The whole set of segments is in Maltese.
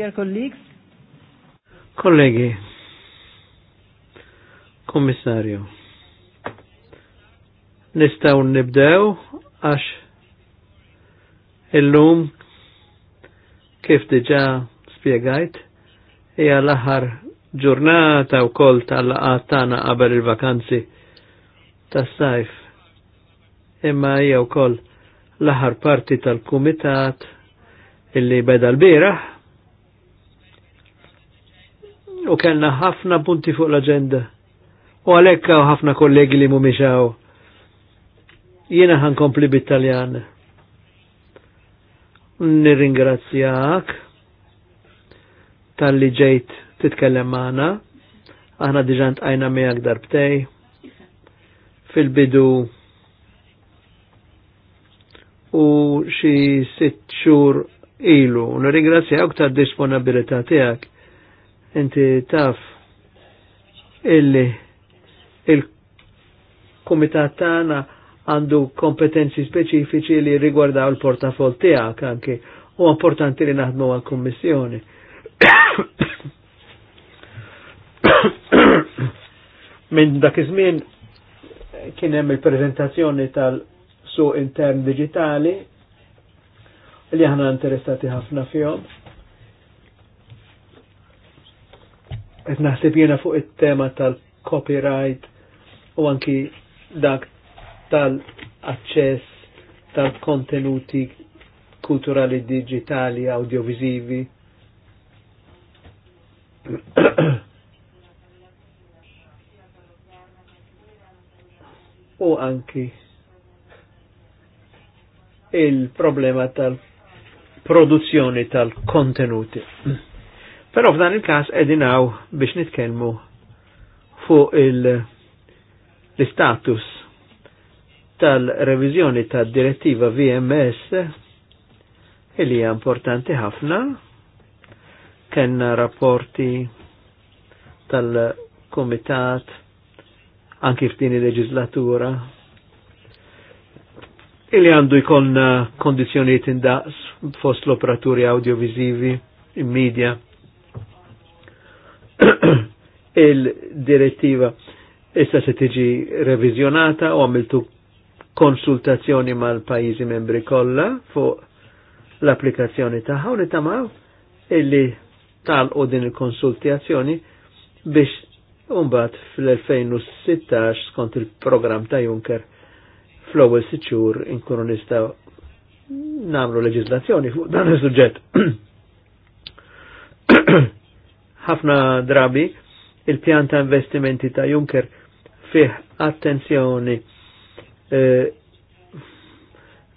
dear colleagues. Kollegi, kommissarju, nistaw nibdew għax illum kif diġa spiegajt hija l-aħħar ġurnata u kol tal-laqat tagħna qabel il-vakanzi tas-sajf. Imma hija wkoll l-aħħar parti tal-kumitat illi beda l-bieraħ u kellna ħafna punti fuq l-agenda. U għalhekk ħafna kollegi li mhumiex hawn. Jiena ħankompli bit-Taljan. Nirringrazzjak tal-li ġejt titkellem maħna. Aħna diġà għajna miħak darbtej. Fil-bidu u xi sitt xhur ilu. Nirringrazzjak tal-disponibilità tiegħek Inti taf illi il-komitat tagħna għandu kompetenzi speċifiċi li rigwardaw il-portafol tiegħek anki u importanti li naħdmu għal-Kummissjoni. Minn dak iż-żmien kien hemm il-preżentazzjoni tal-suq intern digitali li aħna interessati ħafna fihom qed naħseb jena fuq it-tema tal-copyright u anki dak tal-aċċess tal-kontenuti kulturali digitali, audiovisivi. u anki il-problema tal-produzzjoni tal-kontenuti. Però f'dan il-każ edinaw biex nitkellmu fuq l-istatus tal revizjoni tad-direttiva VMS li hija importanti ħafna. Kenna rapporti tal-Komitat anki f'din il-leġislatura illi għandu jkun kondizjoniet indaqs fost l-operaturi audiovisivi, in media il-direttiva issa se tiġi revizjonata u għamiltu konsultazzjoni mal-pajizi membri kollha fuq l-applikazzjoni tagħha u nitamaw illi talqu din il-konsultazzjoni biex Umbat fl-2016 skont il-programm ta' Juncker fl-ewwel siċur inkunu nistgħu nagħmlu leġislazzjoni fuq dan is-suġġett. ħafna drabi il-pjan ta' investimenti ta' Juncker fih attenzjoni eh,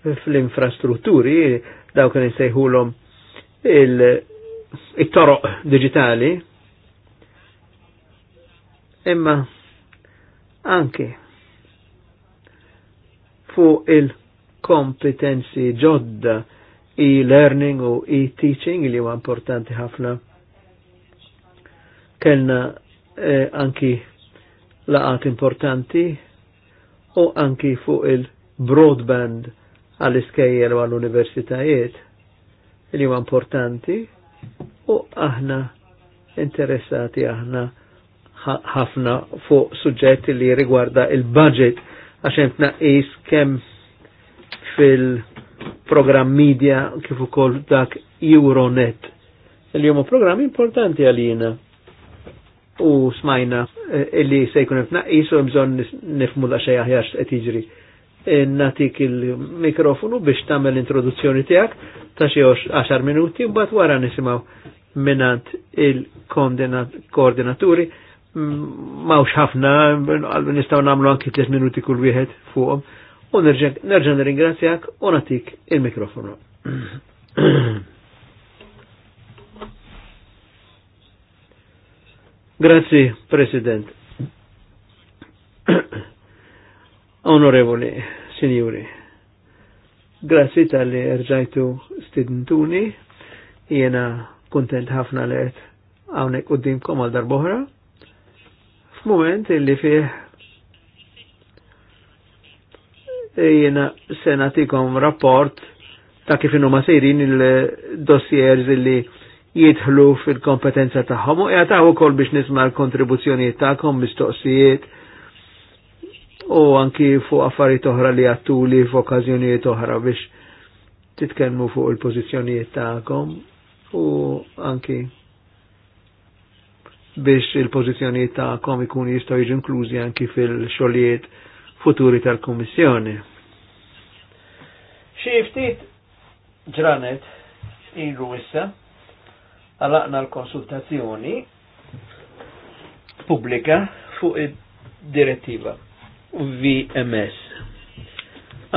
fl-infrastrutturi dawk li nsejħulhom il-toroq digitali imma anke fuq il-kompetenzi ġodda e-learning u e-teaching li huwa importanti ħafna kellna eh, anki laqat importanti u anki fuq il-broadband għall-iskejjel u għall-universitajiet li huwa importanti u aħna interessati aħna ħafna fuq suġġetti li rigwarda il-budget għaxem tnaqis kemm fil-program media kif ukoll dak Euronet. Il-jum program importanti għalina u smajna eh, illi se jkun f'naqis u bżon nifmu da xejn aħjar qed jiġri. Eh, natik il-mikrofonu biex tagħmel introduzzjoni tiegħek ta' xi 10 minuti u mbagħad wara nisimgħu minant il-koordinaturi mawx ħafna nistgħu nagħmlu anki 3 minuti kull wieħed fuqhom u nerġa' nirringrazzjak u natik il-mikrofonu. Grazie, President. Onorevoli, Signori, Grazie tal-li erġajtu stidintuni, jena kontent ħafna li għet għawnek u dimkom għal darboħra, f'moment illi fih jena senatikom rapport ta' kif ma sejrin il-dossiers illi jidħlu fil-kompetenza tagħhom u jgħataw ukoll biex nisma' l-kontribuzzjonijiet tagħkom mistoqsijiet u anki fuq affarijiet oħra li għattuli f'okkażjonijiet oħra biex titkellmu fuq il-pożizzjonijiet tagħkom u anki biex il-pożizzjonijiet tagħkom ikun jistgħu jiġu inklużi anki fil-xogħlijiet futuri tal-Kummissjoni. Xi ftit ġranet ilu issa għalaqna l-konsultazzjoni pubblika fuq id-direttiva VMS.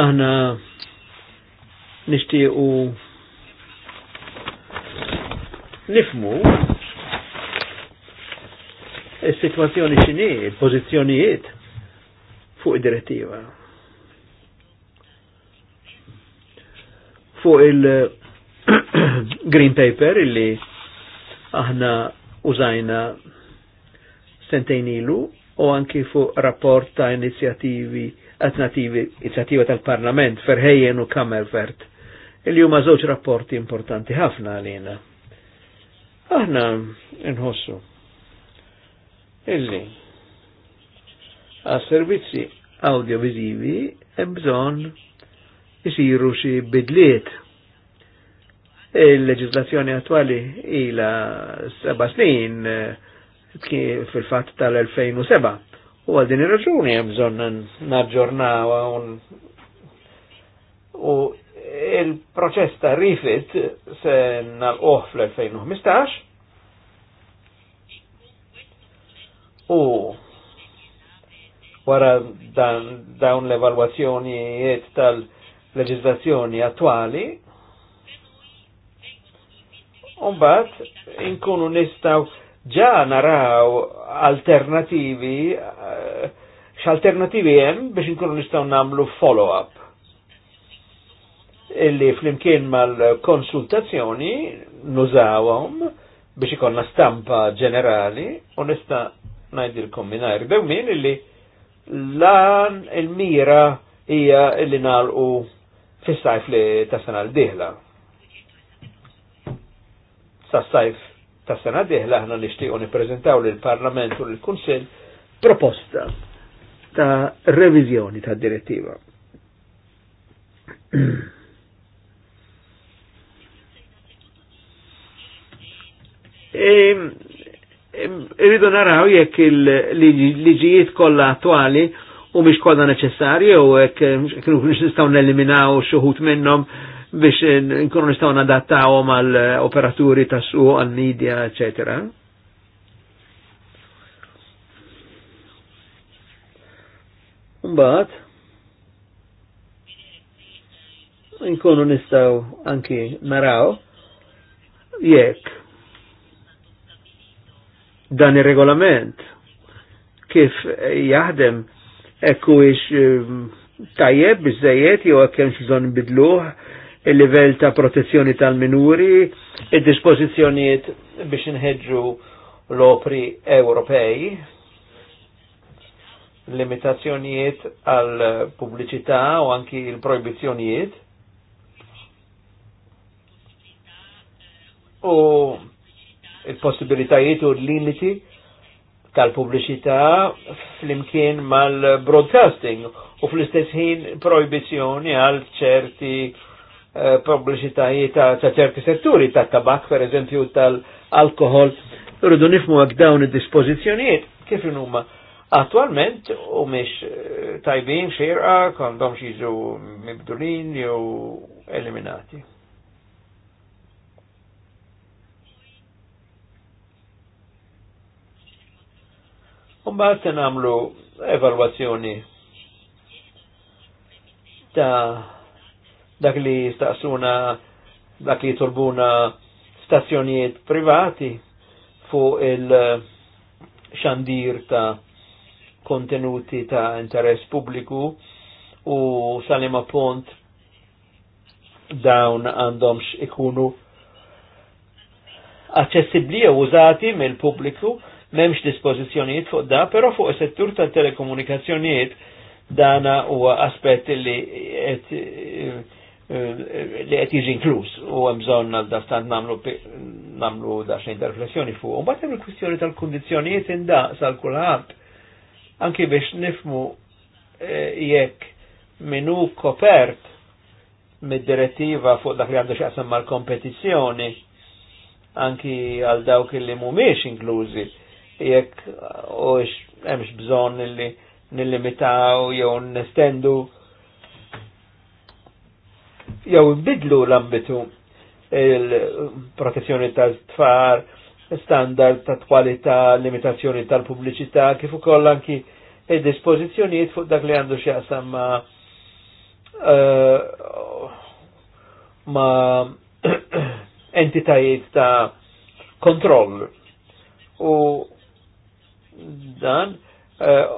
Aħna nishtiqu nifmu il-situazzjoni xini, il-pozizjonijiet fuq id-direttiva. Fuq il-Green Paper illi aħna użajna sentejn ilu u anki fuq rapport ta' inizjativi alternativi, inizjativa tal-Parlament, Ferħejjen u Kamervert. Il-jum żewġ rapporti importanti ħafna għalina. Aħna nħossu illi għas servizzi audiovisivi hemm bżonn isiru xi bidliet Il-leġislazzjoni attuali ila seba snin eh, fil-fat tal-2007. U għal il raġuni hemm bżonn naġġornaw u il-proċess ta' rifit se nal-oħ fl-2015 u wara dawn l-evalwazzjonijiet tal-leġizlazzjoni attuali Umbat, inkunu nistaw ġa naraw alternativi, eh, x'alternativi hemm biex inkunu nistaw namlu follow-up. Illi flimkien mal-konsultazzjoni nużawhom biex ikonna stampa ġenerali u nista' ngħidilkom mingħajr min illi lan il-mira hija illi nagħlqu fis-sajf li tas l-dieħla sa' sajf ta' sena diħla ħna nishtiqo niprezentaw li l-Parlament u l-Kunsil proposta ta' revizjoni ta' direttiva. E, e, irridu naraw jekk il-liġijiet kollha attwali u miex kollha neċessarji u jekk kienu nistgħu neliminaw xuħut minnhom biex nkunu nistgħu nadattawhom għal eh, operaturi ta' suq għal media, eċetera. Mbagħad nkunu nistaw anki naraw jekk dan ir-regolament kif jaħdem ekku ix eh, tajjeb biżejjed jew hekk hemm bidluh il-livell ta' protezzjoni tal-minuri, il-dispozizjoniet biex nħedġu l-opri Ewropej, limitazzjonijiet għal pubbliċità u anki il-proibizjonijiet. U il-possibilitajiet u l-limiti tal-pubbliċità fl-imkien mal-broadcasting u fl-istess ħin proibizjoni għal ċerti Eh, pubbliċitajiet ta' ċerti setturi, ta' tabak, per eżempju, tal-alkohol. Rridu nifmu għak dawn id-dispozizjonijiet, kif huma attualment u miex eh, tajbin xirqa kondom xizu mibdulin jew eliminati. Umbaħt namlu evalwazzjoni ta' dak li staqsuna dak li turbuna stazzjonijiet privati fuq il-xandir eh, ta' kontenuti ta' interess pubbliku u salima pont dawn għandhomx ikunu aċċessibbli u użati mill-pubbliku memx dispożizzjonijiet fuq da, però fuq settur tal-telekomunikazzjonijiet dana huwa aspetti li eh, Eh, li qed jiġi inkluż u hemm bżonn għal dastant nagħmlu nagħmlu daqsxejn ta' riflessjoni fuq. Mbagħad hemm il-kwistjoni tal-kundizzjonijiet indaqs għal kulħadd anki biex nifmu eh, jekk minu kopert mid-direttiva fuq dak li għandu xaqsam mal-kompetizzjoni anki għal dawk li mumiex inklużi jekk u hemmx bżonn li nillimitaw jew nestendu jew bidlu l-ambitu il-protezzjoni tal-tfar, standard ta' kwalità, limitazzjoni tal-pubbliċità, kif ukoll anki id-dispożizzjonijiet fuq dak li għandu x'jaqsam ma' eh, ma' entitajiet ta' kontroll. U dan eh,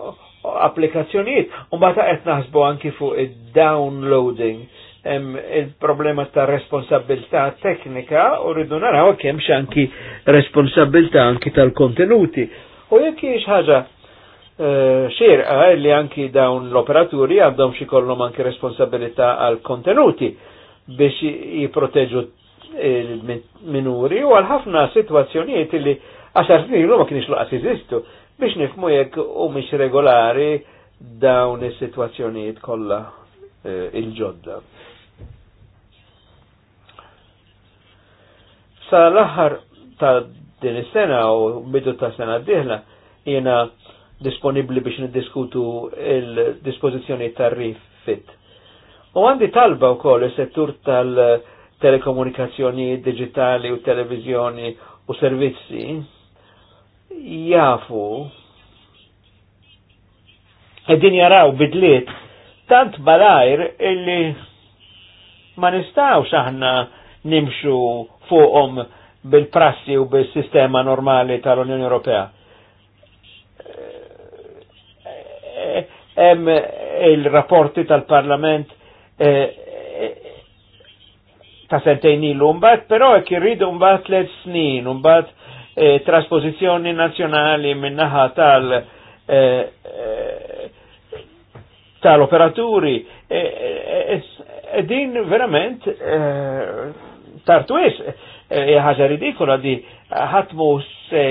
applikazzjonijiet, u mbagħad qed naħsbu anki fuq id-downloading il-problema ta' responsabilità teknika u rridu naraw kemm xanki responsabilità anki tal-kontenuti. U jekk hiex ħaġa uh, eh, xirqa li anki dawn l-operaturi għandhom xi kollhom anki responsabilità għal kontenuti biex jipproteġu il-minuri u għal ħafna situazzjonijiet li għaxar snin ma kienx laqas jeżistu biex nifmu jekk u mhix regolari dawn is-sitwazzjonijiet kollha eh, il-ġodda. Sa l-aħħar ta' din is-sena u bidu ta' sena d-dieħla jiena disponibbli biex niddiskutu il-dispożizzjoni tar-rif fit. U għandi talba wkoll is-settur tal-telekomunikazzjoni digitali u televizjoni u servizzi jafu Eddin jaraw bidliet tant balajr illi ma nistaw aħna nimxu fuqhom bil-prassi u bil-sistema normali tal-Unjoni Ewropea. Hemm il-rapporti tal-Parlament eh, eh, ta' sentejn ilu mbagħad, però hekk irridu mbagħad tliet snin, mbagħad eh, trasposizzjoni nazzjonali min-naħa tal tal-operaturi din verament tartu is, eh, ħaġa ridikola di ħatmu se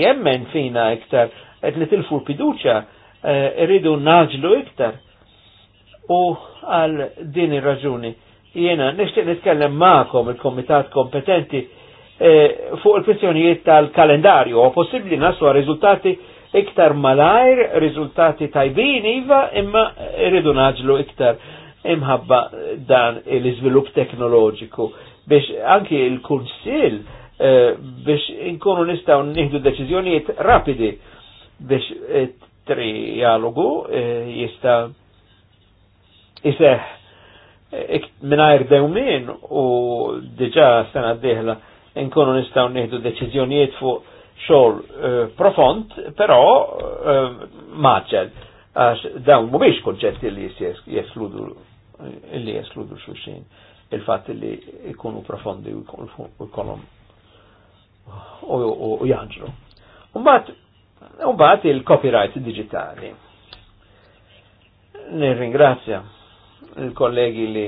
jemmen fina iktar, qed tilfu l-fiduċa, eh, rridu naġlu iktar. U għal din il raġuni jiena nixtieq nitkellem magħkom il-komitat kompetenti eh, fuq il-kwestjonijiet tal-kalendarju, u possibbli naslu riżultati iktar malajr, riżultati tajbin iva, imma rridu naġlu iktar imħabba dan l-iżvilupp teknoloġiku biex anki il-Kunsil eh, biex inkunu nistaw nihdu deċizjoniet rapidi biex eh, trijalogu eh, jista jiseħ minnajr dewmin u diġa sena diħla inkunu nistaw nihdu deċizjoniet fuq xogħol profond, però uh, għax dawn mhumiex konċetti li jeskludu li jeskludu xulxin il fat li jkunu profondi u jkollhom u janġlu. Umbat il-copyright digitali. Nirringrazzja il-kollegi li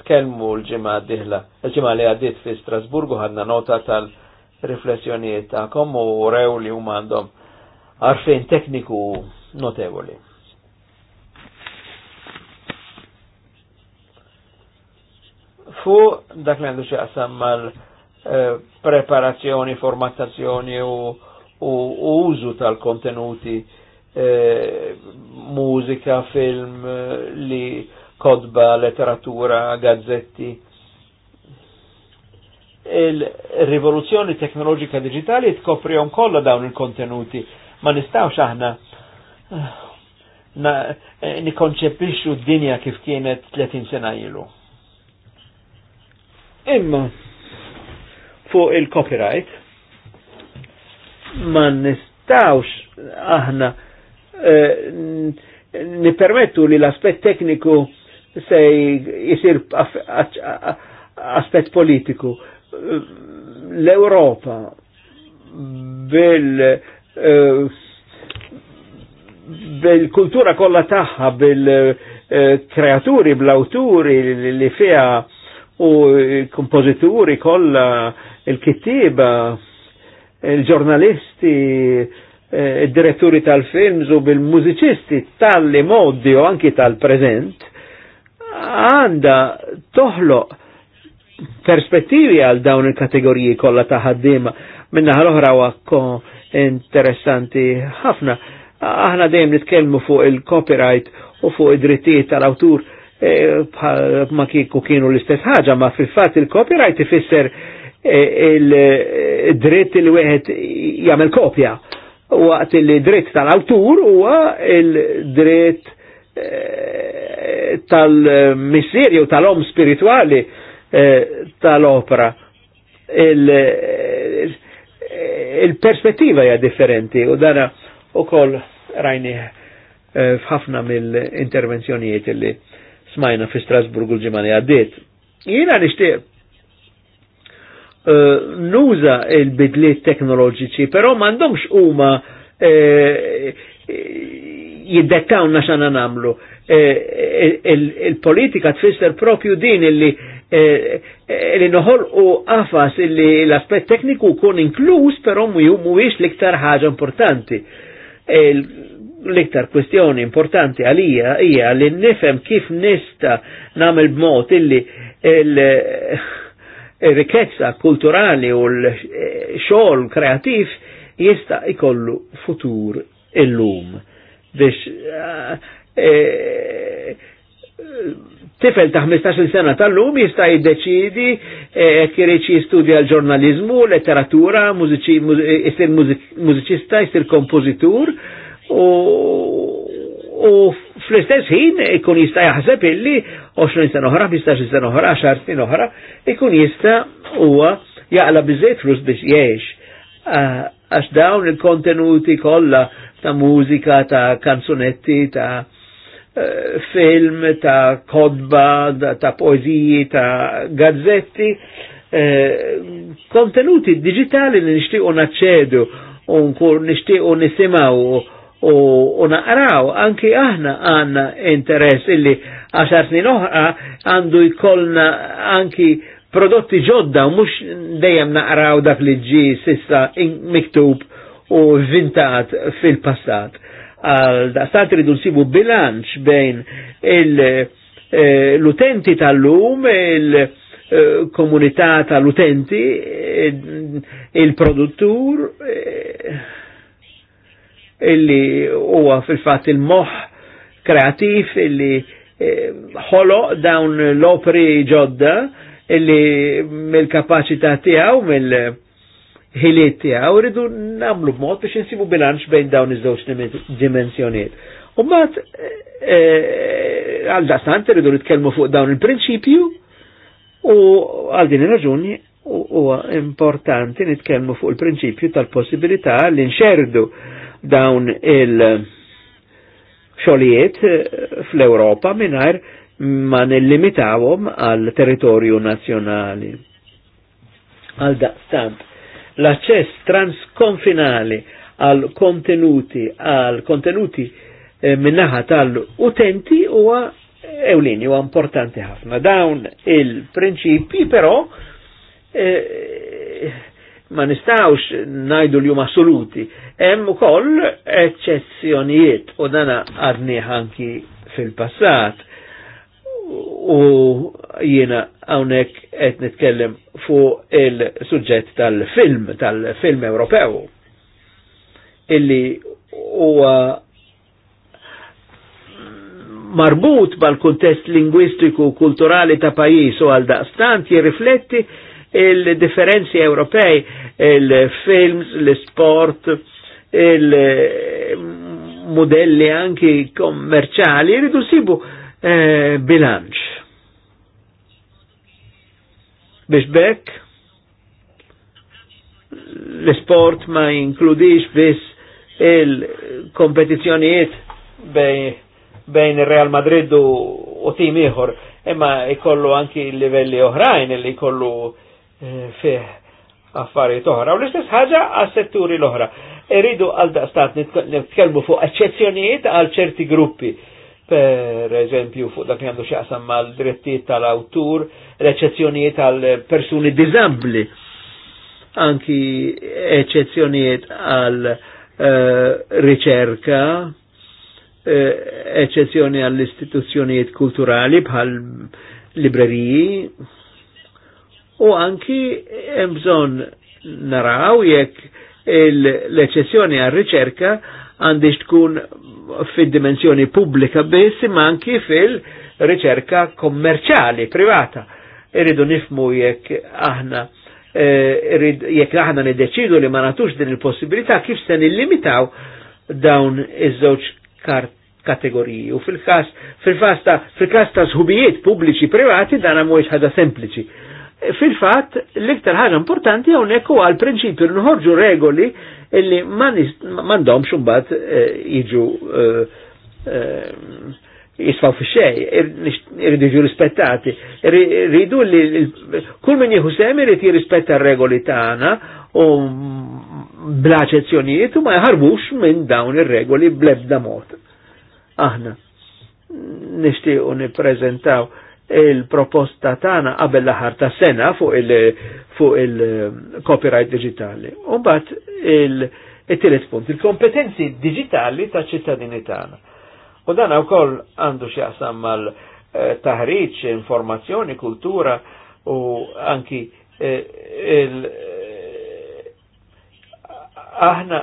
tkellmu l-ġimgħa diħla, l-ġimgħa li għaddiet fi Strasburgu ħadna nota tal-riflessjonijiet tagħkom u rew li huma għandhom għarfejn tekniku notevoli. fuq dak li għandu xaqsam mal eh, preparazzjoni, formattazzjoni u, u, u użu tal-kontenuti eh, mużika, film, eh, li kodba, letteratura, gazzetti. Il-rivoluzzjoni teknoloġika digitali tkoprihom kollha dawn il-kontenuti. Ma nistawx aħna nikonċepixxu d-dinja kif kienet 30 sena ilu Imma fuq il-copyright ma nistawx aħna eh, nipermettu li l aspet tekniku se jisir aspet politiku. L-Europa bil eh, bil-kultura kolla taħħa bil-kreaturi, eh, bl-awturi li fija u kompożituri kollha il-kittiba il-ġurnalisti eh, id-diretturi tal-films u bil-mużiċisti tal-li moddi u anki tal-prezent għanda toħloq perspettivi għal dawn il-kategoriji kollha ta' ħaddiema minna ħal-oħra wakko interessanti ħafna. Aħna dejjem nitkellmu fuq il-copyright u fuq id-drittijiet tal-awtur E, ma kieku kienu l-istess ħaġa, ma fil-fat il-copyright ifisser il-dritt e, il e, wieħed jagħmel kopja waqt il-dritt tal-awtur huwa il-dritt tal-missier jew tal-om spirituali tal-opera. Il-perspettiva hija differenti u dana u koll rajni f'ħafna mill-intervenzjonijiet li smajna fi Strasburgu l-ġimani għaddit. Jina nishtiq eh, nuża il-bidliet teknoloġiċi, però mandomx huma uh, jiddettawna xana namlu. Eh, il-politika tfisser propju din illi li noħol u għafas illi l-aspet tekniku kun inkluż, però mu mhuwiex l-iktar ħaġa importanti l-iktar kwestjoni importanti għalija hija li nifem kif nista namel b'mod illi il-rikezza kulturali u l-xogħol kreativ jista' ikollu futur illum biex eh, eh, tifel ta' 15 sena tal-lum jista' jiddeċidi eh, jekk irid jistudja l-ġurnalizmu, letteratura, isir mużiċista, jistir kompożitur u, u fl-istess ħin ikun jista' jaħseb illi 20 sena oħra, 15 sena oħra, xar snin oħra, ikun jista' huwa jaqla biżejt flus biex jgħix. Għax dawn il-kontenuti kollha ta' mużika, ta' kanzunetti, ta' eh, film, ta' kodba, ta' poeziji, ta' gazzetti, eh, kontenuti digitali li nixtiequ naċċedu u nixtiequ nisimgħu u, naqraw, anki aħna għanna interess illi għaxar snin oħra għandu jkollna anki prodotti ġodda u mux dejjem naqraw dak li ġi sissa miktub u vintat fil-passat. Għal daqstant ridu nsibu bilanċ bejn eh, l-utenti tal-lum, il-komunità eh, tal-utenti, il-produttur, il eh, illi huwa fil-fatt il-moħ kreativ illi ħolo eh, dawn l-opri ġodda illi mill-kapacità tiegħu mill-ħiliet tiegħu rridu nagħmlu b'mod biex insibu bilanċ bejn dawn iż-żewġ dimensjonijiet. U mbagħad eh, għal dastant irridu nitkellmu fuq dawn il-prinċipju u għal din ir-raġuni huwa importanti nitkellmu fuq il-prinċipju tal-possibilità li nxerdu dawn il-xolijiet eh, eh, fl-Europa minnajr ma nillimitawom għal territorju nazjonali. Għal daqstant, l-aċċess transkonfinali għal kontenuti għal kontenuti eh, minnaħa tal-utenti huwa ewlini u importanti ħafna. Dawn il-prinċipi però eh, ma nistawx najdu l-jum assoluti. Hemm ukoll eċċezzjonijiet u dana għadni anki fil-passat. U jiena hawnhekk qed nitkellem fuq il-suġġett tal-film, tal-film Ewropew illi huwa marbut bal-kuntest lingwistiku kulturali ta' pajis u għal daqstant jirrifletti il-differenzi Ewropej, il-films, l-sport, il-modelli anki kommerċali, jridu sibu eh, bilanċ. Biex bekk, l-sport ma inkludix biss il-kompetizjonijiet bejn real Madrid u tim ieħor, imma ikollu anki livelli oħrajn li ikollu fih affarijiet oħra. U l-istess ħaġa għas-setturi l-oħra. Eridu għal daqstat nitkellmu fuq eċċezzjonijiet għal ċerti gruppi. Per eżempju, fuq dak li għandu xaqsam mal drittijiet tal-awtur, l-eċċezzjonijiet għal persuni diżabbli. Anki eċċezzjonijiet għal eh, riċerka, eccezzjoni eh, għall istituzzjonijiet kulturali bħal libreriji, u anki hemm bżonn naraw jekk l-eċessjoni għal riċerka għandix tkun fid-dimensjoni pubblika biss imma anki fil-riċerka kommerċali, privata. Irridu nifmu jekk aħna eh, jekk aħna niddeċidu li ma natux din il-possibilità kif se nillimitaw dawn iż-żewġ kategoriji. U fil-każ fil-każ ta' fil-każ ta' sħubijiet pubbliċi privati dan mhuwiex ħaġa sempliċi Fil-fat, l-iktar ħaġa importanti hawnhekk huwa għal prinċipju nħorġu regoli illi m'għandhomx imbagħad eh, jiġu eh, eh, jisfaw fi xej, irridu ġu rispettati. Rridu li kull minn jihu sem irrid jirrispetta regoli tagħna u bla eccezzjonijiet u ma jħarbux minn dawn ir-regoli bleb da mod. Aħna nixtiequ prezentaw il-proposta tana qabel l-aħar ta' sena fuq il- fuq il-copyright digitali. Umbat il-tielet punt, il-kompetenzi digitali ta' ċittadini tana. U dan wkoll għandu x'jaqsam mal eh, taħriċ informazzjoni, kultura u anki eh, il aħna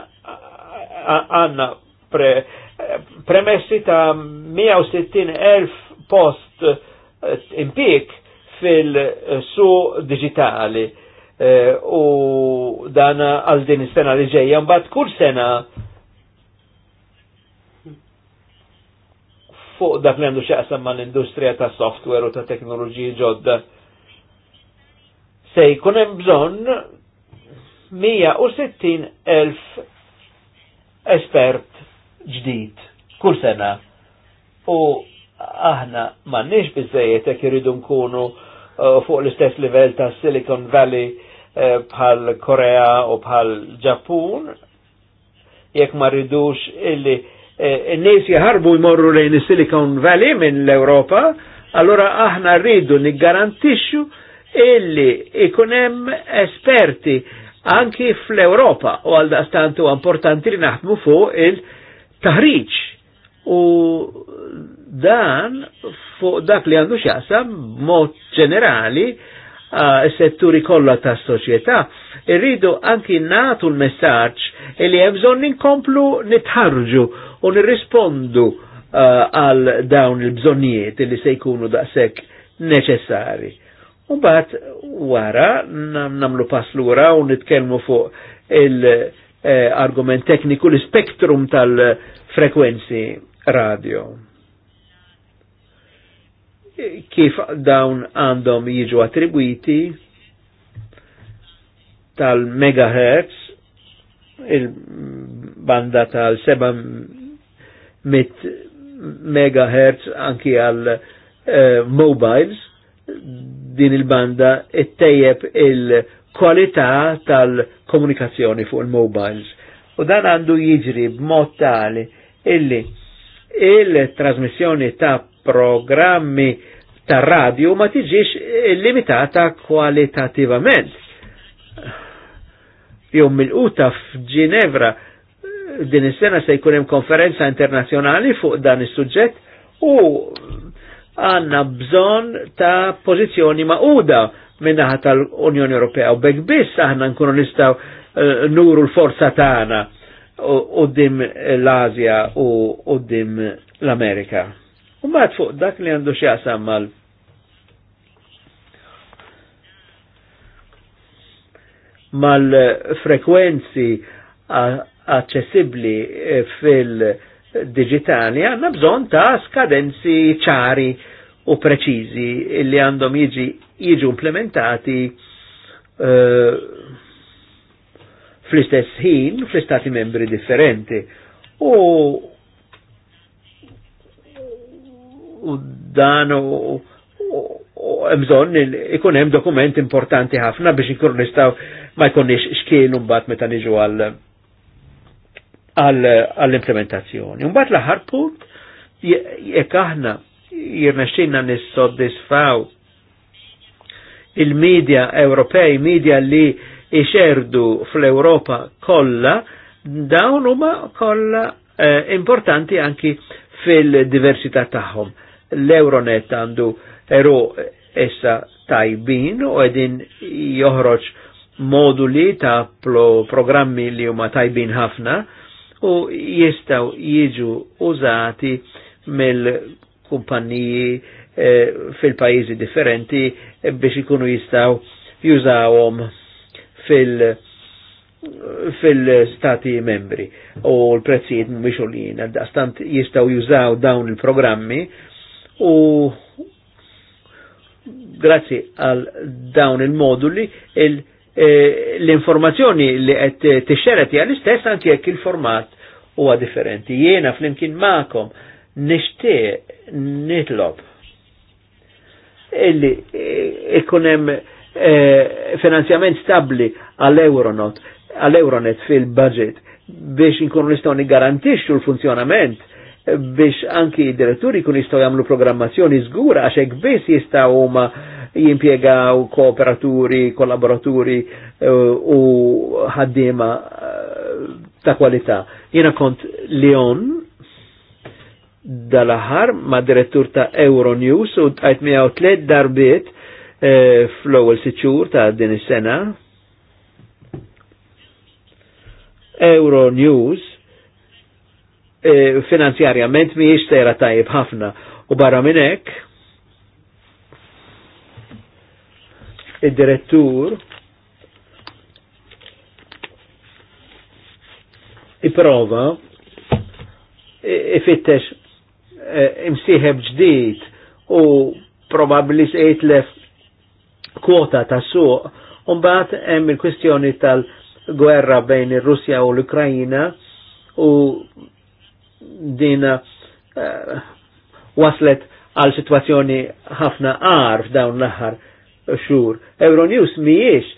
għanna eh, premessi ta' 160.000 post impik fil-su digitali e, u dan għal din is-sena li ġejja mbagħad kull sena fuq dak li għandu xaqsam ma l-industrija ta' software u ta' teknoloġiji ġodda se jkun hemm bżonn 160 elf espert ġdid kull sena u aħna m'għandniex bizzejiet jek iridu nkunu uh, fuq l-istess livell ta' Silicon Valley uh, bħal Korea u bħal Ġappun, jekk ma rridux illi uh, n-nies jaħarbu jmorru lejn silicon Valley minn l europa allora aħna rridu niggarantixxu illi ikun hemm esperti anki fl-Europa u għal daqstantu importanti li naħdmu fuq il taħriġ u dan fuq dak li għandu xaqsa mod ġenerali setturi kollha ta' soċjetà irridu anki natu l-messaġġ li hemm bżonn inkomplu nitħarġu u nirrispondu għal uh, dawn il-bżonnijiet li se jkunu daqshekk neċessari. Umbat wara namlu pass lura u nitkellmu fuq il-argument eh, tekniku l-spektrum tal-frekwenzi radio kif dawn għandhom jiġu attribwiti tal-megahertz il-banda tal 7 megahertz anki għal uh, mobiles din il-banda ittejjeb il-kwalità tal-komunikazzjoni fuq il-mobiles. U dan għandu jiġri b'mod tali illi il-trasmissjoni ta' programmi ta' radio ma tiġix limitata kwalitativament. Jom mil-uta f'Ginevra din is-sena se jkun hemm konferenza internazzjonali fuq dan is-suġġett u għanna bżonn ta' pożizzjoni maquda minnaħa tal-Unjoni Ewropea u bekk biss aħna nkunu nistgħu eh, nuru l-forza tagħna qudiem l-Asja u qudiem l-Amerika. U mbagħad fuq dak li għandu x'jaqsam mal mal-frekwenzi accessibli eh, fil-digitali għanna bżon ta' skadenzi ċari u preċizi li għandhom jiġi jiġu implementati uh, fl-istess ħin fl-istati membri differenti. U u dan u ikun hemm dokument importanti ħafna biex ikun nistaw ma jkunniex xkien mbagħad meta niġu għall-implementazzjoni. Mbagħad l-aħħar punt jekk aħna jirnexxinna nissodisfaw il-medja Ewropej, medja li iċerdu fl-Europa kollha, dawn huma kollha eh, importanti anki fil-diversità tagħhom l-Euronet għandu eru essa tajbin u edin joħroġ moduli ta' programmi li huma tajbin ħafna u jistaw jiġu użati mill-kumpanniji e, fil-pajizi differenti e, biex ikunu jistaw jużawhom fil- fil-stati membri u l-prezzijiet mhumiex għal daqstant jistaw jużaw dawn il-programmi u grazzi għal dawn il-moduli il moduli eh, l informazzjoni li qed tixxeret hija l-istess anke jekk il-format huwa differenti. Jiena flimkien magħkom nixtieq nitlob illi eh, ikun hemm eh, finanzjament stabbli għall-Euronet għall-Euronet fil-budget biex inkunu nistgħu garantixxu l-funzjonament biex anki diretturi kun jistaw jamlu programmazzjoni zgura għax hekk biss jistaw huma jimpjegaw kooperaturi, kollaboraturi eh, u ħaddiema eh, ta' kwalità. Jiena kont Lyon dal-aħħar ma' direttur ta' Euronews u tqajt miegħu tliet darbiet eh, fl-ewwel siċur ta' din is-sena. Euronews Eh, finanzjarjament miex sejra tajib ħafna u barra minn hekk id-direttur iprova ifittex e, imsieħeb ġdid u probabli lef kwota ta' suq Umbat hemm il-kwestjoni tal-gwerra bejn ir-Russja u l-Ukrajina u dina uh, eh, waslet għal situazzjoni ħafna għar f'dawn l-aħħar xhur. Euronews mhijiex uh,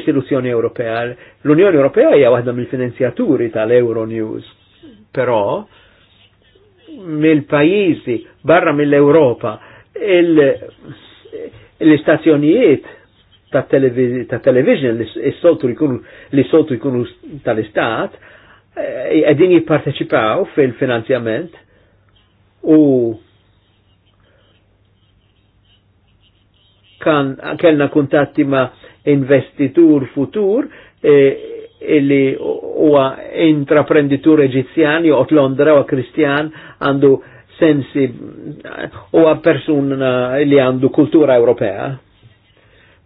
istituzzjoni Ewropea. L-Unjoni Ewropea hija waħda mill-finanzjaturi tal-Euronews. Però mill-pajjiżi barra mill-Ewropa l-istazzjonijiet ta' television li soltu jkunu tal-istat għedin eh, jipparteċipaw fil-finanzjament u kan kellna kuntatti ma' investitur futur eh, illi huwa intraprenditur eġizzjan joqgħod Londra u Kristjan għandu sensi huwa persuna li għandu kultura Ewropea.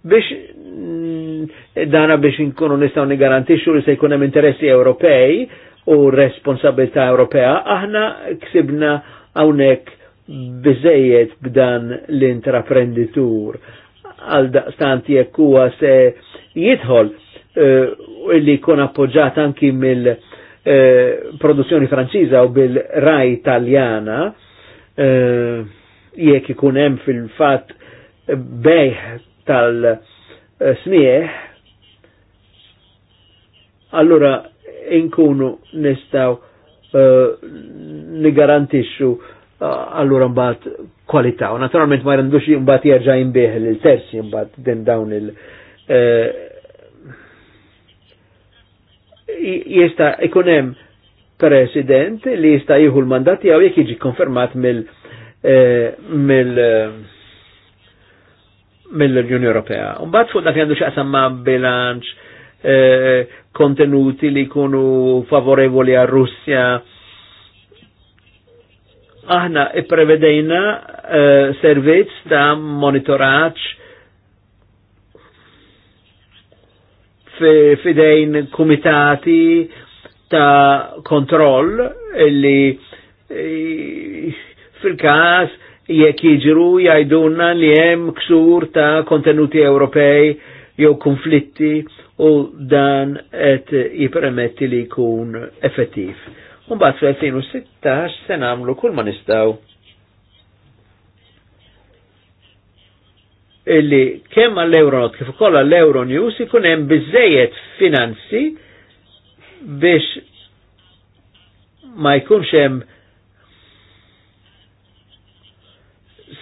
Biex Mm, dana biex inkunu nistaw nigarantixxu li se jkun hemm interessi Ewropej u responsabilità Ewropea, aħna ksibna hawnhekk biżejjed b'dan l-intraprenditur għal daqstant jekk huwa se jidħol uh, eh, li jkun appoġġat anki mill uh, produzzjoni Franċiża u bil-raj Italjana. uh, eh, jekk ikun hemm fil-fatt bejħ tal- Eh, smieħ, allura inkunu nistaw eh, nigarantixxu eh, allura mbagħad kwalità. U naturalment ma rendux mbagħad jerġa' jinbih lil terzi mbagħad din dawn il- jista' ikun hemm president li jista' jieħu l-mandat tiegħu jekk jiġi konfermat mill- mill- mill-Unjoni Ewropea. Mbagħad fuq dak għandu x'qasam ma' bilanċ eh, kontenuti li jkunu favorevoli għal Russja. Aħna ipprevedejna eh, servizz ta' monitoraġġ fidejn kumitati ta' kontroll li eh, fil-kas jekk jiġru jajduna li hemm ksur ta' kontenuti Ewropej jew konflitti u dan qed jippermetti li jkun effettiv. Mbagħad fl-2016 se nagħmlu kull ma nistgħu illi kemm għall-Euronot kif ukoll għall-Euronews ikun hemm biżejjed finanzi biex ma jkunx hemm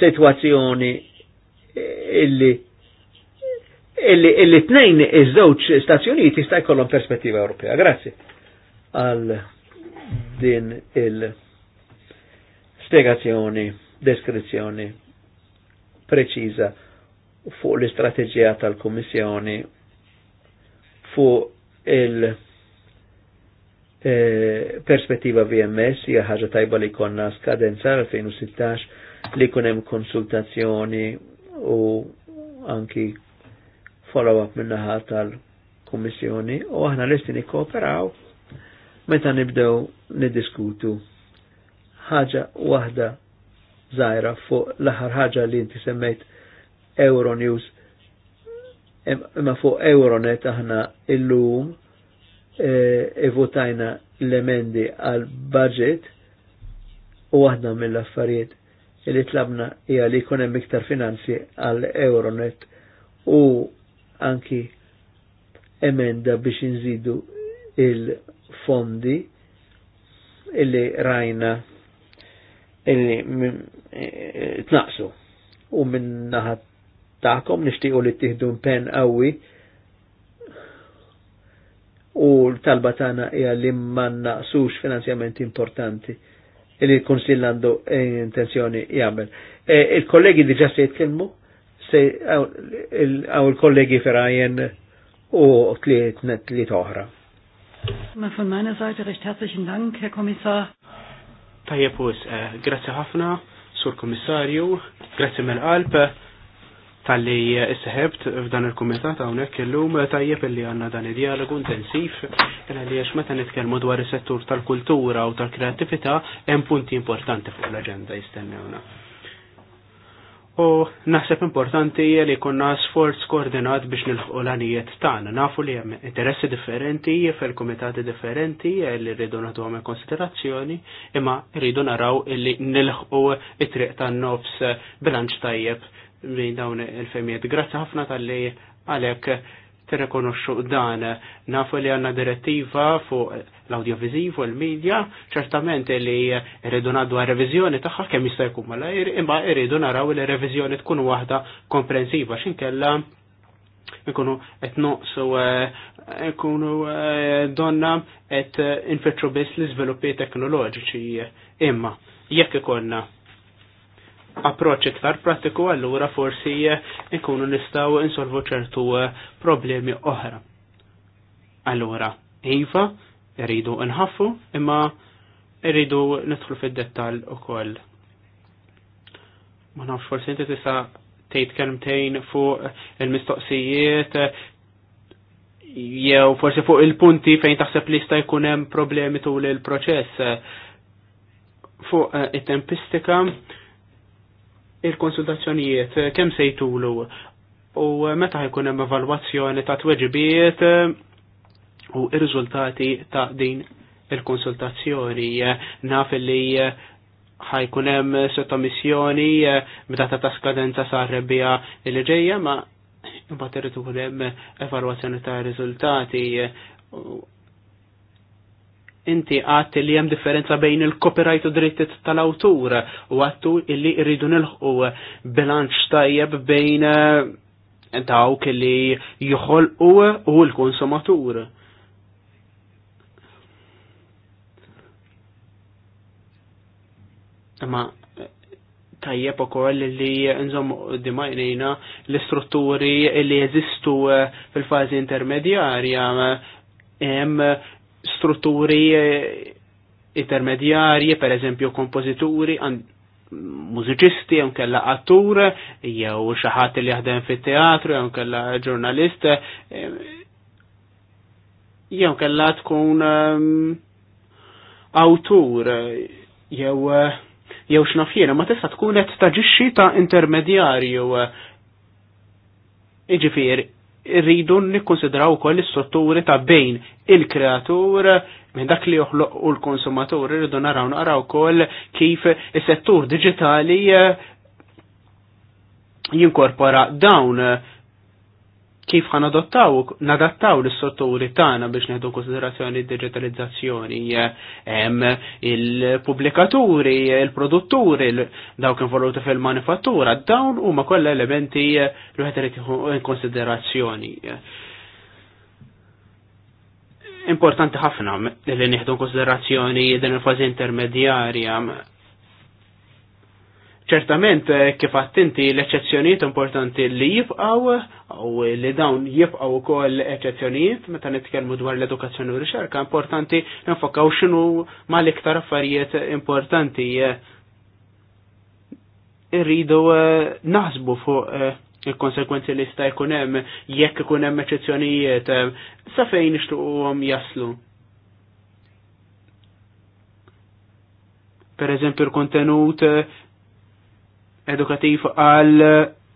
situazzjoni illi illi illi tnejn iż-żewġ stazzjonijiet jista' jkollhom perspettiva Ewropea. Grazzi għal din il-spiegazzjoni, deskrizzjoni preċiża fuq l-istrateġija tal-Kummissjoni fuq il- eh, perspettiva VMS hija ħaġa tajba li konna skadenza 2016 li kunem konsultazzjoni u anki follow-up minnaħa tal-Kommissjoni u aħna l-istin ikkooperaw meta nibdew niddiskutu ħaġa waħda zaħira fuq l-aħħar ħaġa li inti semmejt Euronews imma fuq Euronet aħna illum ivotajna e, l-emendi għal budget u waħda mill-affarijiet li tlabna hija li jkun hemm iktar finanzi għal Euronet u anki emenda biex inżidu il-fondi illi rajna illi eh, tnaqsu u minn naħat taħkom nishtiqu li tiħdu pen qawwi u l-talba tagħna hija li ma naqsux finanzjament importanti li l-Kunsill għandu eh, intenzjoni jagħmel. Eh, il-kollegi diġà se jitkellmu, għaw il-kollegi Ferajen u tliet oħra. Ma von meiner Seite recht herzlichen Dank, Herr Kommissar. Tajjeb, eh, grazie ħafna, Sur Kommissarju, grazie mill-qalb tal-li s-sehebt f'dan il-kumitat hawnhekk illum tajjeb illi għandna dan id-dialogu intensiv għalli għax meta nitkellmu dwar is-settur tal-kultura u tal-kreattività hemm punti importanti fuq l-aġenda jistennewna. U naħseb importanti li konna sforz koordinat biex nilħu l-għanijiet tagħna. Nafu li hemm interessi differenti fil-kumitati differenti li rridu natu għame konsiderazzjoni, imma rridu naraw li nilħu it-triq tan-nofs bilanċ tajjeb minn dawn il-femijiet. Grazzi ħafna tal-li għalek tirrekonoxxu dan. Nafu li għanna direttiva fuq l-audiovisiv u l-medja, ċertament li rridu naddu revizjoni taħħa kemm jista' jkun malajr, imma rridu naraw li revizjoni tkun waħda komprensiva xinkella nkunu qed noqsu eh, nkunu eh, donna qed infittru biss l-iżviluppi teknoloġiċi imma jekk ikollna Approċċ iktar pratiku allura forsi eh, nkunu nistgħu insolvu ċertu eh, problemi oħra. Allura, iva, rridu nħaffu, imma rridu nidħlu fid-dettall ukoll. Ma nafx forsi inti tista' tgħid kelmtejn fuq il-mistoqsijiet jew forsi fuq il-punti fejn taħseb li jista' jkun hemm problemi tul il-proċess fuq eh, it-tempistika il-konsultazzjonijiet eh, kemm se jtulu u eh, meta ħajkun hemm evalwazzjoni ta' tweġibiet eh, u ir-riżultati ta' din il-konsultazzjoni naf li ħajkun hemm sottomissjoni meta ta' skadenza sa' rebbija li ġejja ma' imbagħad irid ikun hemm evalwazzjoni ta' riżultati inti għat li jem differenza bejn il-copyright u drittit tal-autur u għattu illi irridu nilħu bilanċ tajjeb bejn eh, dawk li juħol u u l-konsumatur. Ma eh, tajjeb u koll li nżom dimajnina l-istrutturi li jeżistu eh, fil-fazi intermedjarja hemm strutturi eh, intermedjarji, per eżempju kompozituri, mużiċisti, jew kella attur, jew xaħat li jaħdem fit-teatru, jew kella ġurnalist, eh, jew kella tkun eh, awtur, jew jew xnafjena, ma tista' tkun qed taġixxi ta' intermedjarju. Iġifieri, irridu nikkonsidraw ukoll is-sotturi ta' bejn il-kreatur minn dak li joħloq u l-konsumatur irridu naraw naraw ukoll kif is-settur diġitali eh, jinkorpora dawn kif ħan adottaw, nadattaw l-sotturi tagħna biex neħdu konsiderazzjoni digitalizzazzjoni hemm il-publikaturi, il-produtturi, dawk involuti fil-manifattura, dawn huma kollha elementi li wieħed irid in konsiderazzjoni. Importanti ħafna li neħdu konsiderazzjoni din il-fażi intermedjarja ċertament eh, kif attinti l eċezzjoniet importanti li jibqaw u li dawn jibqaw ukoll eċezzjonijiet meta nitkellmu dwar l-edukazzjoni u r-riċerka importanti nfokkaw x'inhu ma iktar affarijiet importanti irridu eh, naħsbu fuq eh, il-konsekwenzi li sta jkun hemm jekk ikun hemm eċezzjonijiet sa fejn ixtuquhom jaslu. Per eżempju, il-kontenut edukativ għal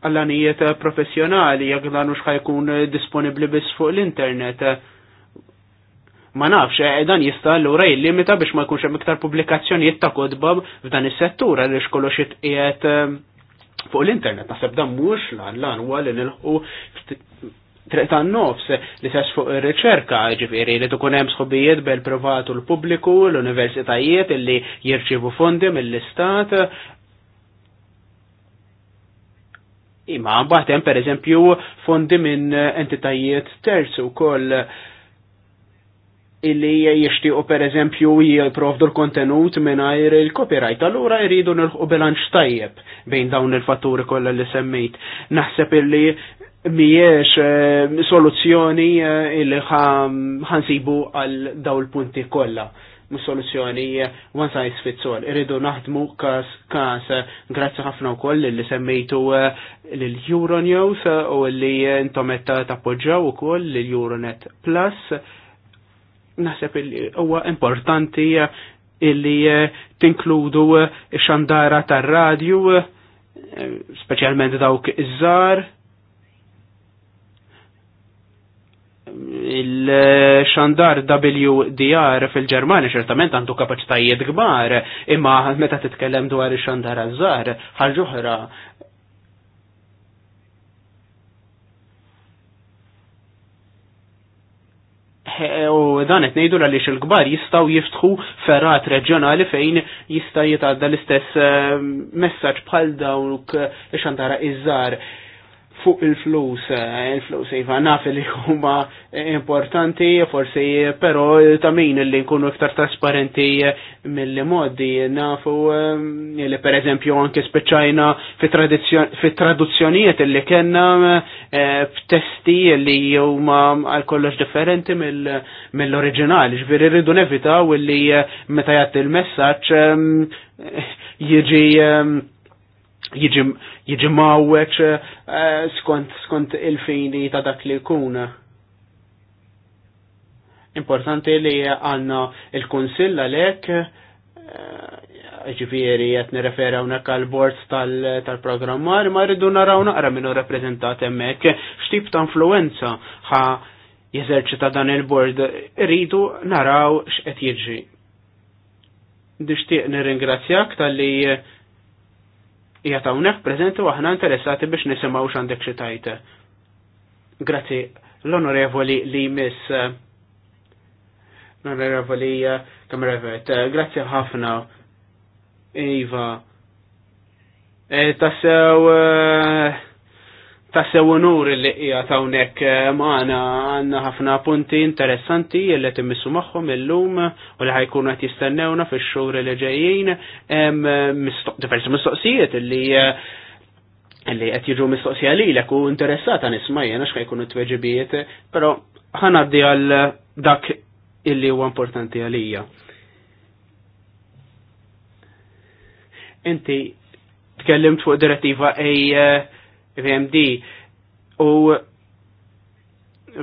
għall professjonali, jekk dan mhux ħajkun disponibbli biss fuq l-internet. Ma nafx, eh, dan jista' allura jillimita biex ma jkunx hemm iktar pubblikazzjonijiet ta' kodba f'dan is-settur għaliex kollox tqiegħed eh, fuq l-internet. Naħseb dan mhux lan huwa li nilħu triq ta' nofs li sex fuq ir-riċerka, ġifieri li tkun hemm sħobijiet bel privat u l-pubbliku, l-universitajiet illi jirċievu fondi mill-istat Imma mbagħad hemm pereżempju fondi minn entitajiet terzi wkoll illi jixtiequ pereżempju jipprovdu l-kontenut mingħajr il-copyright. Allura jridu nilħu bilanċ tajjeb bejn dawn il-fatturi kollha li semmejt. Naħseb illi mhijiex eh, soluzzjoni eh, illi ħansibu għal daw il-punti kollha soluzzjoni one size fits all. Irridu naħdmu kas kas grazzi ħafna wkoll li semmejtu eh, lil Euronews eh, u li intom qed tappoġġaw ukoll lil Euronet Plus. Naħseb li huwa importanti eh, illi tinkludu xandara tar-radju, speċjalment dawk iż-żar il-xandar WDR fil-Ġermani ċertament għandu kapaċitajiet kbar, imma meta titkellem dwar il-xandar għazzar, ħalġuħra. U dan qed ngħidu għaliex il-kbar jistgħu jiftħu ferrat reġjonali fejn jista' jitgħadda l-istess eh, messaġġ bħal dawk ix-xandara iż-żar. iż żgħar fuq il-flus, eh, il-flus jiva naf li huma importanti, forsi pero tamin li nkunu iktar trasparenti mill-li moddi, nafu eh, li per eżempju anke speċajna fit traduzzjonijiet li kena f'testi eh, li huma għal kollox differenti mill-oriġinali, ġviri rridu nevitaw li meta jgħat il-messagġ jieġi jiġi mawek eh, skont skont il-fini ta' dak li jkun. Importanti li għanna il-konsilla lek eh, ġifiri jett nirefera unek għal-bord tal-programmar, ma rridu naraw naqra minnu rappresentat emmek, x'tip ta' influenza ħa jeżerċita dan il-bord, rridu naraw x'qed jiġri. Dixtieq nirringrazzjak tal-li hija hawnhekk preżenti u aħna interessati biex nisimgħu x'għandek xi tajt. Grazzi l-onorevoli li miss l-onorevoli eh, Kamrevet. Eh, grazzi ħafna Iva. Eh, tassew ta' sewonur li hija ta' eh, maħna għanna ħafna punti interessanti li timmissu il illum u li ħajkunu għat jistennewna fi xur li ġejjien diversi mistoqsijiet li eh, li għat jiġu mistoqsija li l u interessata nismajja nax ħajkunu t-weġibijiet, pero ħanaddi għal dak illi huwa importanti għalija. Inti tkellimt fuq direttiva ej eh, VMD u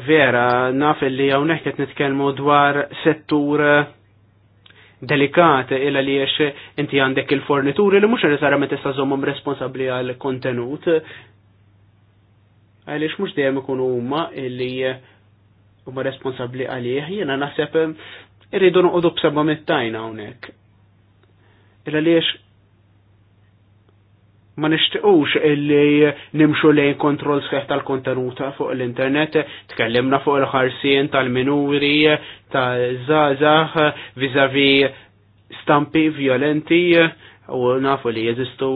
vera naf li hawnhekk qed nitkellmu dwar settur delikat illa li jiex inti għandek il-fornituri li mhux necessarjament tista' żommhom responsabbli għal kontenut għaliex mhux dejjem ikunu huma illi huma responsabbli għalih jiena naħseb irridu noqogħdu b'sebba mit-tajna hawnhekk. Illa jiex ma nishtiqux illi nimxu lejn kontroll sħiħ tal-kontenuta fuq l-internet, tkellimna fuq il-ħarsien tal-minuri, tal-żazax, vizavi stampi violenti, u nafu li jeżistu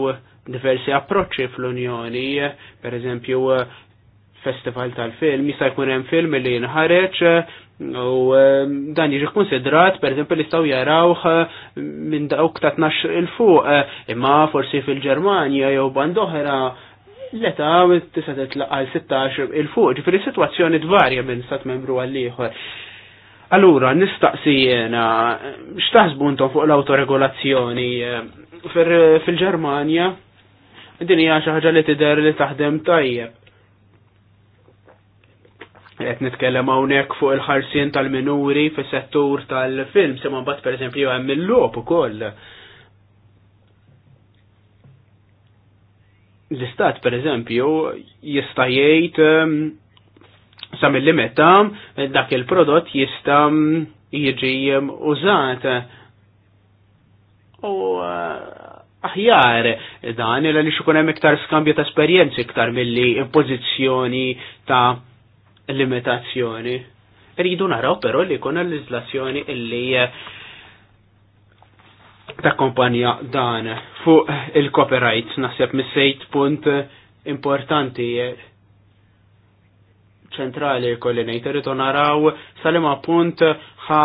diversi approċċi fl-Unjoni, per eżempju festival tal-film, jista' jkun hemm film li jinħareġ. U ehm, dan jiġi konsidrat, per eżempju, li staw jarawħ eh, minn dawk ta' 12 il-fuq, eh, imma forsi fil-Ġermanja jew bandoħra l-età tista' titlaqqa l-16 il-fuq, ġifieri sitwazzjoni tvarja minn stat membru għall ieħor. Allura, nistaqsi jena, xtaħsbu fuq l-autoregolazzjoni eh, fil-Ġermanja, din hija xi ħaġa li tidher li taħdem tajjeb qed nitkellem hawnhekk fuq il-ħarsien tal-minuri fis-settur tal-film, sema per pereżempju hemm il-lop ukoll. L-istat pereżempju jista' jgħid ehm, sa mill-limetta dak il-prodott jista' jiġi ehm, użat. U eh, aħjar dan il għalli ikun hemm iktar skambju ta' esperjenzi iktar milli impożizzjoni ta' limitazzjoni. Rridu naraw però li jkun l-leġislazzjoni illi eh, ta' kompanija dan fuq il-copyright naħseb mis-sejt punt importanti eh, ċentrali kolli ngħid irridu naraw salima punt ħa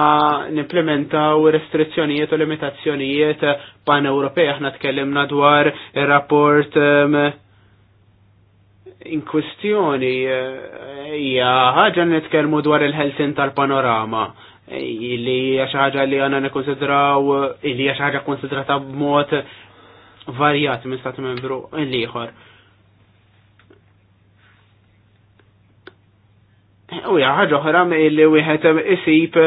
nimplementaw restrizzjonijiet u limitazzjonijiet pan-Ewropej aħna tkellimna dwar ir-rapport ehm, In kwestjoni eh, hija ħaġa nitkellmu dwar il-ħelsin tal-panorama eh, li hija xi ħaġa li għandna nikkonsidraw eh, li hija xi ħaġa konsidrata b'mod varjat minn stat membru l-ieħor. U hija ħaġa oħra li wieħed isib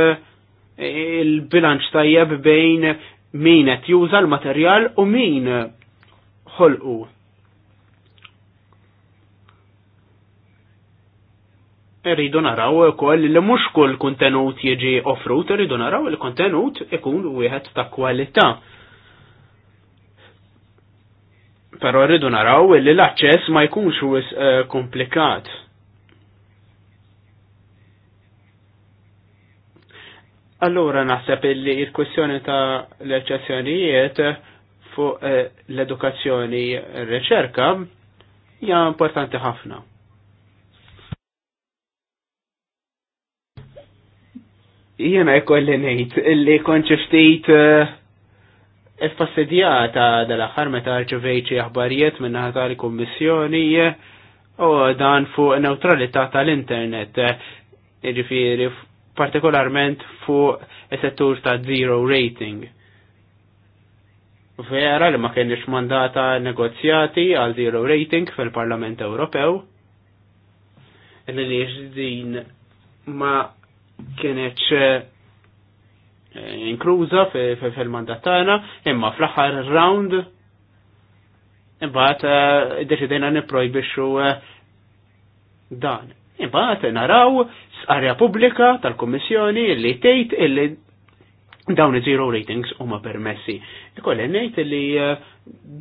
il-bilanċ tajjeb bejn min qed juża l-materjal u min ħolqu rridu naraw ukoll li mhux kull kontenut jiġi offrut, rridu naraw il kontenut ikun wieħed ta' kwalità. Però rridu naraw li l-aċċess ma jkunx wis eh, komplikat. Allura naħseb li l-kwestjoni ta' l eċċessjonijiet fuq eh, l-edukazzjoni r-riċerka hija importanti ħafna. Jena jkolli nejt, illi konċi ftit Esfassedjata eh, dal-axar meta ċevejċi aħbarijiet minna tal-Kommissjoni eh, u dan fuq neutralità tal-internet, eh, ġifiri partikolarment fuq settur ta' zero rating. Vera li ma kienx mandata negozjati għal zero rating fil-Parlament Ewropew, li din ma kienet eh, eh, inkluża fil-mandat tagħna, imma fl-aħħar round imbagħad eh, deċidejna nipprojbixxu dan. Imbagħad naraw s-arja pubblika tal-Kummissjoni li tgħid illi dawn zero ratings huma permessi. Ikolli ngħid li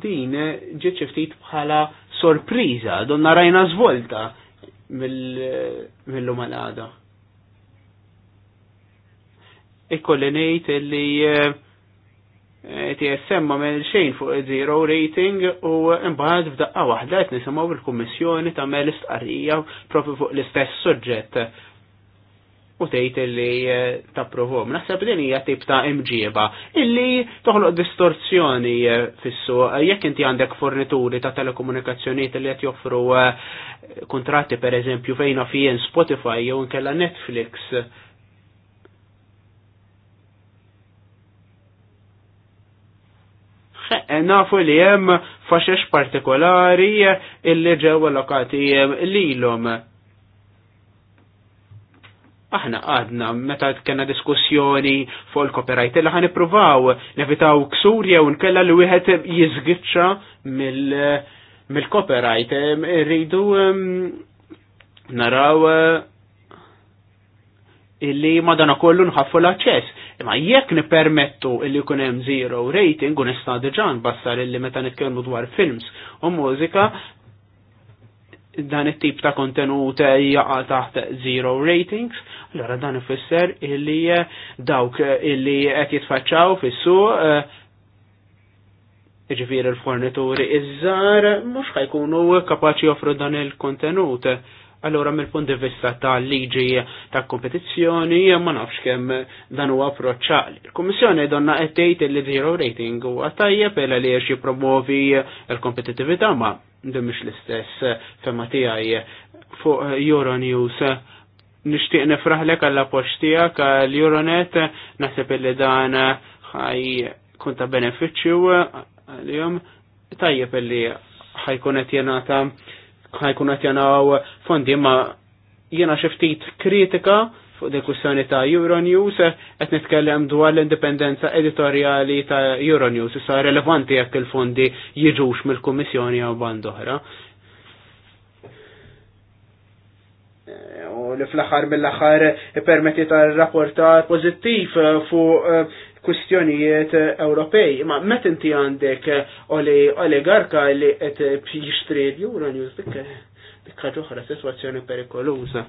din ġiet xi ftit bħala sorpriża, donna rajna żvolta mill lumalada ikkolli ngħid illi eh, TSM ma mel xejn fuq zero rating u imbagħad f'daqqa waħda qed nisimgħu il-Kummissjoni l istqarrija propri fuq l-istess suġġett u tgħid li eh, provom. Naħseb din hija tip ta' imġieba illi toħloq distorzjoni eh, fis-suq jekk inti għandek fornituri ta' telekomunikazzjonijiet li qed joffru kuntratti pereżempju fejn fien Spotify jew inkella Netflix E nafu li jem faxex partikolari illi ġew allokati lilhom. Aħna għadna meta kena diskussjoni fuq il-copyright illa ħan ipruvaw nevitaw ksur jew nkella li wieħed jiżgiċċa mill-copyright. Rridu naraw illi madana kollu nħaffu l-aċċess. Imma jekk nipermettu illi jkun hemm zero rating u nista' diġà nbassar illi meta nitkellmu dwar films u mużika dan it-tip ta' kontenut jaqa taħt zero ratings, allora dan ifisser illi eh, dawk illi qed jitfaċċaw fis eh, iġifir il-fornituri iż-żar mux ħajkunu kapaċi joffru dan il-kontenut. Allora mill-punt di vista ta' liġi ta' kompetizzjoni ma nafx kemm dan huwa approċċali. Il-Kummissjoni donna qed tgħid li zero rating huwa tajjeb pela li għax jippromovi l kompetitività ma dimmix l-istess fema tiegħi fuq Euronews nixtieq nifraħlek għall appoġġ tiegħek għal Euronet naħseb li dan ħaj kunta ta' benefiċċju għalihom tajjeb li ħajkun qed jingħata ħajkun qed janaw fondi ma jiena xi ftit kritika fuq di kussjoni ta' Euronews qed nitkellem dwar l-indipendenza editorjali ta' Euronews issa relevanti jekk il-fondi jiġux mill-Kummissjoni jew band oħra. u li fl-axar mill-axar permetti tal-rapportar pozittiv fuq eh, kwistjonijiet Ewropej. Ma met inti għandek oligarka li qed jixtri l-jura news dik dik ħaġa sitwazzjoni perikoluża.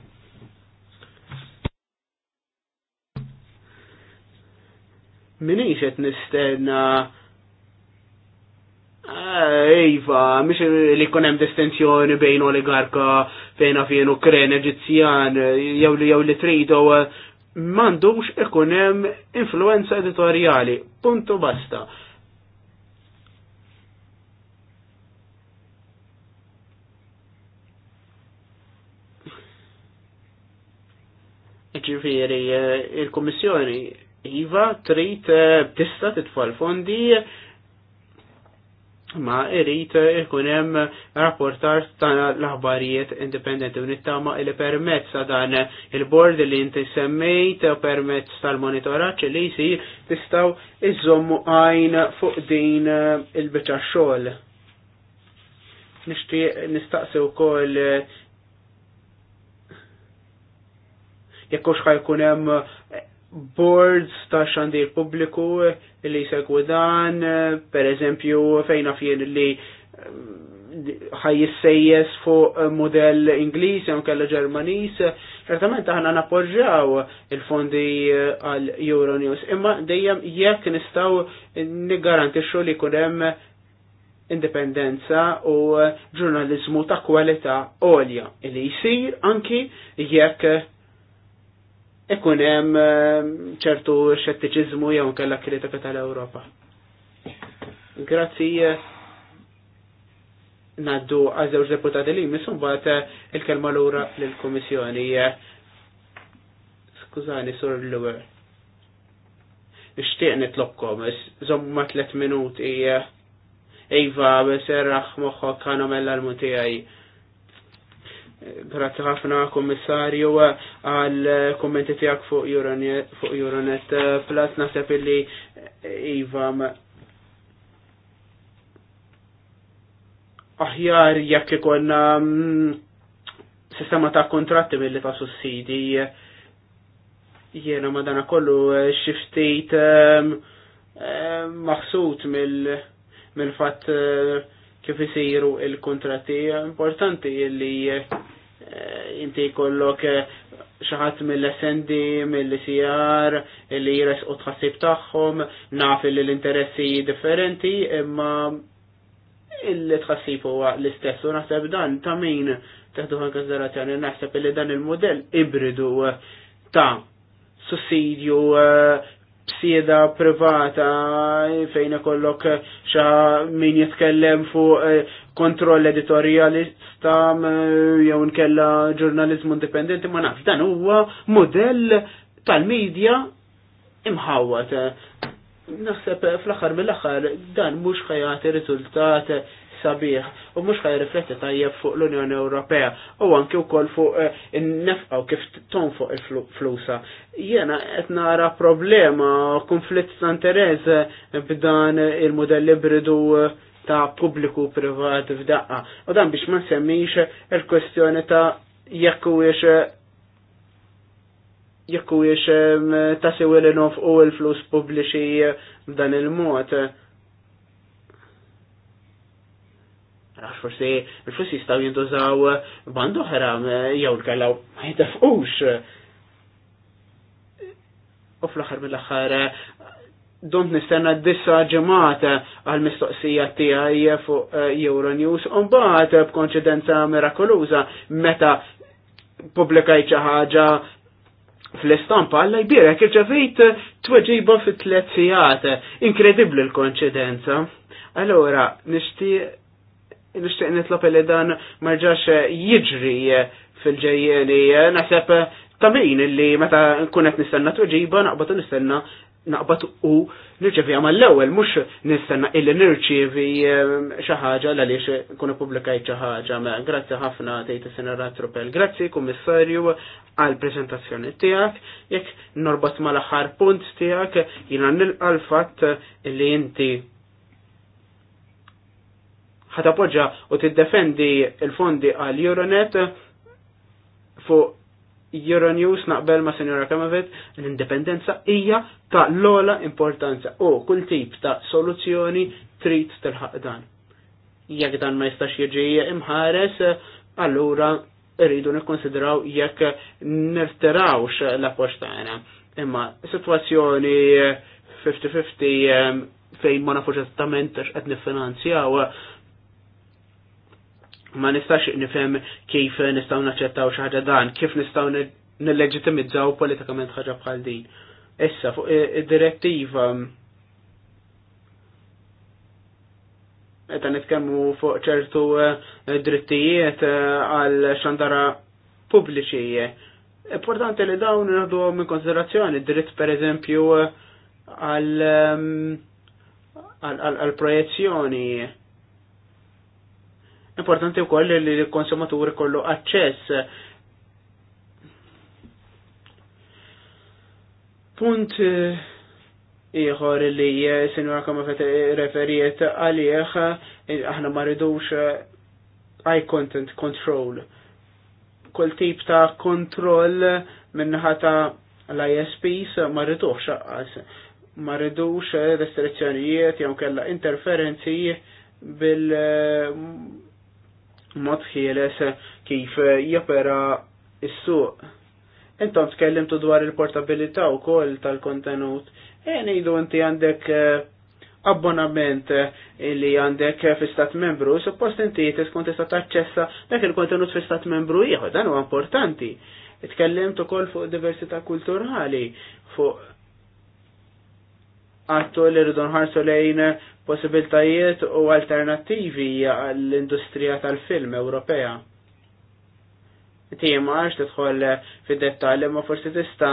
Minix qed nistenna ah, Iva, mhix li jkun hemm distinzjoni bejn oligarka fejna fien Ukrain Eġizzjan jew li jew li tridu mandux ikunem influenza editoriali. Puntu basta. Ġifiri, eh, il-Kommissjoni IVA trid eh, tista l fondi ma irrit ikun hemm rapportar tana l-aħbarijiet indipendenti u nittama li permezz ta' dan il-bord li inti semmejt permezz tal-monitoraġġ li jsir tistaw iżommu għajn fuq din il bicċa xogħol. Nixtieq nistaqsi wkoll jekk jekkux ħajkun hemm boards ta' xandir publiku li segwu dan, per eżempju fejna fien li eh, ħajissejjes fuq model Ingliż jew kellha Ġermaniż, ċertament aħna nappoġġjaw il-fondi eh, għal Euronews, imma dejjem jekk nistgħu niggarantixxu li jkun hemm indipendenza u eh, ġurnaliżmu ta' kwalità għolja li jsir anki jekk ikun hemm ehm, ċertu xettiċiżmu jew kellha kritika tal-Ewropa. Grazzi eh, naddu għażewġ deputati li misum bat eh, il-kelma lura lill-Kummissjoni. Eh. Skużani, sur l-lewer. Nixtieq nitlobkom, żomma tliet minuti. Iva, serraħ moħħok kanomella l-mutijaj. Grazzi ħafna kommissarju għal kommenti tijak fuq Euronet Plus naħseb illi Iva aħjar jekk ikun mm, sistema ta' kontratti billi ta' sussidi jiena madana kollu eh, xiftit eh, eh, maħsut mill-fat kif isiru il-kontratti importanti illi Eh, inti kollok eh, xaħat mill-SND, mill-CR, li jires u tħassib taħħom, naf li l-interessi differenti, imma li tħassib huwa l-istess u naħseb dan ta' min teħdu għan konsiderazzjoni naħseb li dan il-modell ibridu ta' sussidju eh, bsieda privata fejn ikollok xa min jitkellem fuq eh, kontroll editorjalista jew nkella ġurnalizmu indipendenti ma nafx dan huwa modell tal-medja imħawwat. Naħseb fl-aħħar mill-aħħar dan mhux ħajati riżultat sabiħ u mhux ħaj rifletti tajjeb fuq l-Unjoni Ewropea u anke wkoll fuq eh, in-nefqa u kif fuq il-flusa. Jena qed nara problema konflitt ta' interess b'dan il-modell ibridu eh, ta' pubbliku privat f'daqqa. U dan biex ma semmix il-kwestjoni ta' jekk huwiex eh, jekku jiex ta' u il flus pubbliċi b'dan il-mod Għax forsi il-flus jistaw jintużaw band oħra eh, jew l-kallaw ma jitafqux. U fl-axar mill-axar eh, dont nistenna d-dissa ġemata eh, għal-mistoqsija tijaj fuq Euronews un baħt b'konċidenza mirakoluza meta publikaj xi ħaġa fl-istampa għalla jbirek t tweġiba fit tletzijat Inkredibli Inkredibbli l-konċidenza. Allora, nixtieq nishtiq nitlob li dan marġax jiġri fil-ġejjeni. Naħseb ta' min li meta kunet nistenna tuġiba naqbad nistenna naqbat u nirċevija mal-ewwel mhux nistenna illi nirċievi ehm, xi ħaġa għaliex kuna publikajt xi ħaġa. Grazzi ħafna tgħid is-Senera Truppel. Grazzi Kummissarju għall prezentazzjoni tiegħek. Jekk norbat mal-aħħar punt tiegħek jiena nilqa' l-fatt li inti ħatapoġġa u tiddefendi il-fondi għal Euronet fuq Euronews naqbel ma' Senjora Kamavet l-indipendenza hija ta' l-ola importanza u kull tip ta' soluzzjoni trid tilħaq dan. Jekk dan ma jistax jiġi imħares, allura rridu nikkonsidraw jekk nirtirawx l-appoġġ tagħna. Imma sitwazzjoni 50-50 fejn ma nafux esattament x'qed qed ma nistax nifhem kif nistgħu naċċettaw xi ħaġa dan, kif nistgħu nilleġitimizzaw politikament ħaġa bħal din. Issa fuq eh, id-direttiva meta nitkellmu fuq ċertu eh, drittijiet eh, għal xandara pubbliċi. Importanti li dawn nirdu minn konsiderazzjoni dritt per eżempju ehm, għal għal proiezzjoni Importanti wkoll li l-konsumaturi kollu aċċess punt eh, ieħor li eh, kama fet eh, referiet għalieħ, aħna ma rridux eye content control. Kull tip ta' kontroll minnaħa ta' l-ISPs ma rridux għas. Ma restrizzjonijiet jew kella interferenzi bil mod ħieles kif eh, japera is-suq. Intom tkellimtu dwar il-portabilità u koll tal-kontenut. E nejdu inti għandek eh, abbonament eh, li għandek fi stat membru, suppost inti tkun tista' taċċessa dak il-kontenut fi stat membru ieħor, dan huwa importanti. Tkellimt ukoll fuq diversità kulturali, fuq għattu li rridu nħarsu lejn possibiltajiet u alternattivi għall-industrija tal-film Ewropea. Tiema għax tidħol fid-dettalji ma forsi tista'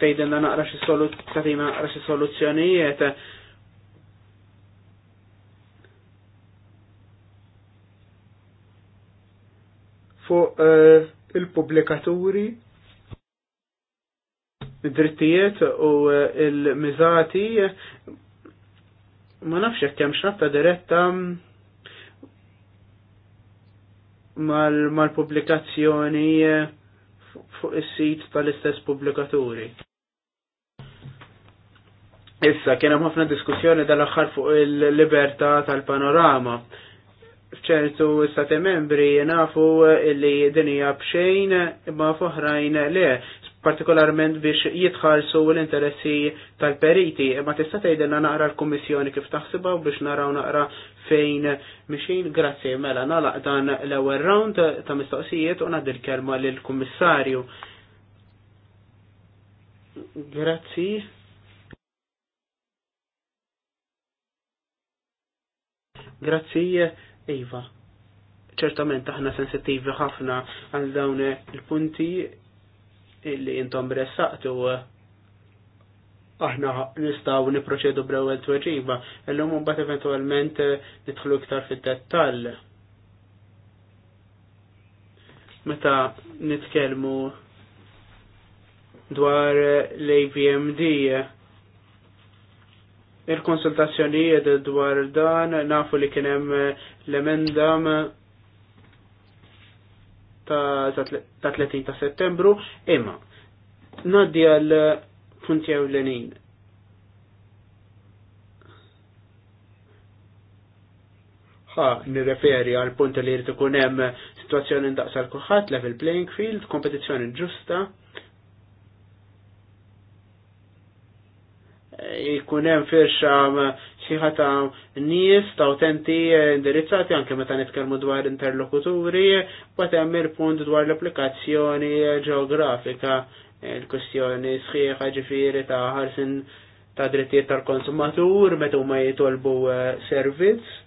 tgħidilna naqra xi soluzzjoni naqra xi soluzzjonijiet fuq eh, il-publikaturi id-drittijiet u eh, il-mizati ma nafx jekk hemm xratta diretta mm, mal-pubblikazzjoni eh, fuq is-sit tal-istess pubblikaturi. Issa kien hemm ħafna diskussjoni dal-aħħar fuq il-libertà tal-panorama. F'ċertu istati membri nafu eh, li din hija b'xejn imma f'oħrajn le partikolarment biex jitħalsu l-interessi tal-periti. Ma tista' tgħidilna naqra l-Kummissjoni kif taħsibha u biex naraw naqra fejn mixin. Grazzi, mela nalaq dan l-ewwel round ta' mistoqsijiet u ngħaddi l-kelma lill-Kummissarju. Grazzi. Grazzi, Eva, Ċertament aħna sensittivi ħafna għal dawn il-punti illi intom ressaqtu aħna nistaw niproċedu brewel tweġiba, illum mbagħad eventwalment eh, nidħlu iktar fid-dettall. Meta nitkellmu dwar l-AVMD, il-konsultazzjonijiet dwar dan nafu li kien hemm l-emenda ta' 30 ta' settembru, imma naddi għal punti ewlenin. ħa nirreferi għal punt li jrid ikun hemm situazzjoni ndaqsa l kuħat level playing field, kompetizzjoni ġusta. Jkun e, hemm sħiħa ta' nies ta' utenti indirizzati anke meta nitkellmu dwar interlokuturi, bat jammir punt dwar l-applikazzjoni ġeografika, il kustjoni sħiħa ġifieri ta' ħarsin ta' drittijiet tal-konsumatur meta huma jitolbu eh, servizz.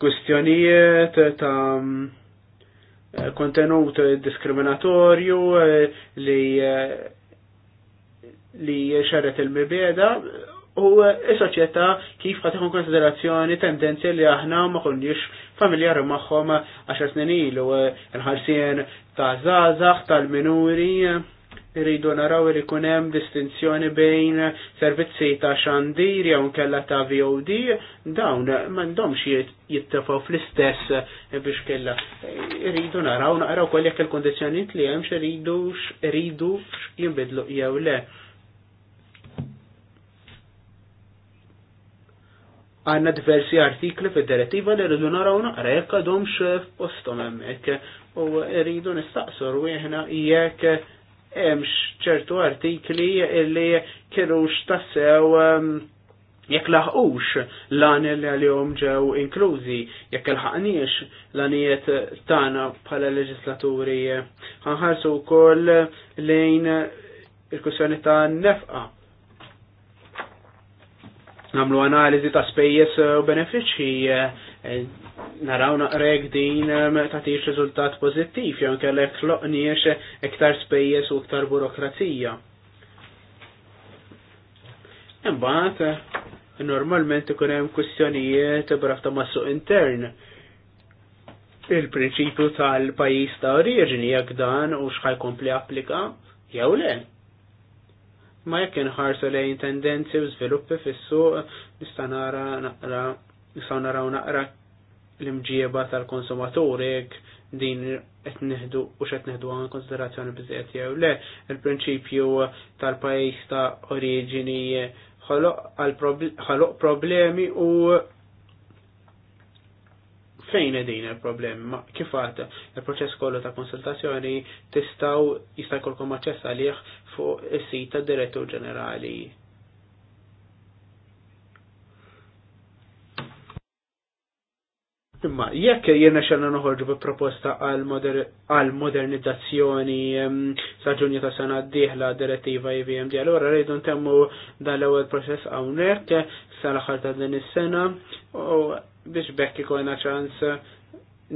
Kustjonijiet ta' kontenut diskriminatorju eh, li eh, li xarret il-mibieda u s-soċjetà kif għatikun konsiderazzjoni tendenzi li aħna ma konniex familjari magħhom għaxar snin ilu l-ħarsien ta' zazax tal-minuri rridu naraw li kun hemm distinzjoni bejn servizzi ta' xandir jew kella ta' VOD dawn m'għandhomx jittefgħu fl-istess biex kella. Rridu naraw naqraw kollek il kundizzjonijiet li hemm x'iridu x'iridu jinbidlu jew le għanna diversi artikli fid direttiva li rridu naraw naqra jekk għadhomx postom hemmhekk u rridu nistaqsu rwieħna jekk hemmx ċertu artikli li kienu tassew ehm, jekk laħqux lan li għalihom ġew inklużi jekk ilħaqniex lanijiet tagħna bħala leġislaturi Għanħarsu wkoll lejn il-kwissjoni ta' nefqa' namlu analizi ta' spejjes eh, u benefiċċji eh, eh, naraw naqreg din ta' tatix riżultat pozittiv jew kellek loqniex iktar spejjes u ktar burokrazija. Imbagħad normalment ikun hemm kwistjonijiet ta' massu intern il-prinċipju tal-pajjiż ta' oriġini jekk dan u x'ħajkompli applika jew le. Ma jekk inħarsu lejn tendenzi u żviluppi fis-suq nista' nara naqra nistgħu naraw naqra l-imġieba tal-konsumaturi din qed neħdu u x'qed neħdu għan konsiderazzjoni biżejjed jew le il-prinċipju tal-pajjiż ta' oriġini ħoloq problemi u fejn edin il-problema, kifat il-proċess kollu ta' konsultazzjoni tistaw jista' jkollkom aċċess għalih fuq is-sit ta' direttur ġenerali. Imma jekk jirna xanna noħorġu bi proposta għal-modernizzazzjoni sa' ta' sena d-dieħla direttiva IVMD, e allora rridu ntemmu dal-ewwel proċess hawnhekk sal-aħħar ta' din is-sena u biex bekk ikojna ċans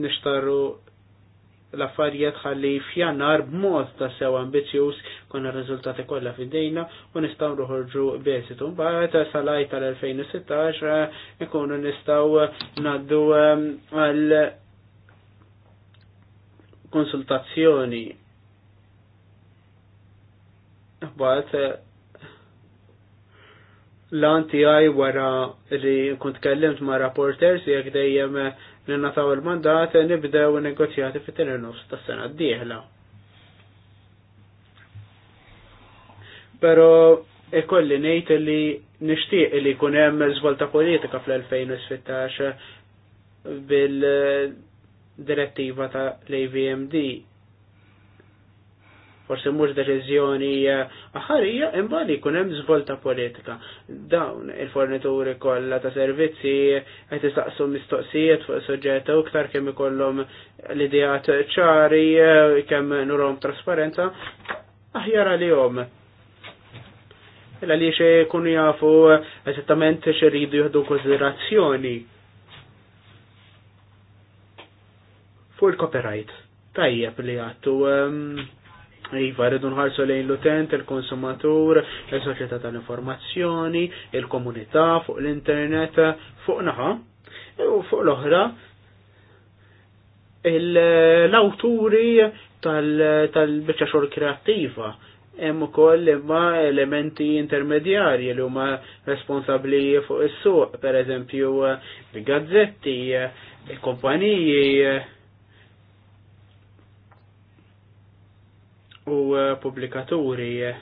nishtarru l-affarijiet ħalli f'jannar b'mod ta' sew ambizjuż konna r-riżultati kollha f'idejna u nistgħu noħorġu b'esitu. Mbagħad salaj tal-2016 ikunu nistgħu ngħaddu ehm, għal konsultazzjoni. Mbagħad lan tiegħi wara li kunt kellimt ma' rapporters jekk dejjem li nataw il-mandat nibdew negozjati fit-tieni nofs tas-sena d-dieħla. Pero ikolli ngħid li nixtieq li jkun hemm żvolta politika fl-2016 bil-direttiva ta' l-AVMD forse mhux deċiżjoni eh, aħarija imbagħad li jkun hemm żvolta politika. Dawn il-fornituri kollha ta' servizzi qed istaqsu mistoqsijiet fuq suġġett u iktar kemm ikollhom l-idejat ċari eh, kemm nurhom trasparenza aħjar għalihom. Illa li xe kunu jafu eżattament xe rridu jihdu konsiderazzjoni. Fuq il-copyright, tajjeb li għattu ehm, Iva, rridu nħarsu lejn l-utent, il-konsumatur, il-soċieta tal-informazzjoni, il-komunità, fuq l-internet, fuq naħa, u fuq l-oħra, l-awturi tal-bicċa xor kreattiva. Hemm ukoll imma elementi intermedjarji li huma responsabbli fuq is-suq, pereżempju il-gazzetti, il-kompaniji, u eh, pubblikaturi eh,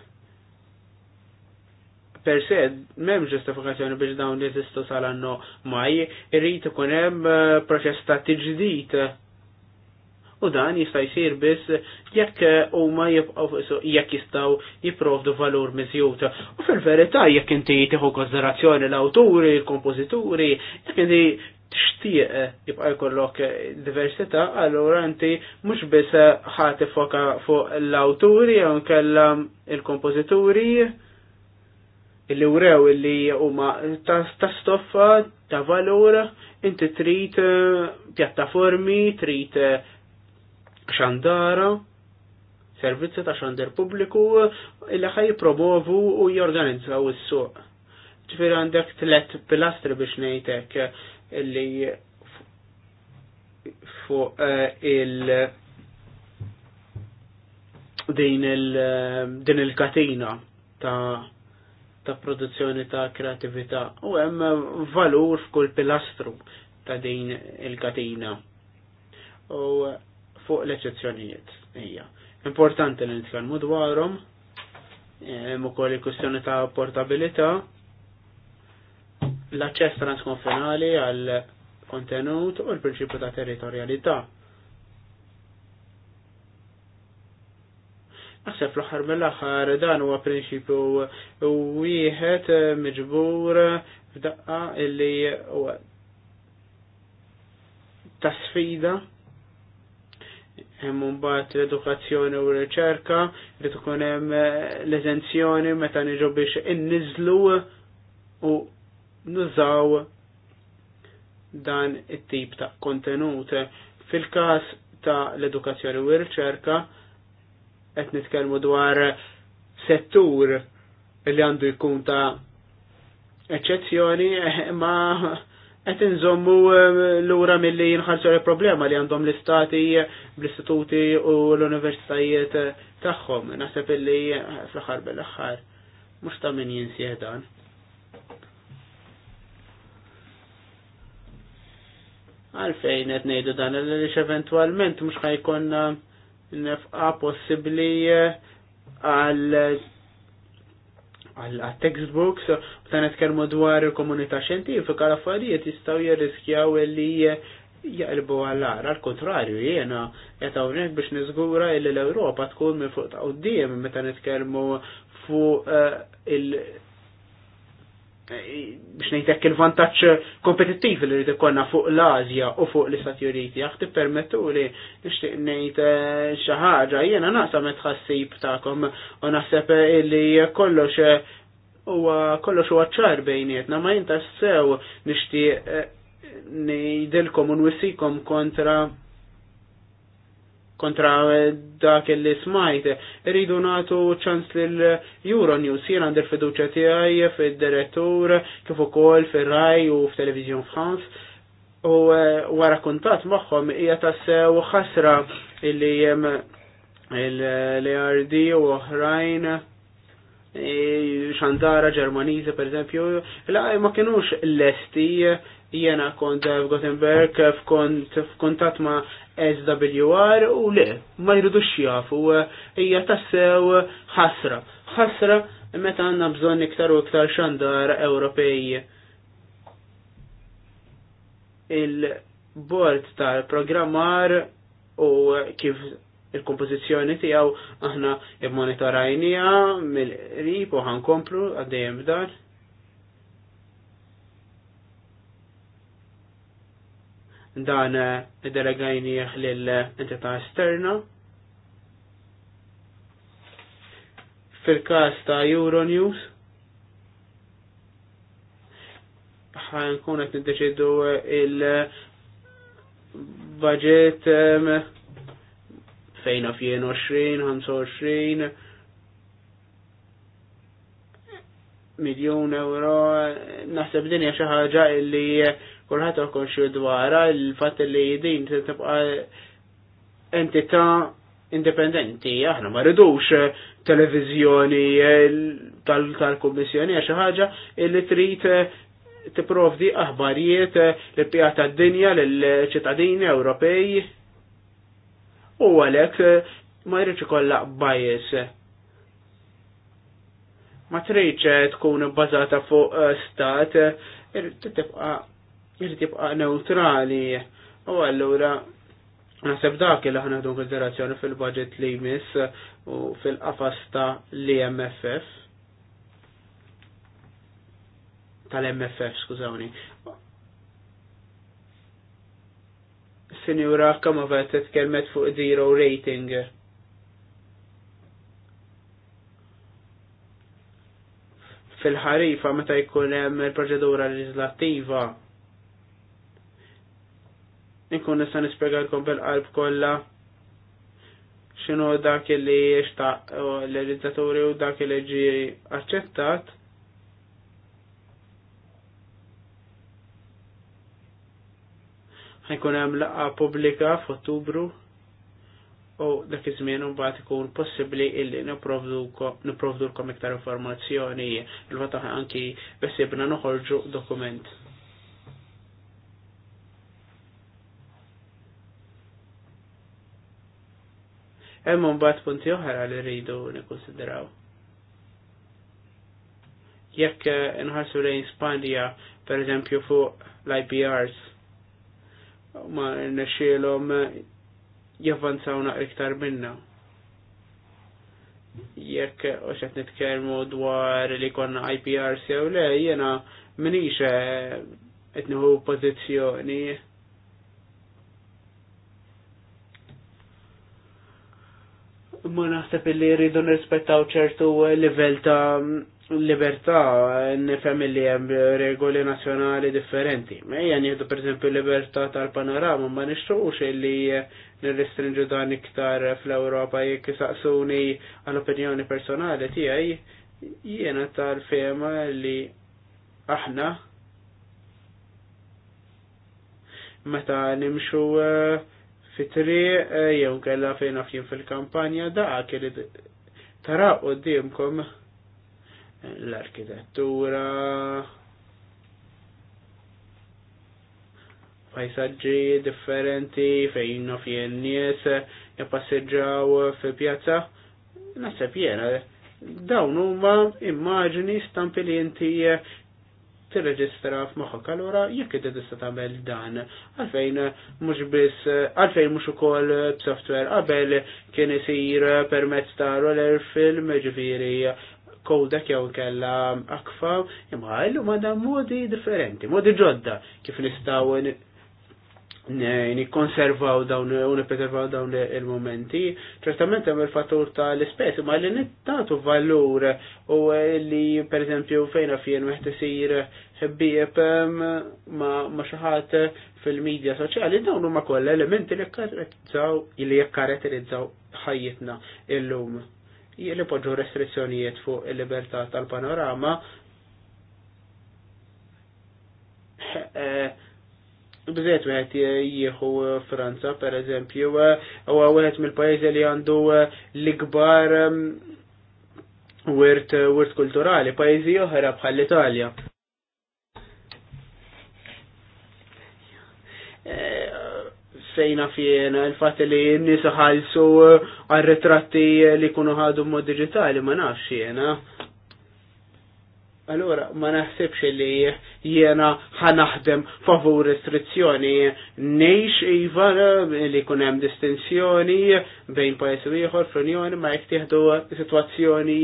per se mem ġustifikazzjoni biex dawn jeżistu sal annu maj, irrid ikun hemm eh, proċess ta' tiġdid. U dan jista' jsir biss jekk huma jibqgħu jekk jistgħu jipprovdu valur miżjut. U fil-verità jekk inti tieħu konsiderazzjoni l-awturi, l kompożituri jekk inti tixtieq jibqa' jkollok diversità, allura inti mhux biss ħati foka fuq l-awturi jew kellam il-kompożituri illi wrew illi huma ta' stoffa ta' valur, inti trit eh, pjattaformi, trid eh, xandara, servizzi ta' xandar pubbliku eh, illi ħaj jipromovu u jorganizzaw is-suq Ġifir għandek t-let pilastri biex nejtek illi fuq eh, il- din il- din il-katina ta' ta' produzzjoni ta' kreatività u hemm valur f'kull pilastru ta' din il-katina. U fuq l-eċezzjonijiet hija. Importanti li nitkellmu dwarhom, hemm ukoll il-kwistjoni ta' portabilità, l-aċċess transkonfinali għal kontenut u l-prinċipju ta' territorjalità. Naħseb fl-aħħar mill-aħħar dan huwa prinċipju wieħed eh, miġbur f'daqqa illi huwa ta' sfida hemm mbagħad l-edukazzjoni u r-riċerka li tkun hemm l-eżenzjoni meta niġu biex inniżlu u nużaw dan it-tip ta' kontenut. Fil-każ ta' l-edukazzjoni u r-riċerka qed nitkellmu dwar settur li għandu jkun ta' eċċezzjoni imma eh, qed inżommu eh, lura milli jinħarsu l-problema li għandhom l-istati, l-istituti u l-universitajiet tagħhom. Naħseb li eh, fl-aħħar bil-aħħar mhux ta' min jinsieħ dan. Għalfejn qed ngħidu dan għaliex eventwalment mhux ħajkonna eh, nefqa possibbli eh, għal għal textbooks u ta' netkermu dwar il-komunità xjentifika l-affarijiet jistgħu jirriskjaw li eh, jaqlbu għall-għar, għal-kontrarju, jena, jeta biex nizgura il l-Europa tkun minn fuq ta' għoddim, meta nitkellmu fuq Eh, biex ngħidlek il-vantaġġ kompetittiv li rrid ikollna fuq l azja u fuq l-Istati Uniti. Jaħ tippermettu li nixtieq ngħid eh, xi ħaġa jiena metħassib ta'kom tagħkom u naħseb li kollox eh, huwa kollox huwa ċar bejnietna ma jintassew nixtieq ngħidilkom u nwissikom kontra kontra eh, dak li smajt. Rridu natu ċans lil Euronews, jien għand il-fiduċa tiegħi fid-direttur kif ukoll fir-Rai u f'Television France. U eh, wara kuntat magħhom hija tassew ħasra illi l-ARD u oħrajn eh, xandara ġermaniza per eżempju, ma kienux l-esti jena kont f'Gothenburg f'kontat ma SWR u le, ma jridu jafu, hija tassew ħasra. ħasra meta għandna bżonn iktar u iktar xandar Ewropej. Il-bord tal-programmar u kif il-kompozizjoni tiegħu aħna monitorajnija mill-rib u ħankomplu għaddejjem dan. dan id-delegajni eh, lill-entità esterna. Fil-kas ta' Euronews, ħan kunet niddeċidu eh, il-budget ehm, fejn of jien 20, 25 miljon euro, eh, naħseb dinja xi ħaġa illi kulħadd xie dwara il fat li din se tibqa' entita indipendenti, aħna ma rridux televiżjoni eh, tal-Kummissjoni għax ħaġa li trid eh, tipprovdi aħbarijiet eh, li pjata d-dinja lill-ċittadini Ewropej u għalek ma jridx ikollha bajis. Ma tridx tkun bbażata fuq stat, tibqa' jirrid jibqa' neutrali. U allura naħseb dak li aħna ħdu konsiderazzjoni fil-budget li jmiss u fil-qafas ta' l-MFF. Tal-MFF, skużawni. Sinjura Kamova titkelmet fuq zero rating. Fil-ħarifa meta jkun hemm il-proċedura leġislattiva Inkun nista' lkom bil-qalb kollha x'inhu dak li jixtaq l-realizzaturi u dak li ġi aċċettat. ħajkun hemm laqgħa pubblika f'Ottubru u dak iż-żmien imbagħad ikun possibbli illi nipprovdulkom iktar informazzjoni il-fatt anki bessibna noħorġu dokument. Hemm mbagħad punti oħra li rridu nikkonsidraw. Jekk eh, inħarsu lejn Spanja, pereżempju fuq l-IPRs, ma nexxielhom eh, javvanzawna iktar minna jekk oċet eh, nitkellmu dwar li konna IPRs jew le, jena minix etniħu pozizjoni ma naħseb li rridu nirrispettaw ċertu livell ta' libertà nifhem li hemm regoli nazzjonali differenti. Ejja nieħdu pereżempju libertà tal-panorama ma nixtruqux li nirrestrinġu dan iktar fl-Ewropa jekk saqsuni għall-opinjoni personali tiegħi jiena tal-fema li aħna meta nimxu uh, fitri eh, jew kella fejn fjim fil-kampanja da' kelli tara dimkom l-arkitettura pajsaġġi differenti fejn fien nies jappasseġġaw fi pjazza naħseb jena dawn huma immaġni stampi tirreġistra f'moħħok. Allura jekk inti tista' tagħmel dan għalfejn mhux biss għalfejn mhux ukoll b'software qabel kien isir permezz ta' roller film ġifieri kodak jew kella akfa imma illum għandha modi differenti, modi ġodda kif nistgħu nikkonservaw dawn u nipreservaw dawn il-momenti. Ċertament hemm il-fattur ta' l-ispess, ma li nittatu valur u li per eżempju fejna fien meħt isir ħbieb ma' xi ħadd fil-medja soċjali dawn huma kollha elementi li jkarretizzaw li jikkaratterizzaw ħajjitna illum. Li poġġu restrizzjonijiet fuq il-libertà tal-panorama eh, eh, Bżet wieħed jieħu uh, Franza, per eżempju, uh, u wieħed mill-pajjiżi li għandu uh, l-ikbar um, wirt, wirt kulturali, pajjiżi oħra bħal italja Sejna eh, fien il fat li n-nisa ħalsu għal-ritratti li kunu ħadu mod digitali, ma nafx jena. Allora, ma naħsibx li jena ħanaħdem favur restrizzjoni. Nejx iva li kunem distinzjoni bejn pajis u ieħor fl-Unjoni ma jiftieħdu situazzjoni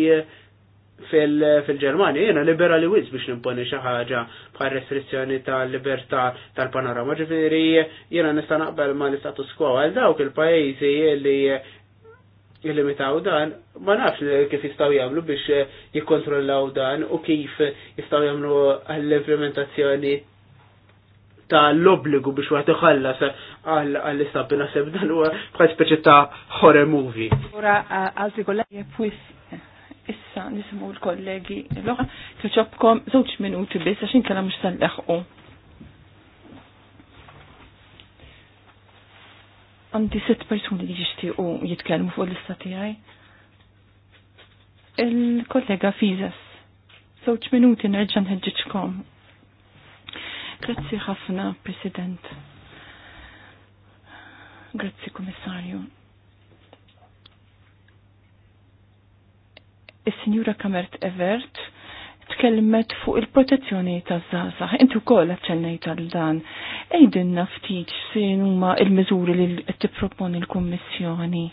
fil-Ġermani. Jena liberali wiz biex nimponi xi ħaġa bħal restrizzjoni tal-libertà tal-panorama ġifieri, jena nista' naqbel ma l-istatus quo għal dawk il-pajjiżi li jilimitaw dan, ma nafx kif jistaw jamlu biex eh, jikontrollaw dan u kif jistaw jamlu għall-implementazzjoni ta' l-obligu biex għat iħallas għall-istab seb dan u bħal speċi ta' horror movie. Ora, għalti kollegi, eh, pwis, eh, issa nismu l-kollegi, l-oħra, t minuti bis, għaxin kena mux tal-leħu. għandi sitt persuni li u jitkellmu fuq l-istati għaj. Il-kollega Fizas, soċ minuti nerġan ħedġiċkom. Grazzi ħafna, President. Grazzi, Komissarju. Is-Sinjura Kamert Evert, tkellmet fuq il-protezzjoni taż zaza. Inti wkoll aċċennejt għal dan. Ejdinna ftit x'in huma l-miżuri li t tipproponi l-Kummissjoni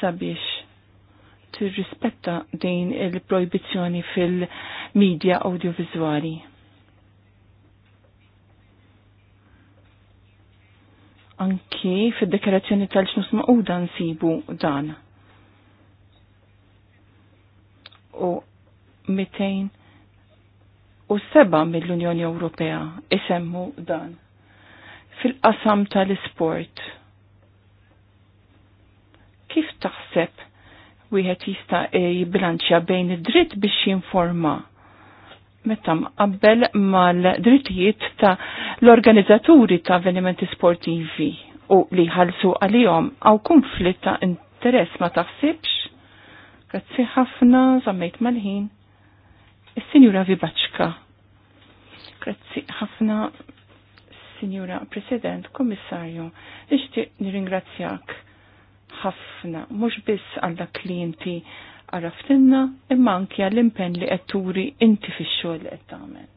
sabiex tirrispetta din il-projbizzjoni fil-medja audiovizuali. Anki fid-deklarazzjoni tal-ġnus maquda nsibu dan. U u seba' mill-Unjoni Ewropea isemmu dan fil-qasam tal-isport. Kif taħseb wieħed jista' jibbilanċja bejn id-dritt biex jinforma meta mqabbel mal-drittijiet ta' l-organizzaturi ta' avvenimenti sportivi u li ħalsu għalihom għaw konflitt ta' interess ma taħsibx? Grazzi ħafna, zammejt mal-ħin il sinjura Vibaċka. Grazzi ħafna, Sinjura President, Kommissarju, nixtieq nirringrazzjak ħafna, mhux biss għalla klienti għaraftinna, imma anki għall-impenn li qed turi inti fix-xogħol li qed tagħmel.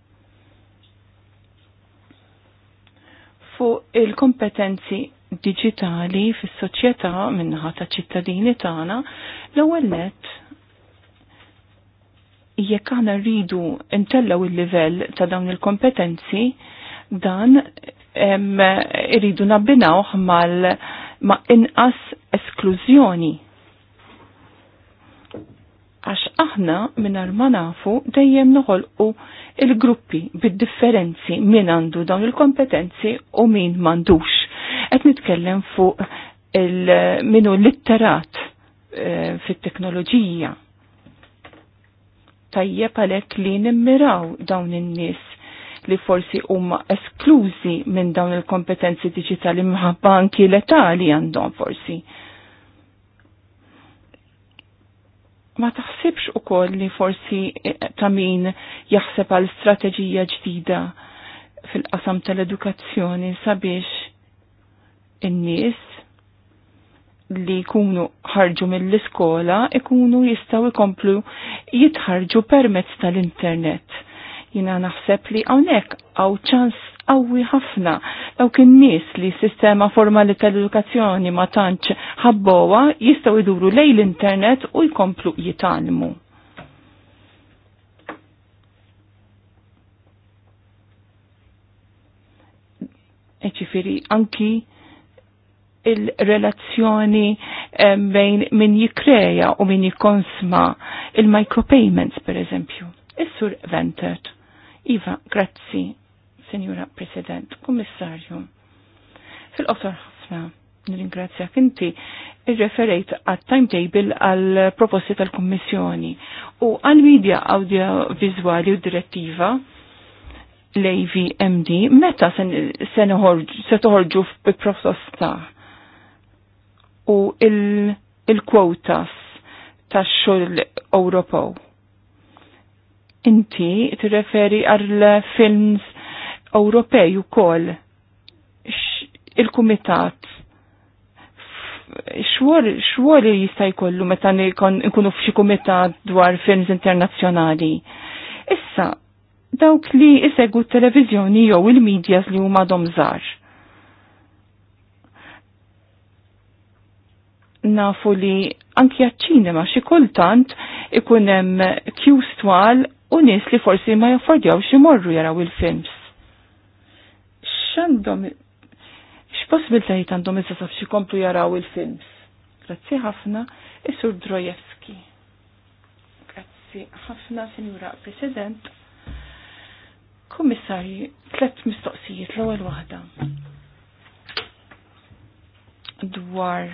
Fuq il-kompetenzi digitali fis-soċjetà minnaħa ta' ċittadini tagħna, l-ewwel nett jekk aħna rridu intellaw il-livell ta' dawn il-kompetenzi, dan rridu irridu nabbinaw mal ma' inqas esklużjoni. Għax aħna minn ma nafu dejjem noħolqu il-gruppi bid-differenzi min għandu dawn il-kompetenzi u min mandux. Qed nitkellem fuq il-minu litterat eh, fit-teknoloġija tajjeb għalhekk li nimmiraw dawn in-nies li forsi huma esklużi minn dawn il-kompetenzi diġitali minħabba anki letali għandhom forsi. Ma taħsibx ukoll li forsi eh, ta' min jaħseb għal strateġija ġdida fil-qasam tal-edukazzjoni sabiex in-nies li jkunu ħarġu mill-iskola ikunu jistaw ikomplu jitħarġu permezz tal-internet. Jina naħseb li hawnhekk għaw ċans qawwi ħafna dawk kien nies li sistema formali tal-edukazzjoni ma tantx ħabbowa jistgħu iduru lej l-internet u jkomplu jitalmu. Eċifiri anki il-relazzjoni bejn min jikreja u min jikonsma il-micropayments per eżempju. Is-sur Ventert. Iva, grazzi, Senjura President, Kommissarju. Fil-qosor ħafna, nirringrazzjak inti irreferejt għat timetable għal proposti tal-Kommissjoni u għal media audio-vizuali u direttiva l-AVMD, meta se toħorġu f'proposta u il-kwotas il ta' xol Ewropew. Inti tirreferi għal films Ewropej ukoll il-kumitat xwar xwar li jista' jkollu meta nkunu f'xi kumitat dwar films internazzjonali. Issa, dawk li isegu t televiżjoni jew il-medjas li huma domżar. żgħar nafu li anki għaċ-ċinema xi kultant ikun hemm kjus twal u nies li forsi ma jaffordjawx imorru jaraw il-films. X'għandhom x'possibiltajiet għandhom issa sab xi komplu jaraw il-films. Grazzi ħafna, Isur Drojewski. Grazzi ħafna, Sinjura President. Kummissarji, tlet mistoqsijiet l-ewwel waħda dwar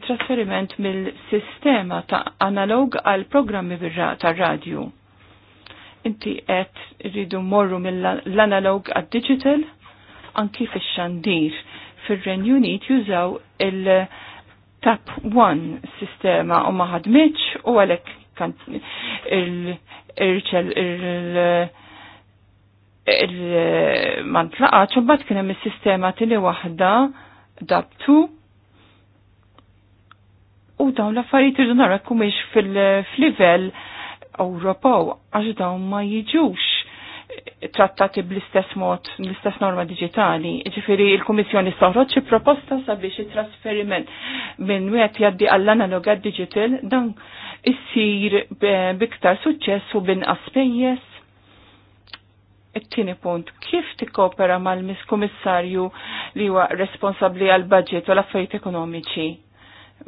trasferiment mill-sistema ta' analog għal programmi ta' radju. Inti qed rridu morru mill-analog għad digital anki fix xandir fir-Renju Unit jużaw il-Tap 1 sistema u ma ħadmitx u għalhekk il-irċel il- il-mantlaqaċ, u kienem il-sistema tili wahda dabtu U dawn l-affarijiet irdu nara kumiex fil-livell Ewropew għax dawn ma jiġux trattati bl-istess mod, l-istess norma digitali. Ġifiri, il-Komissjoni soħroċ xi proposta sabiex it-trasferiment minn wieħed jaddi għall-analog digital dan issir biktar suċċess u binqas pejjeż. It-tieni punt, kif tikkopera mal-Miss Kummissarju li huwa responsabbli għall budget u l-affarijiet ekonomiċi?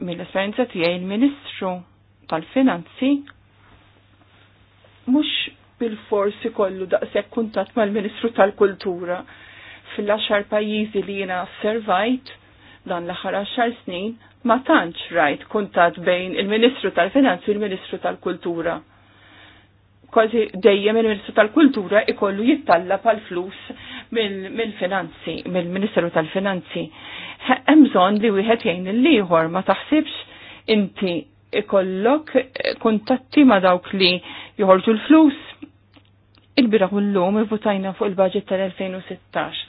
mill-esperienza tiegħi il-Ministru tal-Finanzi mhux bil-forsi kollu daqshekk kuntatt mal-Ministru tal-Kultura fil-10 pajjiżi li jiena osservajt dan l-aħħar għaxar snin ma tantx rajt kuntatt bejn il-Ministru tal-Finanzi u l-Ministru tal-Kultura. Kważi dejjem il-Ministru tal-Kultura ikollu jittalla pal-flus mill-Finanzi, mill-Ministru tal-Finanzi hemm bżonn li wieħed jgħin il-ieħor ma taħsibx inti ikollok kuntatti ma dawk li joħorġu l-flus. Il-bira kullum votajna fuq il-budget tal-2016.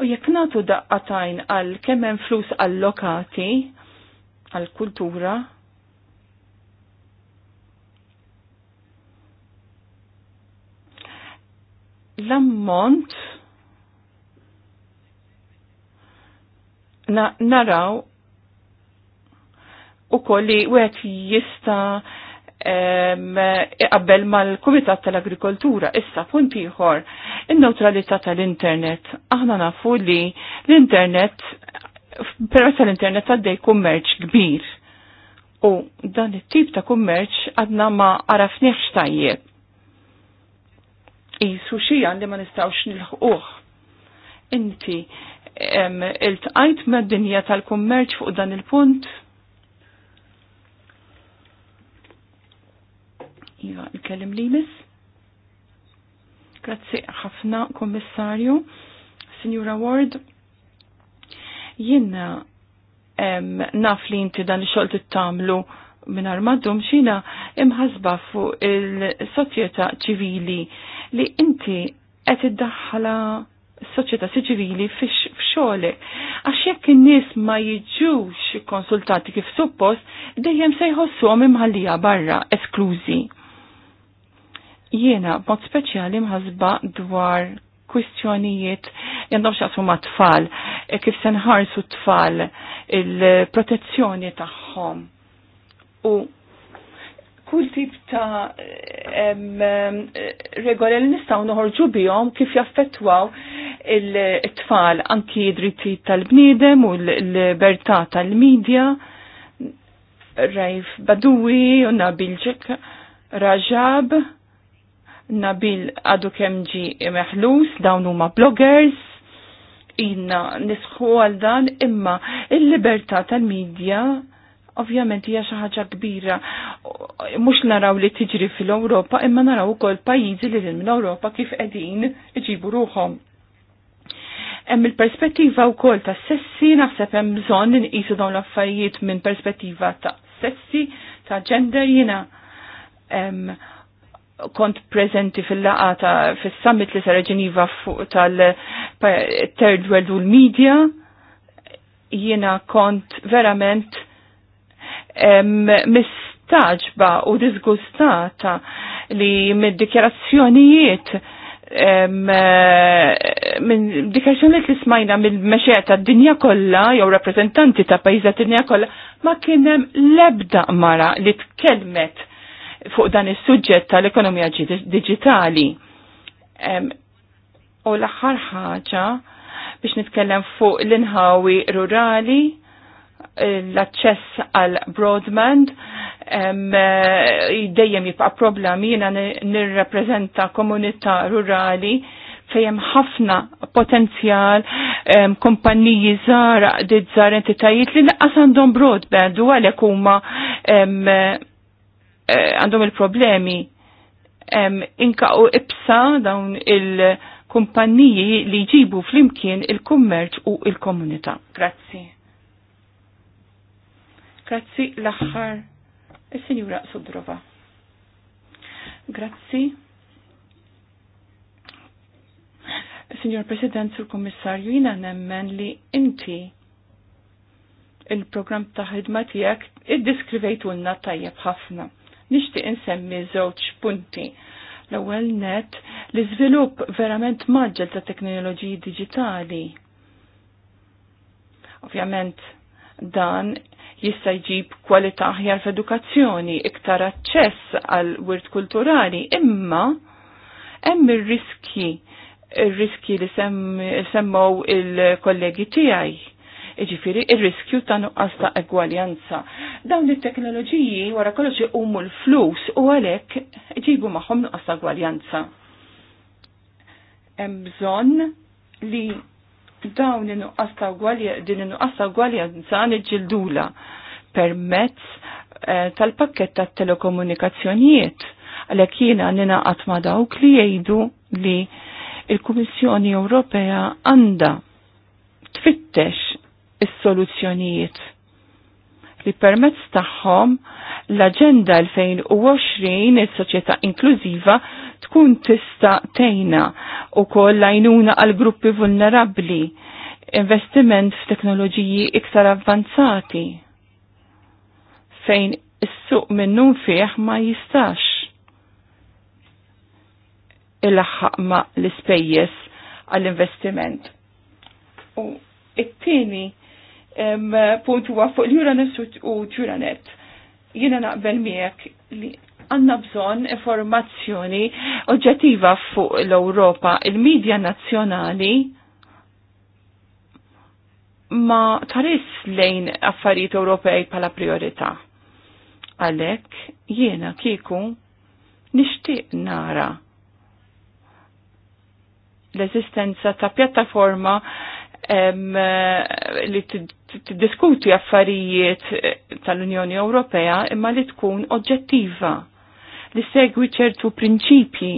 U jekk nagħtu daqqatajn għal kemm hemm flus allokati għal kultura l-ammont na, naraw u kolli u għet jista iqabbel mal-Kumitat tal-Agrikoltura. Issa, punt ieħor, in-neutralità tal-Internet. Aħna nafu li l-Internet, permezz tal-Internet għaddej kummerċ kbir. U dan it-tip ta' kummerċ għadna ma arafniex tajjeb. Isu xijan li ma nistawx nilħuħ. Inti il-tqajt mad-dinja tal-kummerċ fuq dan il-punt. Iva, il-kellim li mis. Grazzi ħafna, kommissarju, Signora Ward. jenna naf li inti dan il xol t-tamlu minn armaddum xina imħasba fuq il-soċjetà ċivili li inti qed daħħala soċjetà ċivili f'xogħlek. Għax jekk in-nies ma jiġux konsultati kif suppost, dejjem se jħossuhom imħallija barra esklużi. Jiena mod speċjali mħasba dwar kwistjonijiet jandom xaqsu ma tfal, e kif senħarsu tfal il-protezzjoni tagħhom. U kull tip ta' regoli li nistaw noħorġu bihom kif jaffettwaw il-tfal anki id-dritti tal-bniedem u l-libertà tal-medja. Rajf Badui u Nabil Ġek Rajab Nabil għadu kemġi meħlus dawn huma bloggers inna nisħu għal dan imma il-libertà tal-medja ovvjament hija xi ħaġa kbira. Mhux naraw li tiġri fil-Ewropa, imma naraw ukoll pajjiżi li lil mill-Ewropa kif qegħdin iġibu ruhom. Hemm il-perspettiva wkoll ta' sessi naħseb hemm bżonn inqisu dawn l-affarijiet minn perspettiva ta' sessi, ta' gender jiena kont prezenti fil-laqa ta' fis-summit li sara Ġeniva fuq tal-Third World Media jiena kont verament mistaġba u disgustata li mid-dikjarazzjonijiet minn dikjarazzjonijiet li smajna mill-mexija ta' dinja kollha jew rappreżentanti ta' pajjiża dinja kollha ma kien hemm lebda mara li tkellmet fuq dan is-suġġett tal-ekonomija diġitali. U l-aħħar ħaġa biex nitkellem fuq l-inħawi rurali l-access għal broadband eh, dejjem jibqa' problemi jiena nirrappreżenta komunità rurali fejjem ħafna potenzjal kompanniji żgħar dit żgħar entitajiet li laqas għandhom broadband u għalhekk huma eh, għandhom il-problemi inka u ibsa dawn il-kumpanniji li jġibu flimkien il-kummerċ u il-komunità. Grazzi. Grazzi l-axħar il-Sinjura Sudrova. Grazzi. Signor President, Sur Kommissarju, jina nemmen li inti il-program ta' ħidma tijak id-diskrivejtulna tajjeb ħafna. Nishti insemmi żewġ punti. L-ewwel net li żvilupp verament maġġel ta' teknoloġiji diġitali. Ovvjament dan jista' jġib kwalità aħjar f'edukazzjoni, iktar aċċess għal wirt kulturali, imma hemm ir-riski ir-riski li semmow il-kollegi tiegħi. Iġifiri, ir riskju ta' nuqqas ta' egwaljanza. Dawn it-teknoloġiji wara kollox iqumu l-flus u għalhekk iġibu magħhom nuqqas ta' egwaljanza. Hemm bżonn li dawn in-nuqqas ta' gwalja, din in-nuqqas ta' gwaljanza niġġildula permezz eh, tal-pakket ta' telekomunikazzjonijiet għalhekk jiena nina ma' dawk li jgħidu li il-Kummissjoni Ewropea għandha tfittex is-soluzzjonijiet li permezz tagħhom l-Aġenda 2020 is-soċjetà inklużiva tkun tista' tejna koll lajnuna għal gruppi vulnerabbli, investiment f'teknoloġiji iktar avvanzati fejn is-suq minnum fih ma jistax il-ħaq ma l-ispejjeż għall-investiment. U it-tieni puntuwa fuq l-Uranus u t-Uranet. Jiena naqbel miegħek li għanna bżon informazzjoni oġġettiva fuq l-Europa. Il-medja nazzjonali ma taris lejn affarijiet Ewropej pala priorità. Għalek jiena kieku nixtieq nara l-eżistenza ta' pjattaforma li t-diskuti affarijiet eh, tal-Unjoni Ewropea imma li tkun oġġettiva li segwi ċertu prinċipji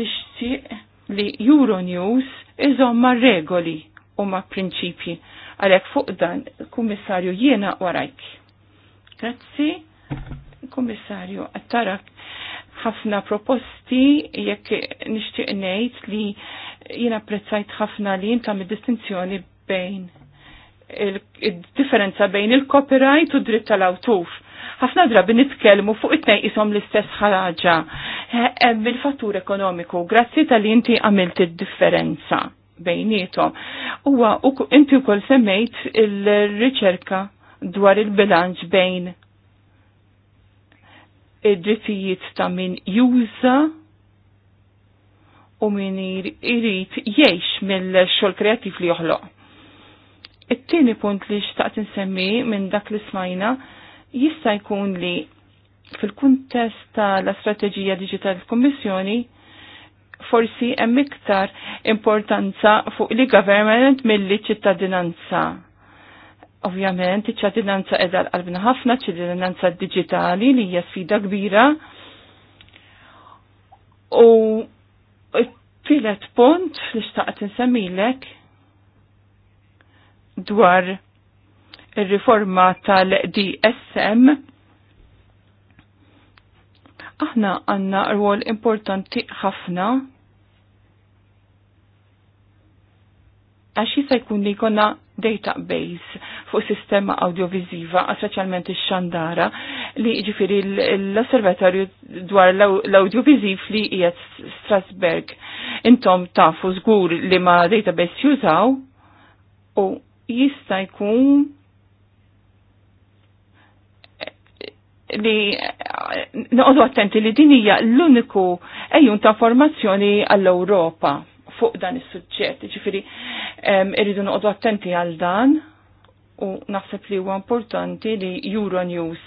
nixtieq li Euronews iżomma regoli u ma prinċipji għalhekk fuq dan kummissarju jiena warajk. Grazzi, kummissarju, għattarak ħafna proposti jekk nixtieq ngħid li jiena apprezzajt ħafna li inta mid-distinzjoni bejn il-differenza bejn il-copyright u dritt tal-awtur. Ħafna drabi nitkellmu fuq it-tnej isom l-istess ħaraġa Hemm il-fattur ekonomiku, grazzi tal inti għamilt id-differenza bejnietom. Huwa inti wkoll semmejt il-riċerka dwar il-bilanċ bejn id-drittijiet ta' min juża u min irid jgħix mill-xogħol kreattiv li joħloq It-tieni punt li xtaqt insemmi minn dak li smajna jista' jkun li fil-kuntest tal-Strateġija Digital kummissjoni forsi hemm iktar importanza fuq li government milli ċittadinanza. Ovvjament, iċ-ċittadinanza qiegħda qalbna ħafna, ċittadinanza digitali li hija sfida kbira. U t-tielet punt li xtaqt insemmilek dwar il-riforma tal-DSM. Aħna għanna rwol importanti ħafna għax jista' jkun li jkollna database fuq sistema audiovisiva, speċjalment ix-xandara, li ġifiri l-osservatorju dwar l-audiovisiv li qiegħed Strasberg. Intom tafu żgur li ma database jużaw u jista' jkun li noqdu attenti li din hija l-uniku ejjun ta' formazzjoni għall-Ewropa fuq dan is-suġġett. Ġifieri irridu noqdu attenti għal dan u naħseb li huwa importanti li Euronews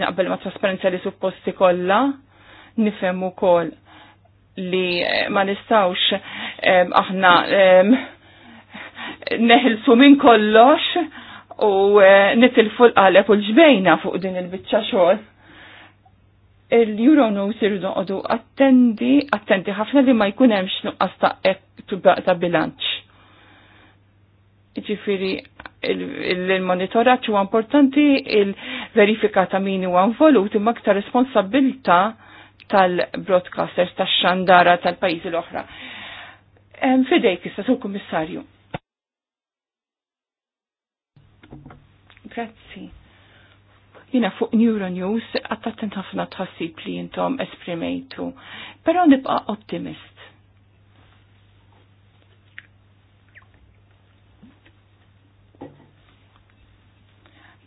naqbel ma' trasparenza li supposti kollha nifhem ukoll li eh, ma nistawx aħna neħilsu minn kollox u e, nitilfu l-qalep u l-ġbejna fuq din il-bicċa xogħol. Il-Euronews irridu għodu attendi, attendi ħafna li ma jkun hemmx nuqqas ta' ta' bilanċ. Ġifiri, il-monitoraġġ huwa importanti, il-verifika ta' min huwa involut imma aktar responsabilta tal-broadcasters tax-xandara tal-pajjiżi l-oħra. Fidejk issa sur Kommissarju. Grazzi. Jina fuq Neuronews għattattent ħafna tħassib li jintom esprimejtu, pero nibqa optimist.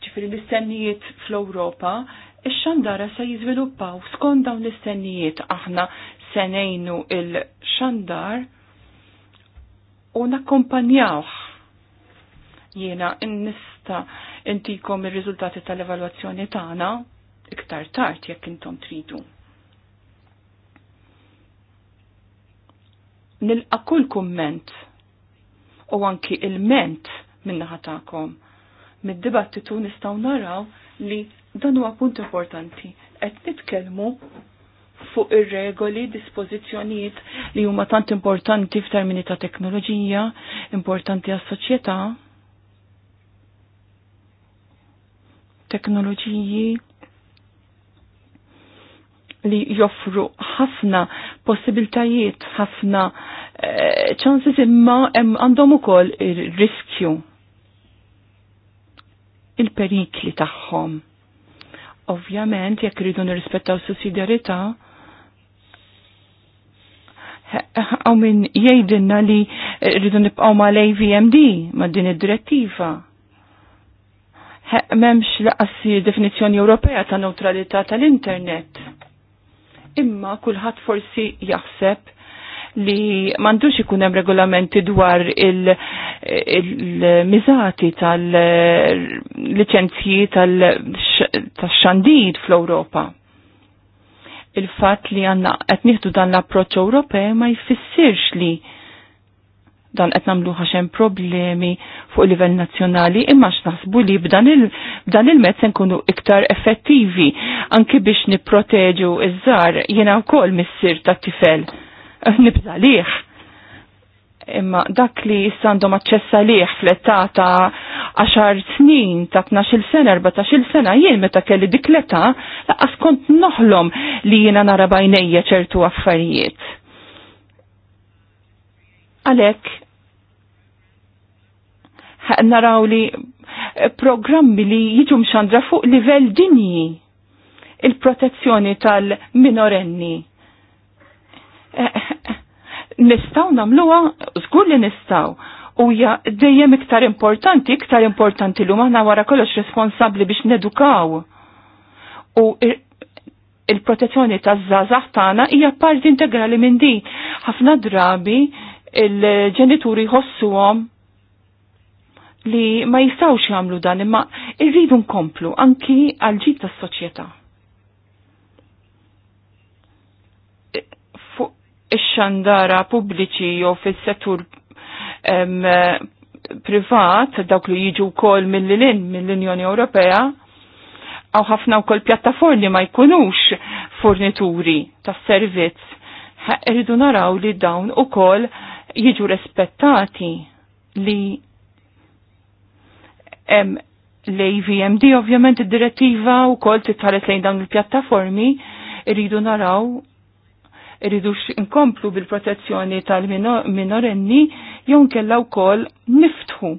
ġifiri l-istennijiet fl-Europa, il-xandara se jizviluppaw skont dawn l-istennijiet aħna senejnu il-xandar u nakkompanjawh. Jiena nista intikom ir-riżultati tal-evalwazzjoni tagħna iktar tard jekk intom tridu. Nilqa kull kumment u anki il-ment minnaħa tagħkom. Mid-dibattitu nistgħu naraw li dan huwa punt importanti qed nitkellmu fuq ir-regoli, dispożizzjonijiet li huma tant importanti f'termini ta' teknoloġija, importanti għas-soċjetà. Teknoloġiji li joffru ħafna possibiltajiet, ħafna eh, ċansis imma għandhom ukoll ir-riskju il-perikli tagħhom. Ovvjament, jekk rridu nirrispettaw sussidjarità, għaw min jgħidinna li rridu nibqaw ma l-AVMD, ma din id-direttiva. Memx laqassi definizjoni Ewropea ta' neutralità tal-internet. Imma kulħadd forsi jaħseb li mandux ikun hemm regolamenti dwar il-miżati il tal-liċenzji tal-xandid fl-Ewropa il-fat li għanna qed nieħdu dan l-approċċ Ewropej ma jfissirx li dan qed nagħmlu ħaxem problemi fuq livell nazzjonali imma x'naħsbu li b'dan il-mezz il nkunu iktar effettivi anki biex nipproteġu iż-żar jiena wkoll missier tat-tifel nibżalih imma dak li jissandom aċċessa liħ fl-età ta' 10 snin, ta' 12 sena, 14 sena, jien meta kelli dik l-età, laqqas kont noħlom li jiena nara bajnejja ċertu affarijiet. Għalek, naraw li programmi li jiġu mxandra fuq livell dinji il-protezzjoni tal-minorenni eh, nistaw namluwa, zgur li nistaw. ja, dejjem iktar importanti, iktar importanti l-huma aħna wara kollox responsabli biex nedukaw. U il-protezzjoni il protezzjoni ta' taż tana tagħna hija parti integrali minn din. Ħafna drabi il-ġenituri ħossuhom li ma jistawx jagħmlu dan imma irridu nkomplu anki għal ġid tas-soċjetà. ix-xandara pubbliċi jew fis-settur privat dawk li jiġu wkoll mill-lin mill-Unjoni Ewropea għaw ħafna wkoll pjattaformi ma jkunux fornituri tas servizz irridu naraw li dawn ukoll jiġu rispettati li em, l-AVMD ovvjament id-direttiva u kol titħares lejn dawn il-pjattaformi irridu naraw irridux inkomplu bil-protezzjoni tal-minorenni jew kella wkoll niftħu.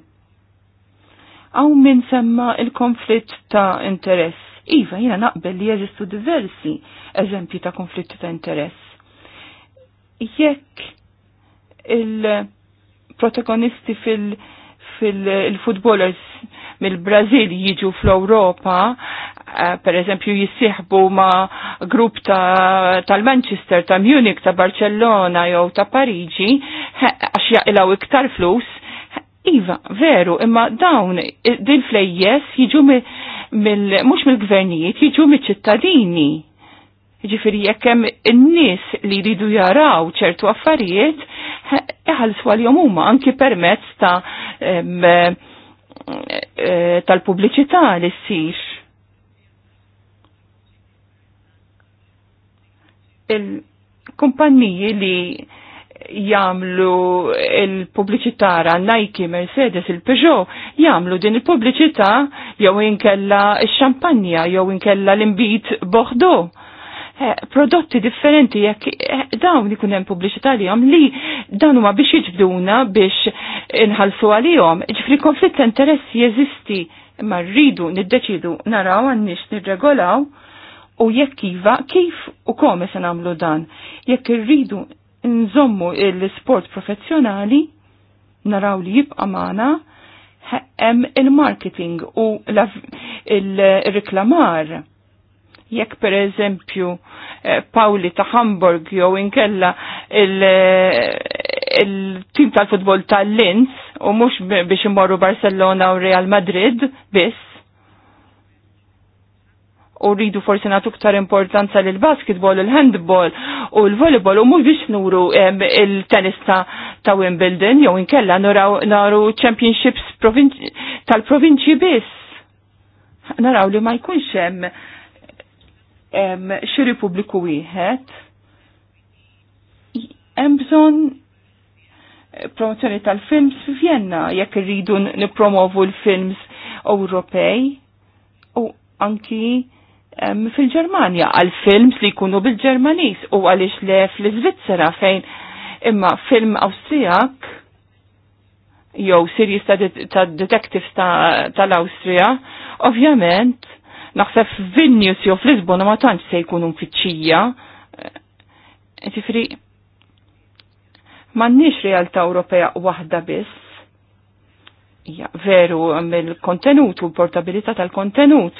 Aw min semma il-konflitt ta' interess. Iva, jina naqbel li jeżistu diversi eżempji ta' konflitt ta' interess. Jekk il-protagonisti fil-footballers mill-Brazil jiġu fl-Europa, eh, per eżempju jissieħbu ma' grupp tal-Manchester, ta', Munich, ta' Barcellona jew ta' Pariġi, għax jaqilaw iktar flus, Iva, veru, imma dawn eh, din flejjes jiġu mill mhux mill-gvernijiet, jiġu mill-ċittadini. Ġifiri jekkem n-nis li ridu jaraw ċertu affarijiet, s għal huma anki permezz ta' Eh, eh, tal-pubbliċità li ssir. Il-kumpanniji li jamlu il-pubbliċità ra Nike, Mercedes, il-Peugeot, jamlu din il-pubbliċità jew inkella il-xampanja jew inkella l-imbit Bordeaux Eh, prodotti differenti jekk eh, dawn ikun hemm pubbliċità lihom li dawn huma biex jiġbduna biex inħalsu għalihom. Ġifri konflitt ta' interess jeżisti imma rridu niddeċidu naraw għandix nirregolaw u jekk iva kif u kome se nagħmlu dan. Jekk irridu nżommu l-sport professjonali naraw li jibqa' magħna hemm il-marketing u il-reklamar jekk per eżempju eh, Pauli ta' Hamburg jew inkella il-tim eh, tal-futbol tal-Linz u mhux biex imorru Barcelona u Real Madrid biss. U rridu forsi nagħtu ktar importanza l basketball, il-handball u l-volleyball u mhux biex nuru il-tennis ta' Wimbledon jew inkella naru championships tal-provinċi biss naraw li ma jkunx hemm xi Repubbliku wieħed hemm bżonn eh, promozzjoni tal-films f'Vjenna jekk irridu nippromovu l-films Ewropej u anki fil-Ġermanja għal films li jkunu bil-Ġermanis u għaliex le fl-Iżvizzera fejn imma film Awstrijak jew series ta', ta detectives tal-Awstrija, ta ovvjament Naħseb f'Vinnius jew f'Lisbona ma tantx se jkunu mfittxija. E, ġifri, m'għandniex realtà Ewropea waħda biss. Ja, veru mill-kontenut u l-portabilità tal-kontenut,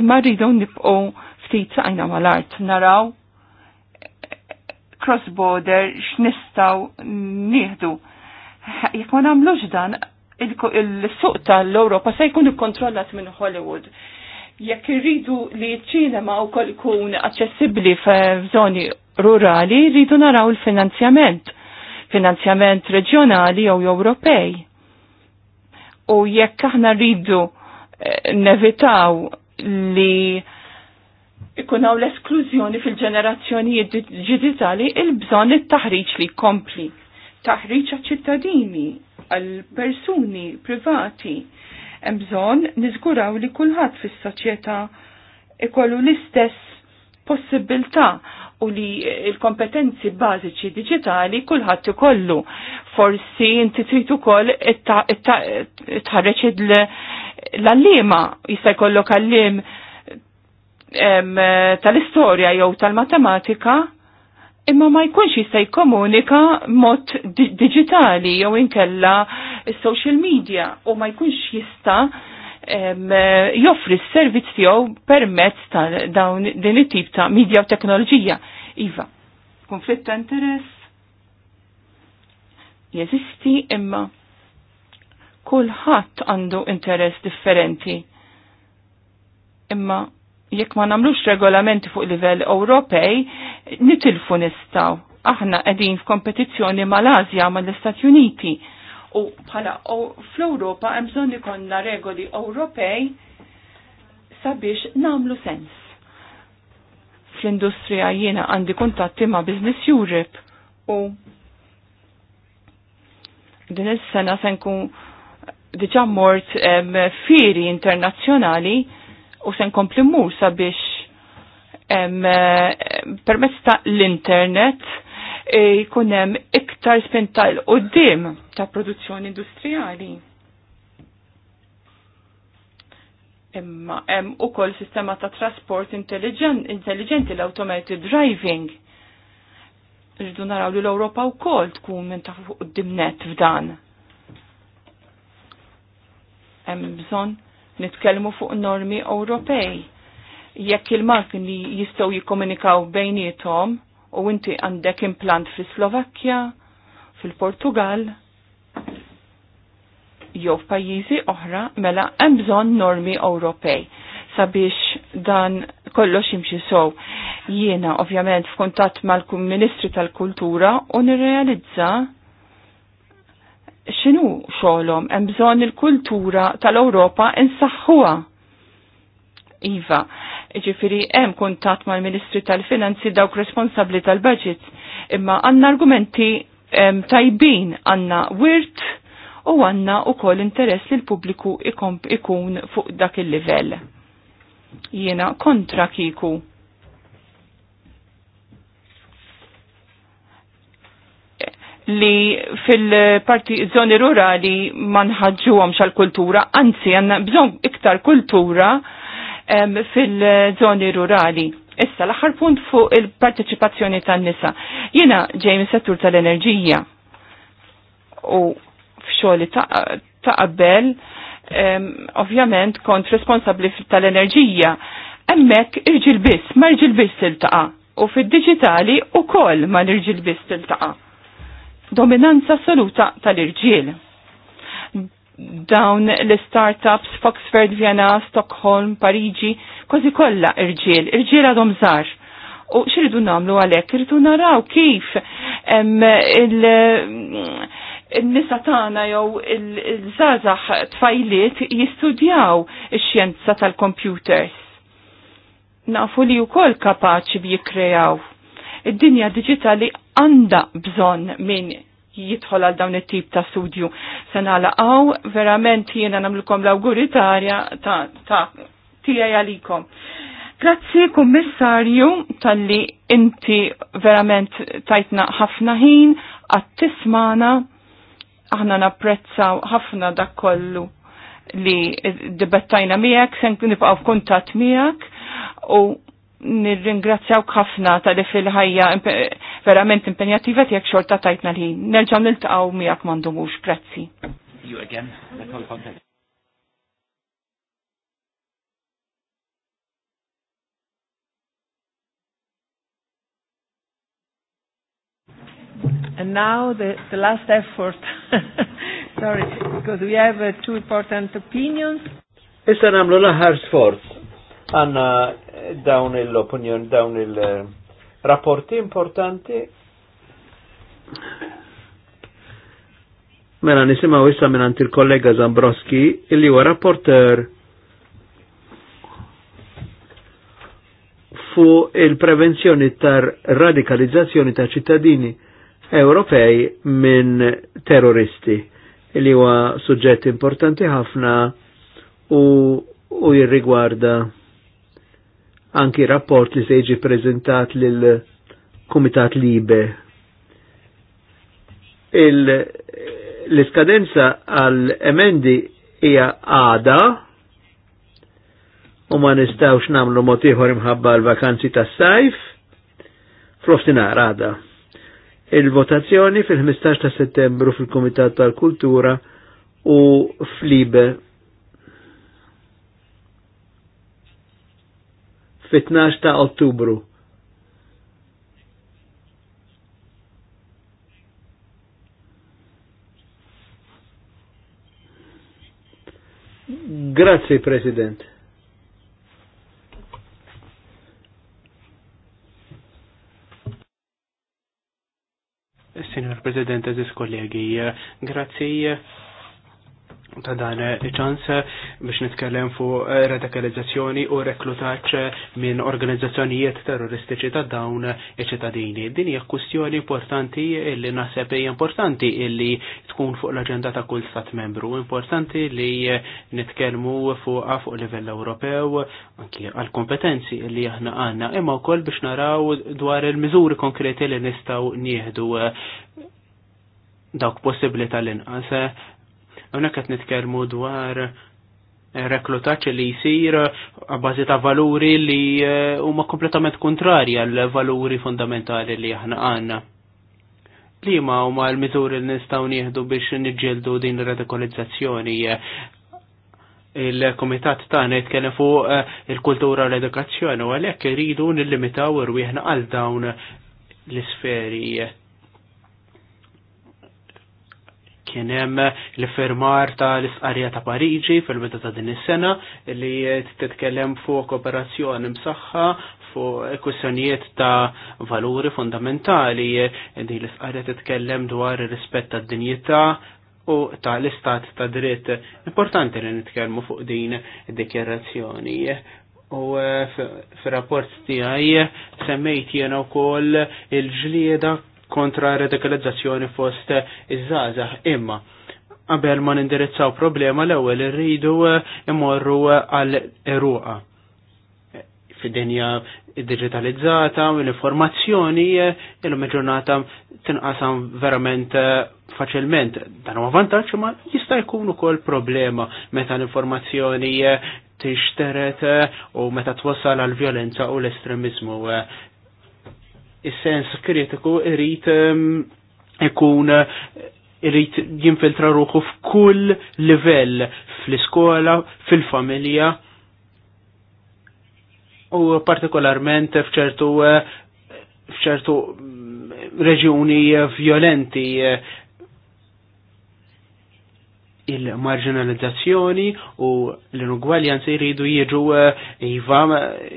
imma rridu nibqgħu ftit saqajna mal-art naraw cross-border x'nistgħu nieħdu. Jekk ma nagħmlux dan, il-suq tal ewropa se jkun ikkontrollat minn Hollywood jekk irridu li ċinema u kol kun aċċessibbli f'żoni rurali, rridu naraw il-finanzjament, finanzjament reġjonali jew Ewropej. U jekk aħna rridu eh, nevitaw li ikunaw l-esklużjoni fil-ġenerazzjonijiet digitali il-bżon il-taħriġ li kompli. Taħriġ ċittadini, għal persuni privati Hemm bżonn niżguraw li kulħadd fis-soċjetà ikollu l-istess possibilità u li il-kompetenzi bażiċi digitali kulħadd ikollu. Forsi inti trid ukoll tħarreġ l-allima jista' jkollok għallim tal-istorja jew tal-matematika imma ma jkunx jista' jkomunika mod digitali jew inkella social media u ma jkunx jista' joffri s-servizz tiegħu permezz ta' dawn din it-tip ta' media u teknoloġija. Iva, konflitt ta' interess jeżisti imma kulħadd għandu interess differenti. Imma jekk ma namlux regolamenti fuq livell Ewropej, nitilfu nistaw. Aħna qegħdin f'kompetizzjoni mal-Asja mal-Istati Uniti. U bħala fl-Ewropa hemm bżonn ikollna regoli Ewropej sabiex namlu sens. Fl-industrija jiena għandi kuntatti ma' Business Europe u din is-sena se nkun diġà mort firi internazzjonali u sen kompli mur sabiex permezz ta' l-internet e, jkunem iktar spinta u dim ta' produzzjoni industrijali. Imma hemm ukoll sistema ta' trasport intelligenti l-automated driving. Rridu naraw li l-Ewropa wkoll tkun minn ta' fuq qudiem net f'dan. Hemm bżonn nitkellmu fuq normi Ewropej. Jekk il-magni jistgħu jikkomunikaw bejnietom u inti għandek implant fi Slovakkja, fil-Portugal, jew f'pajjiżi oħra mela hemm bżonn normi Ewropej sabiex dan kollox jimxi sow. Jiena ovvjament f'kuntatt mal-Ministri tal-Kultura u nirrealizza xinu xolom, hemm bżonn il-kultura tal-Ewropa insaħħuha. Iva, ġifiri hemm kuntatt mal-Ministri tal-Finanzi dawk responsabbli tal-budget, imma għandna argumenti tajbin għandna wirt u għandna u kol interess li l-pubbliku ikun fuq dak il-livell. Jiena kontra kiku li fil-parti zoni rurali ma nħadġuhom xal-kultura, anzi għanna bżon iktar kultura fil-zoni rurali. Issa, l-axar punt fuq il-parteċipazzjoni tan nisa Jena ġej settur tal-enerġija u fxoli ta' qabel, ovvjament kont responsabli tal-enerġija. Emmek irġil biss, ma irġil biss il-taqa. U fil-digitali u kol ma irġil biss il-taqa dominanza assoluta tal-irġiel. Dawn l-startups Foxford, Vienna, Stockholm, Parigi, kważi kollha irġiel, irġiel għadhom żgħar. U xiridu namlu għalhekk, irridu naraw kif il-nisa tagħna jew il-żazax tfajliet jistudjaw ix-xjenza tal-computers. Nafu li wkoll kapaċi bi jikkrejaw id-dinja digitali għanda bżon min jidħol għal dawn it-tip ta' studju. Se għaw, verament jiena namlukom l-awguritarja ta' ta' tiegħi għalikom. Grazzi kummissarju tal-li inti verament tajtna ħafna ħin għat tismana aħna napprezzaw ħafna dak kollu li dibettajna miegħek, se nibqgħu f'kuntatt miegħek u nirringrazzjaw ħafna ta' li fil-ħajja verament impenjativa tiegħek xorta tajtna li nerġan nil-taqaw miak mandu mux prezzi. And now the, the last effort. Sorry, because we have uh, two important opinions. Issa namlu l-aħħar sforz għanna dawn l-opinjon, dawn il-rapporti importanti. Mela nisimaw issa minnant il-kollega Zambroski, illi huwa rapporter fu il-prevenzjoni tar radikalizzazzjoni ta' ċittadini Ewropej minn terroristi, illi huwa suġġett importanti ħafna u u jirrigwarda anki rapport li se jiġi prezentat lil Kumitat Libe. L-iskadenza għal emendi hija għada u ma nistawx namlu motiħor imħabba l-vakanzi tas sajf f'rofsinhar għada. Il-votazzjoni fil-15 ta' settembru fil-Kumitat tal-Kultura u flibe fit-12 ta' Ottubru. Grazzi, President. Signor Presidente, eżis kollegi, grazie ta' dan ċans biex nitkellem fuq radikalizzazzjoni u reklutaċ minn organizzazzjonijiet terroristiċi ta' dawn iċ-ċittadini. Din hija kwistjoni importanti li naħseb hija importanti li tkun fuq l-aġenda ta' kull stat membru. Importanti li nitkellmu fuqha fuq livell Ewropew anki għal kompetenzi li aħna għandna imma wkoll biex naraw dwar il-miżuri konkreti li nistgħu nieħdu dawk possibbli tal-inqas Unek qed nitkellmu dwar reklutaċ li jisir għabazi ta' valuri li eh, huma kompletament kontrari għal valuri fundamentali li aħna għanna. Li ma huma l-miżuri li nistgħu nieħdu biex niġġieldu din radikalizzazzjoni eh, il-komitat tagħna jitkellem fuq eh, il-kultura u l-edukazzjoni u għalhekk iridu nillimitaw irwieħna għal dawn l-isferi kien hemm l-firmar ta' l-isqarja ta' Pariġi fil meta ta' din is-sena li titkellem fuq kooperazzjoni msaħħa fuq kwistjonijiet ta' valuri fundamentali din l-isqarja titkellem dwar ir-rispett tad-dinjità u ta' l-istat ta' dritt. Importanti li nitkellmu fuq din id-dikjerazzjoni. U eh, f-rapport tijaj semmejt jena u koll il-ġlieda kontra radikalizzazzjoni fost iż-żgħażagħ imma qabel ma nindirizzaw problema l-ewwel irridu eh, imorru eh, għal eruqa fid-dinja digitalizzata u l-informazzjoni eh, il ġurnata tinqasam verament faċilment. Dan huwa vantaġġ ma jista' jkun ukoll problema meta l-informazzjoni tixteret u meta twassal għal vjolenza u l-estremizmu is-sens kritiku irrit ehm, ikun irrit jinfiltra ruħu f'kull livell fl-iskola, fil-familja u partikolarment f'ċertu f'ċertu mm, reġjuni violenti il-marginalizzazzjoni u l-inugwaljanzi jridu jiġu eh, iva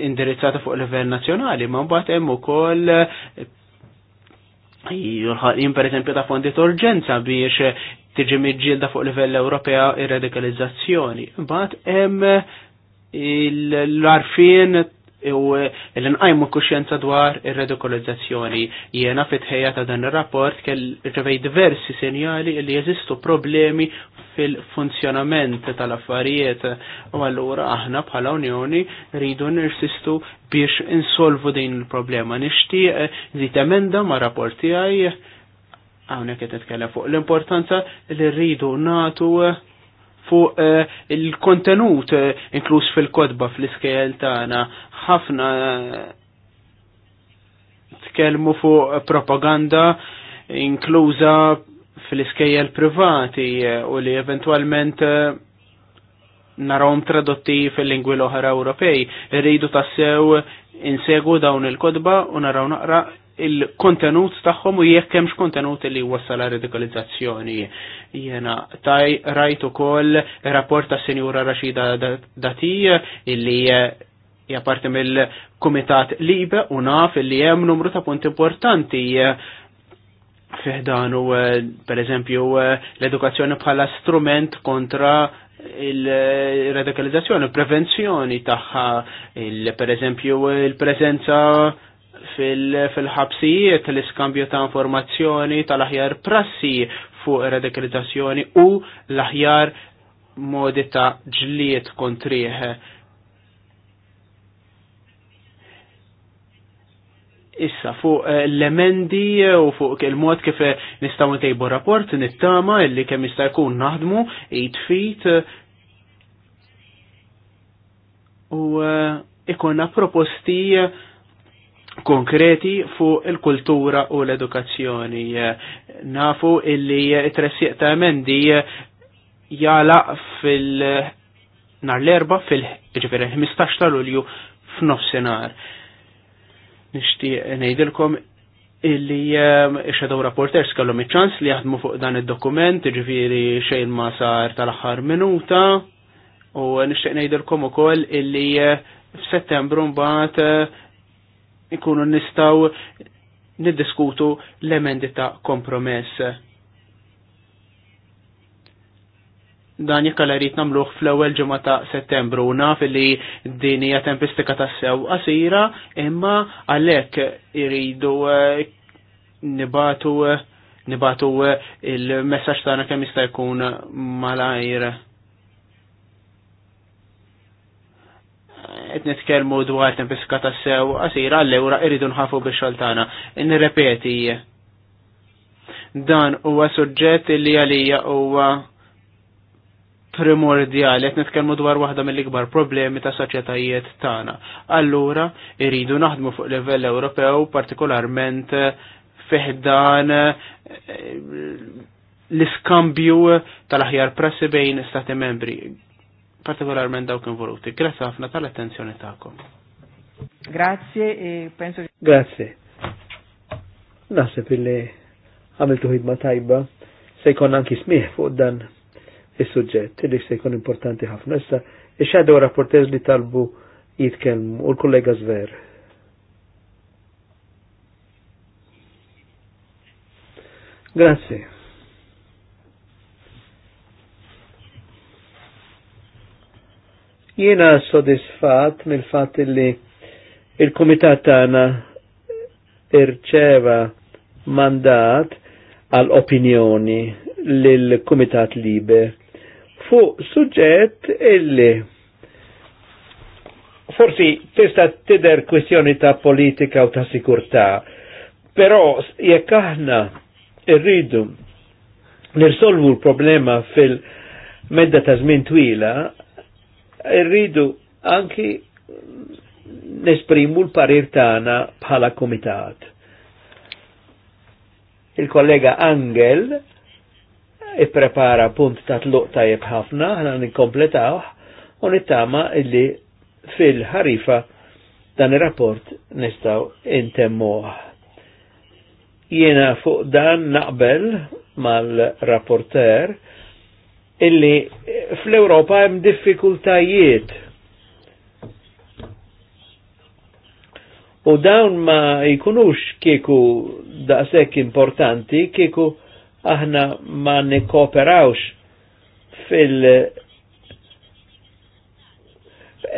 indirizzata fuq livell nazzjonali, ma mbagħad hemm ukoll eh, jolħaqin per esempio ta' fondi urġenza biex tiġi miġġielda fuq livell Ewropea ir-radikalizzazzjoni. Mbagħad hemm l-arfin u l-nqajmu kuxjenza dwar ir-radikalizzazzjoni. Jiena fitħejja ta' dan ir-rapport kell ġevej diversi sinjali li jeżistu problemi fil-funzjonament tal-affarijiet u allura aħna bħala Unjoni rridu nirsistu biex insolvu din il-problema. Nixtieq zit eh, emenda ma' rapporti għaj għawnek qed titkellem fuq l-importanza li rridu natu eh, fuq eh, il-kontenut inkluż fil-kodba fl-iskejl tagħna ħafna tkellmu fuq propaganda inkluża fil-iskejjel privati eh, u li eventualment eh, narom tradotti fil-lingwi l-oħra Ewropej. Irridu tassew insegu dawn il-kodba u naraw naqra il-kontenut tagħhom u jekk hemmx kontenut li wassal radikalizzazzjoni. Jena taj rajt ukoll rapport ta' Sinjura Rashida Dati illi eh, hija parti mill-Kumitat Libe u naf illi hemm numru ta' punti importanti Fih fiħdanu eh, per eżempju eh, l-edukazzjoni bħala strument kontra il-radikalizzazzjoni, prevenzjoni tagħha per eżempju il-preżenza fil-ħabsijiet l-iskambju ta' informazzjoni tal-aħjar prassi fuq radikalizzazzjoni u l-aħjar modi ta' ġliet kontriħ Issa, fuq eh, l-emendi eh, u fuq il-mod kif eh, nistaw ntejbu rapport, nittama illi kemm jista' jkun naħdmu, 8 feet u ikonna proposti konkreti fuq il-kultura u l-edukazzjoni. Nafu illi tressiq ta' emendi jala fil- nar l-erba fil-ġifir 15 ta' lulju f'nofsinhar nixtieq ngħidilkom illi ix-shadow um, rapporters kellhom iċ-ċans li jaħdmu fuq dan id-dokument, ġifiri xejn ma sar tal-aħħar minuta u nixtieq ngħidilkom ukoll illi uh, f'Settembru mbagħad uh, ikunu nistgħu niddiskutu l-emendi ta' kompromess dan jekk għal rrit namluħ fl-ewwel ġimgħa ta' Settembru naf li din hija tempistika ta' sew qasira, imma għalhekk iridu eh, nibatu eh, nibatu eh, il-messaġġ tagħna kemm jista' jkun malajr. qed nitkellmu dwar tempistika ta' sew qasira għall-ewra irridu nħafu biex xoltana. Nirrepeti dan huwa suġġett li għalija huwa primordjali qed nitkellmu dwar waħda mill-ikbar problemi ta' soċjetajiet tagħna. Allura iridu naħdmu fuq livell Ewropew partikolarment eh, fiħdan eh, l-iskambju tal-aħjar prassi bejn stati membri, partikolarment dawk involuti. Grazzi ħafna tal-attenzjoni tagħkom. Grazie e penso Grazie. Nasib illi għamiltu ħidma tajba se jkun anki smih fuq dan is-suġġett li se jkun importanti ħafna. Issa ix rapportez li talbu jitkellmu u l-kollega Zver. Grazie. Jiena sodisfat mill fat li il-komitat tagħna irċeva mandat għal opinjoni lill-Kumitat Liber fuq suġġett illi forsi tista' tidher kwistjoni ta' politika u ta' sikurtà, però jekk aħna irridu nirsolvu l-problema fil-medda ta' żmien twila, irridu anki nesprimu l-parir tagħna bħala komitat. Il-kollega Angel ipprepara punt ta' tluq tajjeb ħafna, ħana nikkompletaw u nittama illi fil-ħarifa dan ir-rapport nistaw intemmuh. Jiena fuq dan naqbel mal-rapporter illi fl-Europa hemm diffikultajiet. U dawn ma jkunux kieku daqshekk importanti kieku aħna ma nikoperawx fil-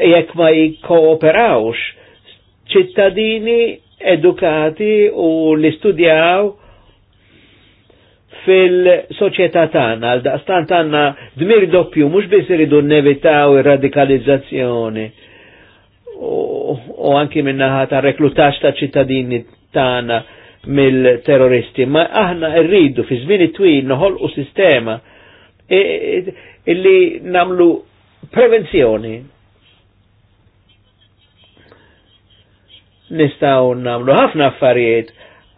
jekk ma jikooperawx ċittadini edukati u li studjaw fil-soċjetà tagħna għal daqstant għandna dmir doppju mhux biss iridu nevitaw ir-radikalizzazzjoni u anki minnaħa ta' reklutax ta' ċittadini tagħna mill-terroristi, ma aħna rridu fi żmien twil noħolqu sistema e, e, illi namlu prevenzjoni. Nistaw namlu ħafna affarijiet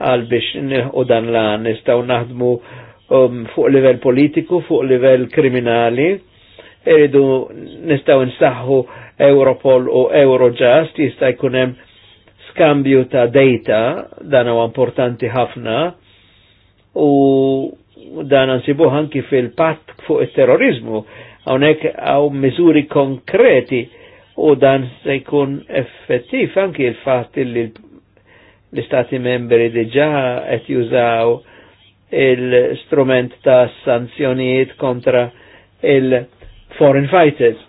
għal biex nilħu dan la nistaw naħdmu um, fuq livell politiku, fuq livell kriminali, irridu nistaw nsaħħu Europol u Eurojust jista' jkun hemm skambju ta' data, dan huwa importanti ħafna, u dan nsibu anki fil-patt fuq il-terrorizmu, għonek għaw miżuri konkreti u dan se jkun effettiv anki il-fatt li l-istati membri diġa qed jużaw il-strument ta' sanzjoniet kontra il-foreign fighters.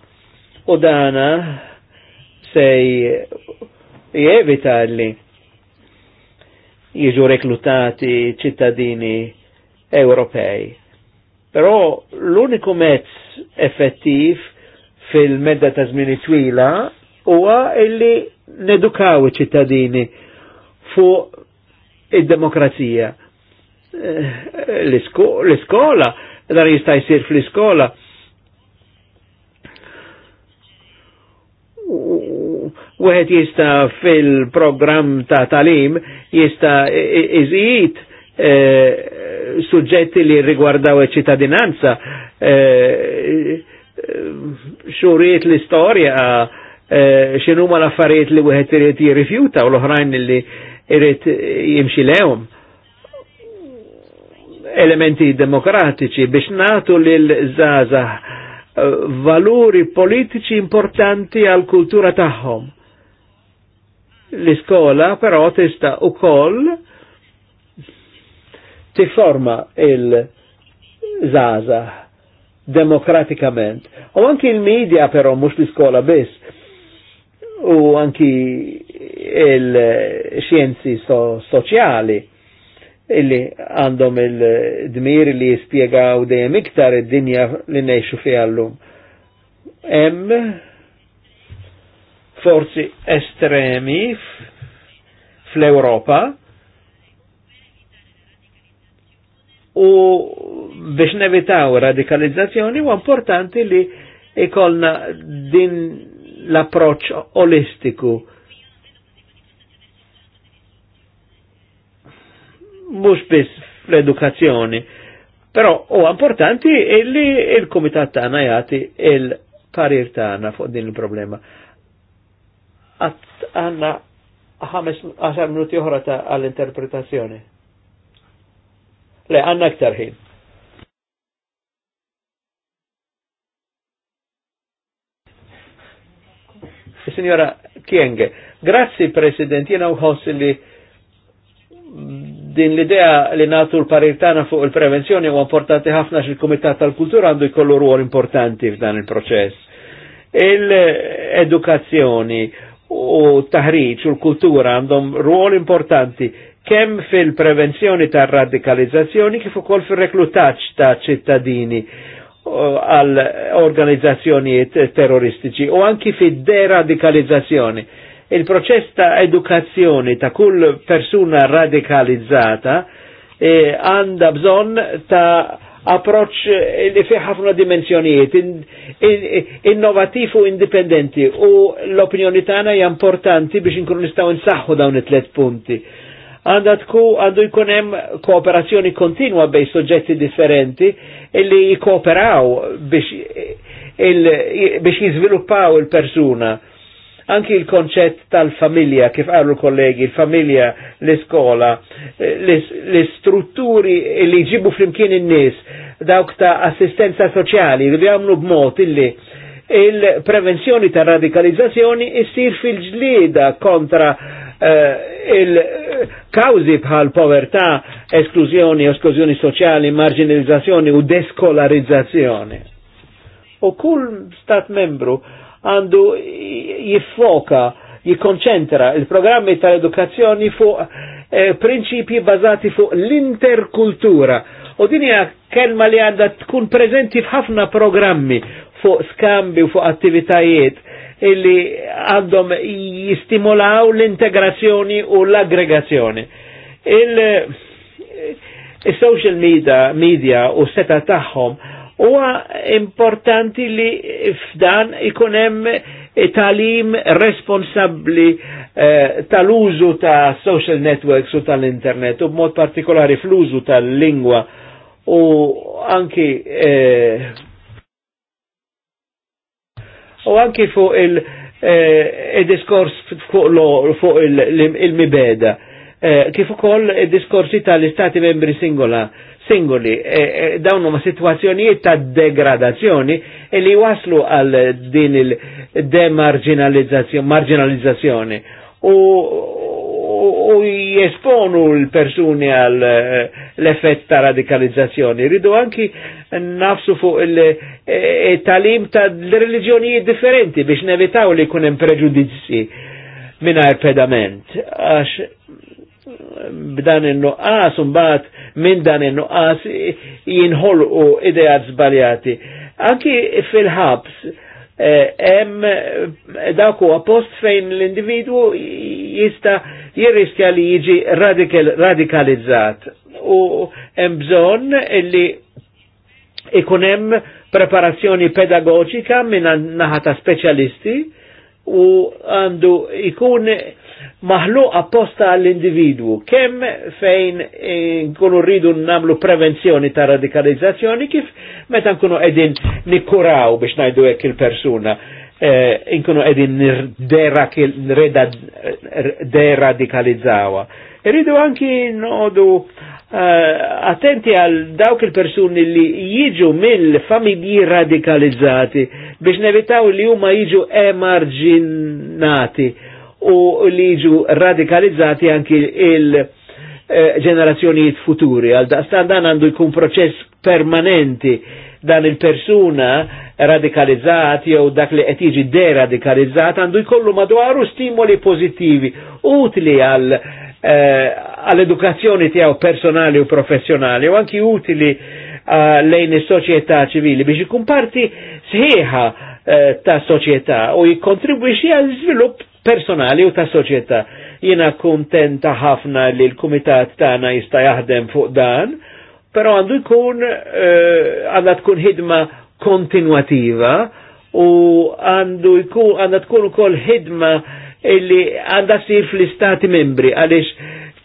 U dana sej jevita li jiġu reklutati ċittadini Ewropej. Però l-uniku mezz effettiv fil-medda ta' żmien twila huwa illi nedukaw iċ-ċittadini fuq id-demokrazija. Eh, l-iskola, dar jista' jsir fl-iskola, Wieħed jista' fil-programm ta' talim jista' iżid e, suġġetti li rigwardaw iċ-ċittadinanza, e, e xuriet l-istorja, e, xinuma l-affarijiet li wieħed irid jirrifjuta u l-oħrajn li irid jimxi lehom elementi demokratiċi biex natu lil-żaza e, valuri politiċi importanti għal kultura tagħhom. L-iskola però tista' ti tiforma il-żaza demokratikament. U anki il-medja però mux l-iskola biss. U anki il xienzi so soċjali illi għandhom il-dmir li u dejjem iktar id-dinja li nejxu fiha llum. Hemm forzi estremi fl-Europa u biex nevitaw radikalizzazzjoni u importanti li ikolna din l-approċ olistiku. Mux biss fl-edukazzjoni, però u importanti li il-komitat tana jati il-parir tana fuq din il-problema għanna 15 minuti oħra ta' għall-interpretazzjoni. Le, għanna aktar ħin. Signora Kienge, grazzi President, jena uħos li din l-idea li natu l-paritana fuq il-prevenzjoni u importanti ħafna xil-Komitat tal-Kultura għandu jkollu ruol importanti f'dan il-proċess. Il-edukazzjoni u taħriġ u l-kultura għandhom ruol importanti kemm fil-prevenzjoni tar radikalizzazzjoni kif ukoll fil-reklutaċ ta' ċittadini għal organizzazzjonijiet terroristiċi u anki fid-deradikalizzazzjoni. Il-proċess ta' edukazzjoni ta' kull persuna radikalizzata eh, għanda e, bżon ta' approċ eh, li fi ħafna dimensjonijiet, innovativ u indipendenti u l-opinjoni tagħna hija importanti biex inkunu nistgħu nsaħħu dawn it tliet punti. Għandha tkun għandu jkun hemm kooperazzjoni kontinwa bej soġġetti differenti li jikkooperaw biex il, biex jiżviluppaw il-persuna. il persuna Anki il-konċett tal-familja, kif għarru kollegi, il-familja, l-iskola, eh, l-istrutturi li ġibu flimkien in nis dawk ta' assistenza soċjali, li jagħmlu b'mod illi il-prevenzjoni ta' radikalizzazzjoni issir fil-ġlida kontra uh, il-kawzi bħal povertà, esklużjoni, esklużjoni soċjali, marginalizzazzjoni u deskolarizzazzjoni. U kull stat membru għandu jiffoka, jikonċentra il-programmi tal-edukazzjoni fuq eh, prinċipji bazati fuq l-interkultura. U din hija kelma li għandha tkun preżenti f'ħafna programmi fuq skambi u fuq attivitajiet illi għandhom jistimolaw l-integrazzjoni u l-aggregazzjoni. Eh, il-social media, media u seta taħħom Huwa importanti li f'dan ikun hemm talim responsabbli eh, tal-użu ta' social networks u tal-internet u b'mod partikolari fl-użu tal-lingwa u anki eh, u anki fuq il- eh, diskors fuq il-mibeda eh, kif ukoll diskorsi tal-istati membri singola, singoli, dawnu eh, eh, dawn huma situazzjonijiet ta' degradazzjoni e li waslu għal din il-demarginalizzazzjoni marginalizzazzjoni u, u jesponu l-persuni għal eh, l-effett ta' radikalizzazzjoni. Ridu anki nafsu fuq il-talim ta' l-religjoni differenti biex nevitaw li kunem preġudizzi minna pedament. Għax b'dan il-nuqqas, un-bat minn dan il-nuqqas jinħolqu idejat zbaljati. Anki fil-ħabs, eh, hemm daku eh, dak huwa post fejn l-individwu jista jirriskja li jiġi radikalizzat. U hemm bżonn li ikun hemm preparazzjoni pedagogika minn naħata specialisti speċjalisti u għandu ikun maħluq apposta għall-individwu, kemm fejn eh, nkunu rridu namlu prevenzjoni ta' radikalizzazzjoni kif meta nkunu edin nikkuraw biex najdu hekk il-persuna, eh, nkunu edin deradikalizzawa. Rridu anki nodu eh, attenti għal dawk il-persuni li jiġu mill-familji radikalizzati biex nevitaw li huma jiġu emarġinati u li jiġu radikalizzati anki il-ġenerazzjonijiet eh, futuri. Għal daqstan dan għandu jkun proċess permanenti dan il-persuna radikalizzat jew dak li qed jiġi deradikalizzat għandu jkollu madwaru stimoli pożittivi utli għal eh, għall-edukazzjoni tiegħu personali u professjonali u anki utili eh, lejn is-soċjetà ċivili biex ikun parti sħiħa ta' soċjetà u jikkontribwixxi għal żvilupp personali u ta' soċjetà. Jiena kuntenta ħafna li l-kumitat tagħna jista' jaħdem fuq dan, però għandu jkun eh, għandha uh, tkun ħidma kontinuativa u għandu jkun għandha tkun ukoll ħidma illi għandha sir fl-istati membri għaliex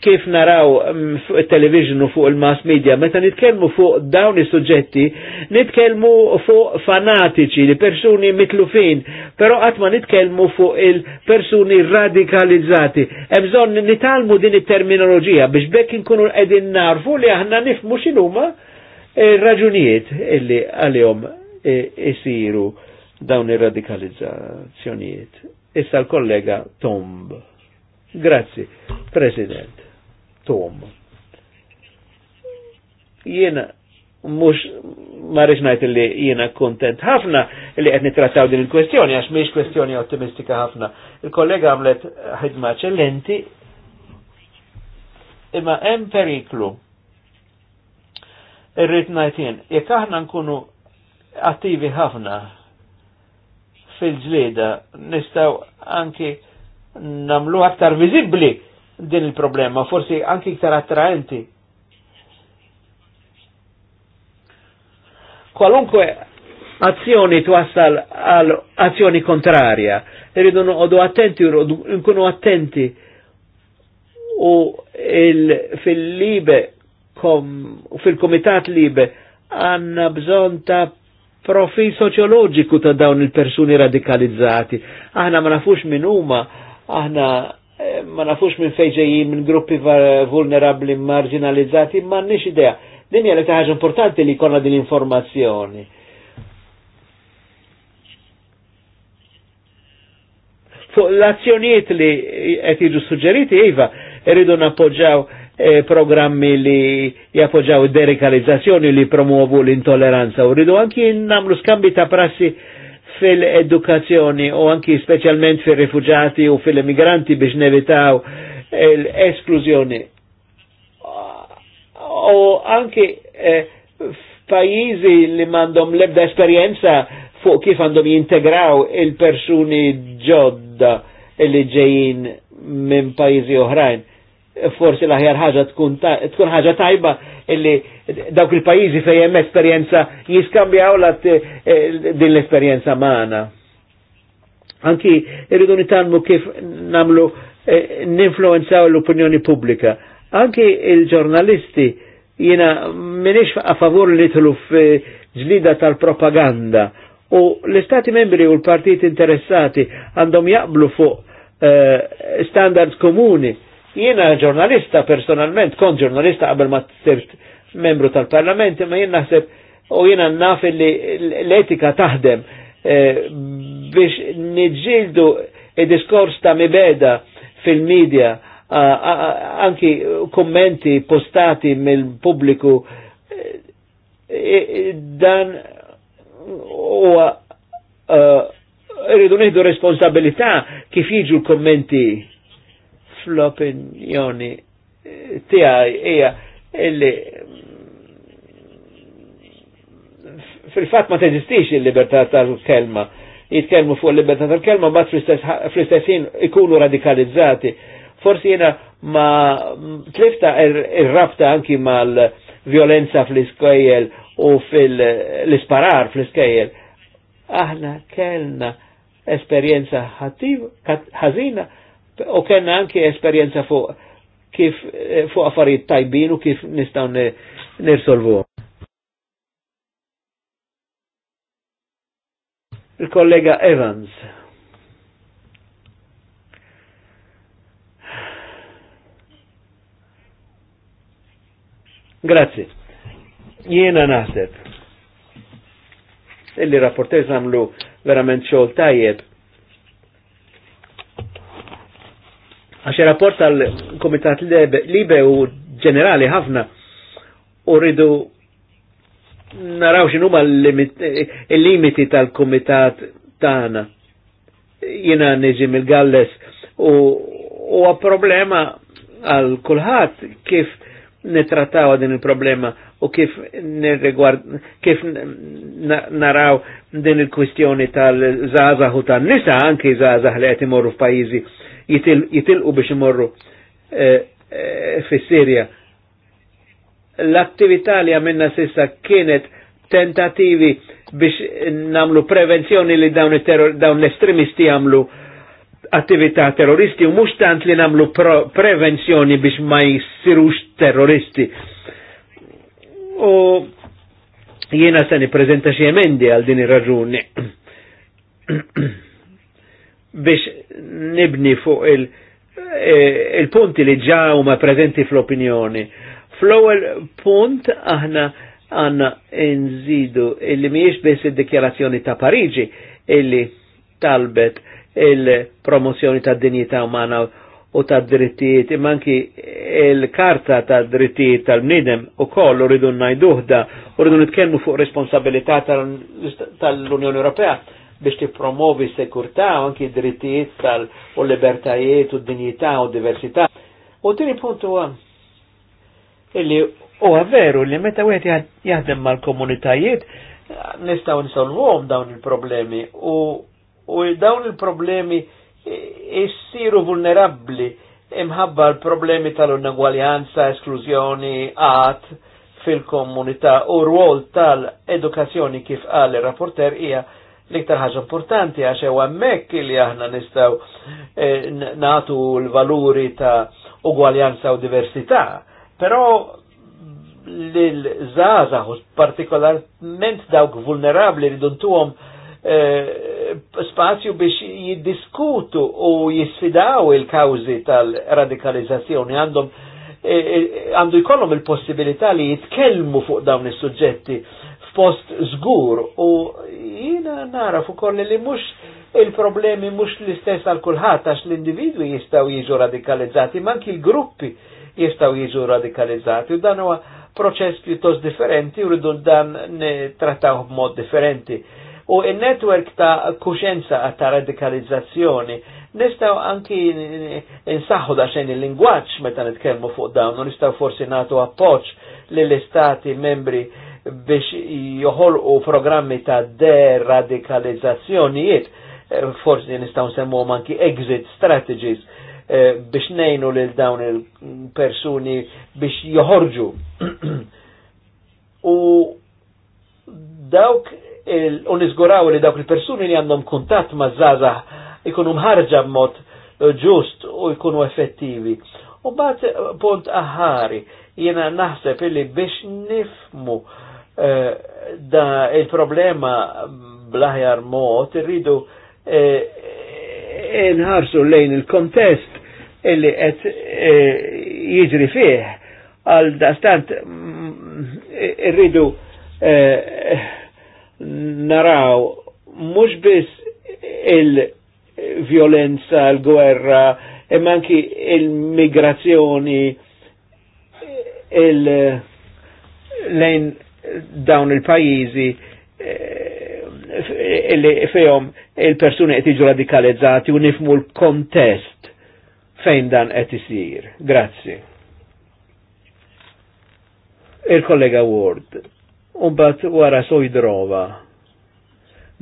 kif naraw mm, fuq il-television u fuq il-mass media, meta nitkellmu fuq dawn i suġġetti nitkellmu fuq fanatiċi li persuni mitlu però qatt ma nitkellmu fuq il-persuni radikalizzati. Ebżon bżonn nitalmu din it terminologija biex bekk inkunu edin narfu li aħna nifmu xinuma il raġunijiet illi għalihom isiru dawn ir-radikalizzazzjonijiet. Issa l-kollega Tomb. Grazie, President tom. Jena, mux marriċ najt li jiena kontent ħafna li qed trattaw din il-kwestjoni, għax miex kwestjoni ottimistika ħafna. Il-kollega għamlet ħidma ċellenti, imma hemm periklu. Irrid ngħid jien, jekk aħna nkunu attivi ħafna fil-ġlieda nistgħu anki namlu aktar viżibbli din il-problema, forsi anki iktar attraenti. Qualunque azzjoni twassal għal azzjoni kontrarja, rridu nuqodu attenti, nkunu attenti u fil-libe fil-komitat libe għanna bżon ta' profil soċjoloġiku ta' dawn il-persuni radikalizzati. Aħna ma nafux minn huma, aħna ma nafux minn fejġejjin minn gruppi vulnerabli marginalizzati, ma nix idea. Din hija ħaġa importanti li konna din informazzjoni. Fuq l-azzjonijiet li qed jiġu suġġeriti iva, irridu nappoġġaw eh, programmi li jappoġġaw id li promuovu l-intolleranza u rridu anki namlu skambi ta' prassi fil-edukazzjoni u anki specialment fil-rifugjati u fil emigranti biex nevitaw l-esklużjoni. U anki eh, li mandom lebda esperienza fuq kif għandhom jintegraw il-persuni ġodda li ġejjin minn pajizi oħrajn forsi laħjar ħaġa tkun tkun ħaġa tajba illi dawk il-pajjiżi fejn hemm esperjenza jiskambjaw la eh, din l-esperjenza magħna. Anki irridu nitalmu kif namlu eh, ninfluenzaw l-opinjoni pubblika. Anki il-ġurnalisti jiena minix a favur li tlu ġlida tal-propaganda u l-istati membri u l-partiti interessati għandhom jaqblu fuq eh, standards komuni Jiena ġurnalista personalment, kont ġurnalista qabel ma sirt membru tal-parlament, ma jiena naħseb u jiena naf li l-etika taħdem eh, biex nġildu il-diskors ta' mibeda fil-medja, anki kommenti postati mill-pubbliku, eh, eh, dan u rridu nħidu responsabilità kif jiġu l-kommenti fl-opinjoni tiegħi hija illi fil-fatt ma teżistix il-libertà tal-kelma. Jitkelmu fuq il-libertà tal-kelma ma fl-istessin ikunu radikalizzati. Forsi jena ma tlifta il rabta anki mal-violenza fl-iskejjel u fil-isparar fl-iskejjel. Aħna kellna esperienza ħażina u kena anki esperienza fuq kif eh, fuq affarijiet tajbin u kif nistgħu nirsolvu. Il-kollega Evans. Grazie. Jiena naħseb. Illi rapportez għamlu verament xogħol tajjeb Għax rapport tal-Komitat Libe u ġenerali ħafna u rridu naraw x'inhuma l-limiti eh, tal-Komitat Tana. jina neġim il galles u huwa problema għal kulħadd kif netrataw din il-problema u kif nirrigward kif naraw din il-kwistjoni tal-żgħażagħ u tan-nisa anki żazaħ li qed imorru f'pajjiżi jitilqu biex imorru eh, eh, fis-Sirja. L-attività li għamilna sissa kienet tentativi biex namlu prevenzjoni li dawn, dawn l-estremisti għamlu attività terroristi u mux tant li namlu prevenzjoni biex ma jissirux terroristi. U jiena se prezenta xi emendi għal din ir-raġuni. biex nibni fuq e, il-punti il li ġa ma prezenti fl-opinjoni. Fl-ewwel punt aħna għanna nżidu illi miex biss id-dikjarazzjoni ta' Pariġi illi talbet il-promozzjoni ta' dinjità umana u ta' drittijiet, imanki il-karta ta' drittijiet tal-bnidem u koll u rridu najduħda u rridu nitkellmu fuq responsabilità tal-Unjoni Ewropea biex tippromovi sekurtà u anki drittijiet tal u libertajiet u dinjità u diversità. U tini punt huwa illi u veru li meta wieħed jaħdem mal-komunitajiet nistgħu nisolvuhom dawn il-problemi u u dawn il-problemi jissiru vulnerabbli imħabba l-problemi tal-unegwaljanza, esklużjoni, għat fil-komunità u rwol tal-edukazzjoni kif qal il rapporter hija l-iktar ħaġa importanti għax hemm hemmhekk li aħna nistgħu eh, natu l-valuri ta' ugwaljanza u diversità. Però l-żaza partikolarment dawk vulnerabli li eh, spazju biex jiddiskutu u jisfidaw il-kawzi tal-radikalizzazzjoni għandhom eh, għandu jkollhom il-possibilità li jitkellmu fuq dawn is-suġġetti f'post żgur u jina nara fuq li mhux il-problemi mhux l-istess għal kulħadd għax l-individwi jistgħu jiġu radikalizzati, ma anki l-gruppi jistgħu jiġu radikalizzati u dan huwa proċess pjuttost differenti u rridu dan trattaw b'mod differenti. U il-network ta' kuxenza ta' radikalizzazzjoni nistaw anki insaħħu da' xejn il-lingwaċ meta nitkellmu fuq dawn u nistaw forsi natu appoċ lill-istati membri biex joħolqu programmi ta' deradikalizzazzjonijiet, eh, forsi nistaw semmu manki exit strategies eh, biex nejnu lil dawn il-persuni biex joħorġu. u dawk u unizguraw li dawk il-persuni li għandhom kuntatt ma' zaza ikunu mħarġa b'mod eh, ġust u jkunu effettivi. U bat punt aħari, jena naħseb li biex nifmu Eh, da il-problema blaħjar mot irridu eh, nħarsu lejn il-kontest illi qed eh, jiġri fih għal dastant mm, irridu naraw mhux biss il-violenza, l-gwerra, imma anki il-migrazzjoni il lejn dawn il-pajjiżi illi eh, eh, eh, fejhom il-persuni qed jiġu radikalizzati u nifmu l-kontest fejn dan qed isir. Grazzi. Il-kollega Ward. Umbat wara sojdrova.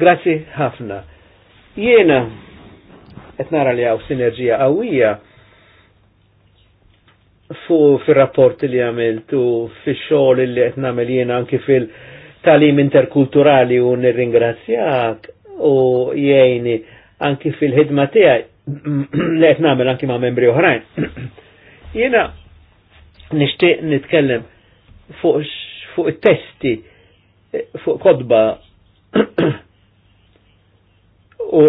Grazzi ħafna. Jiena qed nara li hawn sinerġija qawwija fu fil-rapport li għamilt u fi xol li għet namel jena anki fil-talim interkulturali u nirringrazzjak u jgħini anki fil-ħidma tijaj li għet namel anki ma' membri uħrajn. jena nishtiq nitkellem fuq fu testi fuq kodba u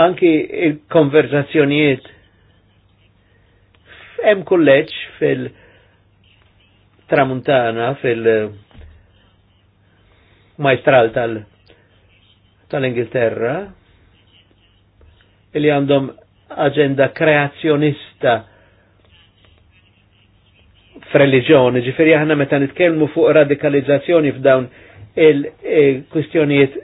anki il-konverzazzjonijiet hemm kulleġġ fil-Tramuntana fil-Majstral tal- tal-Ingilterra li għandhom agenda kreazzjonista f'reliġjoni, ġifieri aħna meta nitkellmu fuq radikalizzazzjoni f'dawn il-kwistjonijiet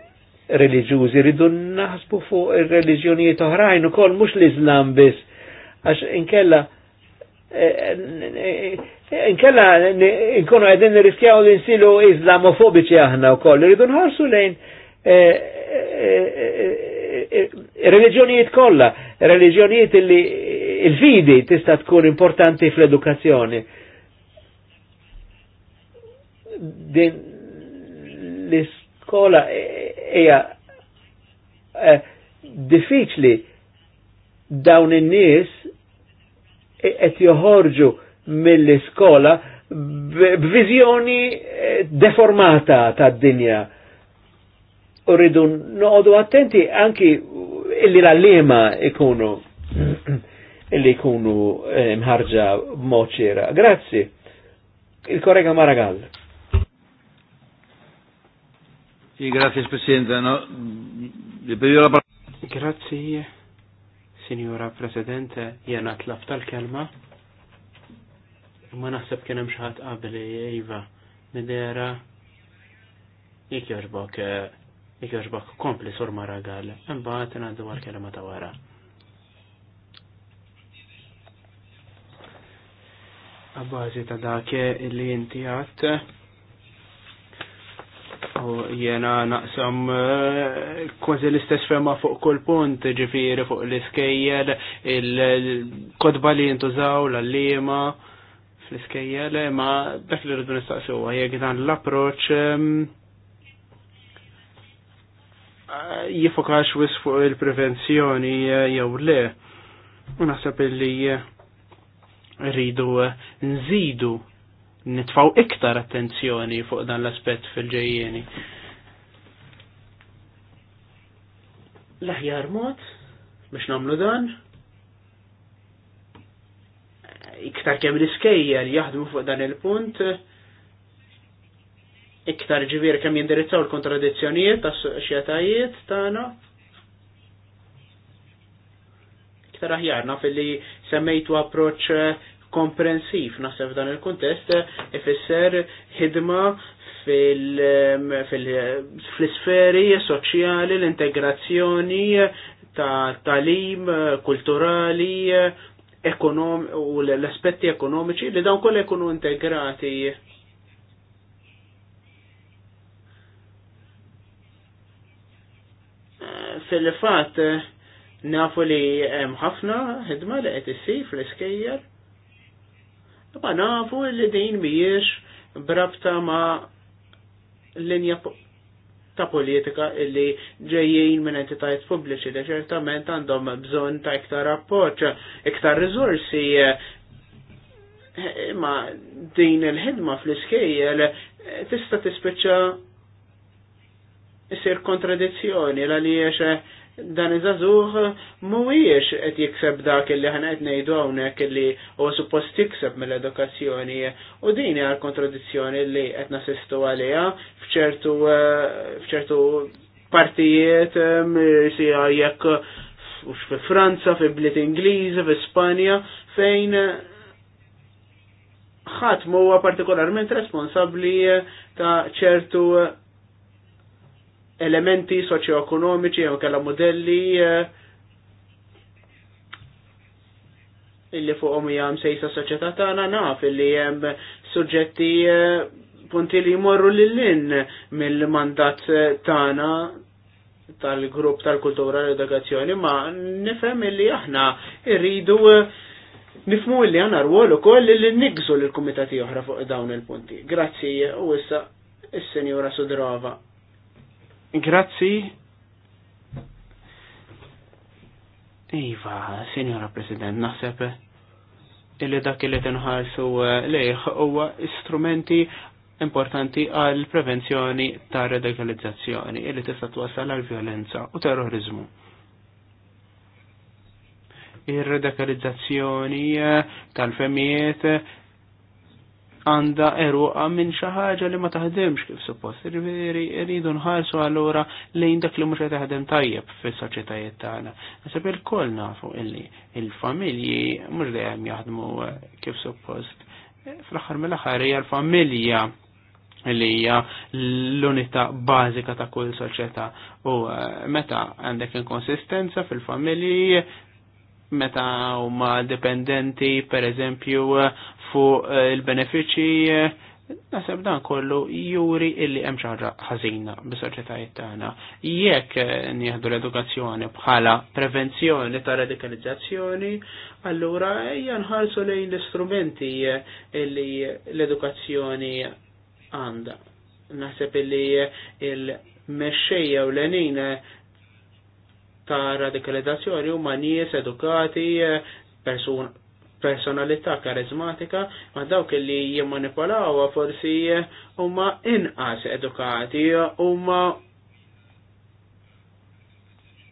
reliġjużi ridu naħsbu fuq ir-reliġjonijiet oħrajn ukoll mhux l-Iżlam biss għax inkella Inkella inkunu għedin nirriskjaw li nsilu islamofobiċi aħna u koll, rridu nħarsu lejn eh, eh, eh, religjonijiet kolla, religjonijiet li il-fidi tista' tkun importanti fl-edukazzjoni. Din l-iskola hija diffiċli dawn in-nies qed joħorġu mill-iskola b'viżjoni eh, deformata tad-dinja. U rridu noqogħdu attenti anki illi l għalliema ikunu illi ikunu eh, mħarġa moċera. Grazzi. Il-korrega Maragall. grazie Presidente. No, Grazie Signora President, jena tlaf tal-kelma. Ma naħseb kien hemm xi ħadd qabli Iva Midera jekk jogħġbok kompli sur Maragall, mbaħat ngħaddu għall-kelma ta' wara. Abbażi ta' dak li jinti għat, jena naqsam eh, kważi l-istess ferma fuq kull punt, ġifiri fuq l-iskejjel, il-kodba li jintużaw, l-allima fl-iskejjel, ma dak li rridu nistaqsu għajek dan l-approċ eh, jifokax wis fuq il-prevenzjoni eh, jew le. U naħseb li rridu nżidu nitfaw iktar attenzjoni fuq dan l-aspett fil-ġejjeni. L-aħjar mod biex namlu dan iktar kemm l-iskejja li jaħdmu fuq dan il-punt iktar ġivir kemm jindirizzaw l-kontradizzjonijiet tas xjatajiet tagħna. Iktar aħjarna fil-li semmejtu approċ komprensiv naħseb dan il-kontest eh, ifisser ħidma fil-sferi soċjali, l-integrazzjoni ta' talim eh, kulturali eh, u l-aspetti ekonomiċi li dawn kollha jkunu integrati fil-fat nafu li hemm ħafna ħidma li qed issir fl-iskejjer Ma nafu li din mhijiex brabta ma' linja ta' politika illi ġejjin minn entitajiet pubbliċi li ċertament għandhom bżonn ta' iktar appoġġ, iktar rizorsi imma eh, din il-ħidma fl-iskejjel eh, tista' tispiċċa isir kontradizzjoni l għaliex dan iż-żagħżugħ mhuwiex qed jikseb dak li ħana qed ngħidu hawnhekk li huwa suppost jikseb mill-edukazzjoni u din hija l-kontradizzjoni li qed nasistu għaliha f'ċertu eh, f'ċertu partijiet eh, sija jekk fi Franza, fi bliet Ingliżi, fi Spanja fejn ħadd huwa partikolarment responsabbli ta' ċertu elementi soċjoekonomiċi jew kellha modelli eh, illi fuqhom hija msejsa soċjetà tagħna naf illi hemm suġġetti eh, punti li jmorru lil-lin mill-mandat eh, tagħna tal-grupp tal-kultura l-edukazzjoni, ma nifhem illi aħna irridu nifmu illi għana rwol ukoll li nigżu l-kumitati oħra fuq dawn il-punti. Grazzi u issa is-Senjura Sudrova. Grazzi. Iva, Signora President, naħseb illi dak li tenħarsu eh, lejh huwa strumenti importanti għal prevenzjoni ta' radikalizzazzjoni illi tista' twassal għal violenza u terrorizmu. Ir-radikalizzazzjoni eh, tal-femijiet għanda eruqa minn xi ħaġa li ma taħdemx kif suppost. Irveri rridu nħarsu allura lejn dak li mhux qed taħdem tajjeb fis-soċjetajiet tagħna. Naseb il nafu illi il-familji mhux dejjem jaħdmu kif suppost. Fl-aħħar mill-aħħar hija l-familja li hija l-unità bażika ta' kull soċjetà u eh, meta għandek inkonsistenza fil-familji meta huma dipendenti per eżempju fuq eh, il-benefiċċji Naseb dan kollu juri illi hemm xi ħaġa ħażina bis-soċjetajiet tagħna. Jekk eh, nieħdu l-edukazzjoni bħala prevenzjoni ta' radikalizzazzjoni, allura hija nħarsu lejn l-istrumenti eh, illi l-edukazzjoni għandha. Naħseb illi il-mexxejja u l-għanin tara dik huma nies edukati, eh, person personalità karizmatika, ma dawk li jimmanipolawha forsi eh, huma inqas edukati, huma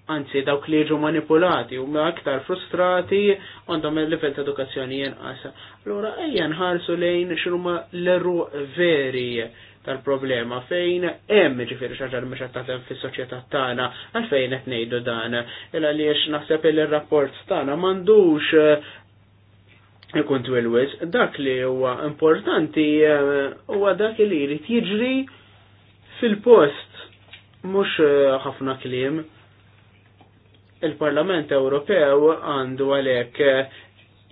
anzi dawk li ġu manipulati u aktar frustrati għandhom il-level ta' edukazzjoni jenqas. Allora ejja nħarsu lejn x'huma l-eru veri tal-problema fejn hemm ġifieri xaġar ħaġa mhux qed taħdem fis-soċjetà tagħna għalfejn qed ngħidu dan. Illa għaliex naħseb li r-rapport tagħna m'għandux eh, ikun twilwis, dak li huwa importanti eh, huwa dak li jrid jiġri fil-post mhux eh, ħafna kliem. Il-Parlament Ewropew għandu għalhekk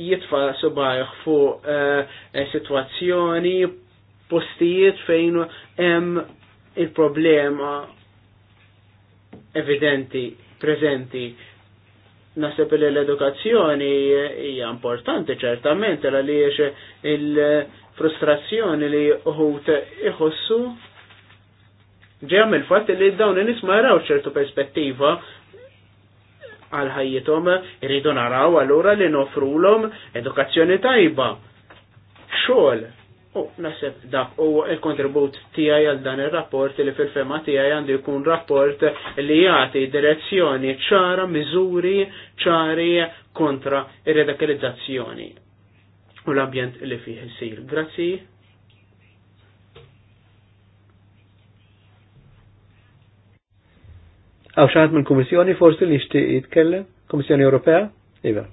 jitfa subajħ fuq situazzjoni postijiet fejn hemm il-problema evidenti, prezenti. Naseb li l-edukazzjoni hija importanti ċertament għaliex il-frustrazzjoni li uħut iħossu ġem il-fatt li dawn in-nies ma jaraw ċertu perspettiva għal ħajjithom irridu naraw allura li nofrulhom edukazzjoni tajba. Xogħol U nasib dak u il-kontribut tijaj għal dan il-rapport li fil-fema tijaj għandu jkun rapport li jgħati direzzjoni ċara, miżuri ċari kontra il redakalizzazzjoni u l-ambjent li fih sir. Grazzi. Għaw xaħat mill komissjoni forsi li xti jitkellem? Kummissjoni Ewropea? Iva.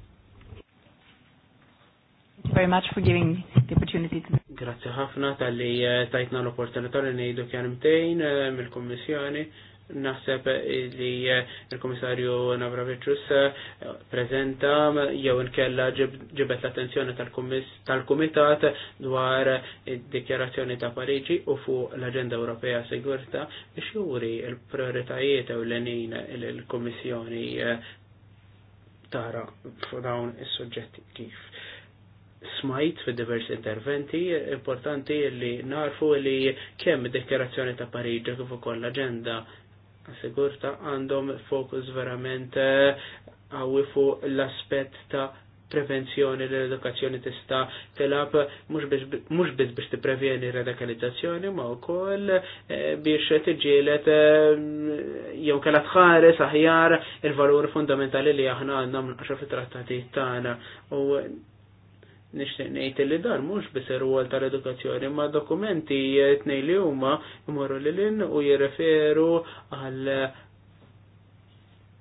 Thank you very much for giving the opportunity to Grazzi ħafna tal-li eh, tajtna l-opportunità li ngħidu kjarmtejn eh, mill-Kummissjoni naħseb li eh, il-Komissarju Navravicius prezenta jew inkella ġibet l-attenzjoni tal-Kumitat dwar id-Dikjarazzjoni ta' Pariġi u fuq l-Aġenda Ewropea Sigurta biex juri l-prioritajiet u l-enin il-Kommissjoni tara fuq dawn is-suġġetti kif smajt fi diversi interventi, importanti li narfu li kemm id ta' Parigi kif ukoll l-aġenda sigurta għandhom fokus verament eh, għawi l-aspett ta' prevenzjoni l-edukazzjoni tista telab mhux biss biex t-prevjeni radikalizzazzjoni ma wkoll eh, biex tiġielet eh, jew kellha tħares aħjar il-valuri fundamentali li aħna għandna mnaqxa trattati tagħna u nixtieq ngħid li dan mhux biss ir-rwol tal-edukazzjoni, ma dokumenti tnej li huma jmorru lil u jirreferu għal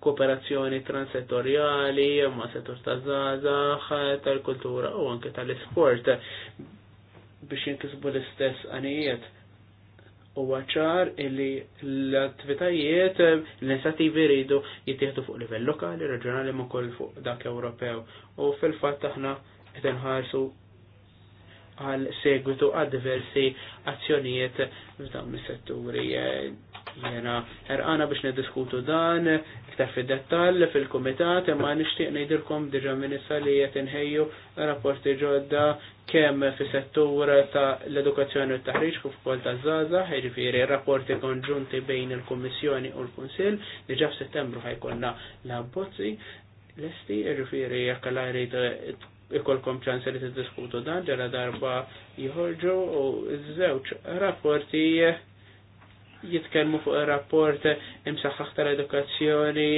kooperazzjoni transettoriali, ma' settur taż-żgħażagħ, tal-kultura u anke tal-isport biex jinkisbu l-istess għanijiet. U għacċar illi l-attivitajiet, l-inizjattivi rridu jittieħdu fuq livell lokali, reġjonali ma' kol fuq dak Ewropew. U fil-fatt aħna qed ħarsu għal segwitu għad diversi azzjonijiet f'dan mis-setturi jena erqana biex nediskutu dan iktar fid dettall fil-komitat imma nixtieq ngħidilkom diġà minn issa li qed inħejju rapporti ġodda kemm fis-settur ta' l-edukazzjoni u t-taħriġ kif ukoll ta' żgħażagħ jiġifieri rapporti konġunti bejn il-Kummissjoni u l-Kunsill, diġà f'Settembru ħajkollna l-abbozzi lesti, jiġifieri jekk għal ikolkom ċans li tiddiskutu dan ġara darba jħorġu u ż-żewġ rapporti jitkellmu fuq ir-rapport imsaxħax tal-edukazzjoni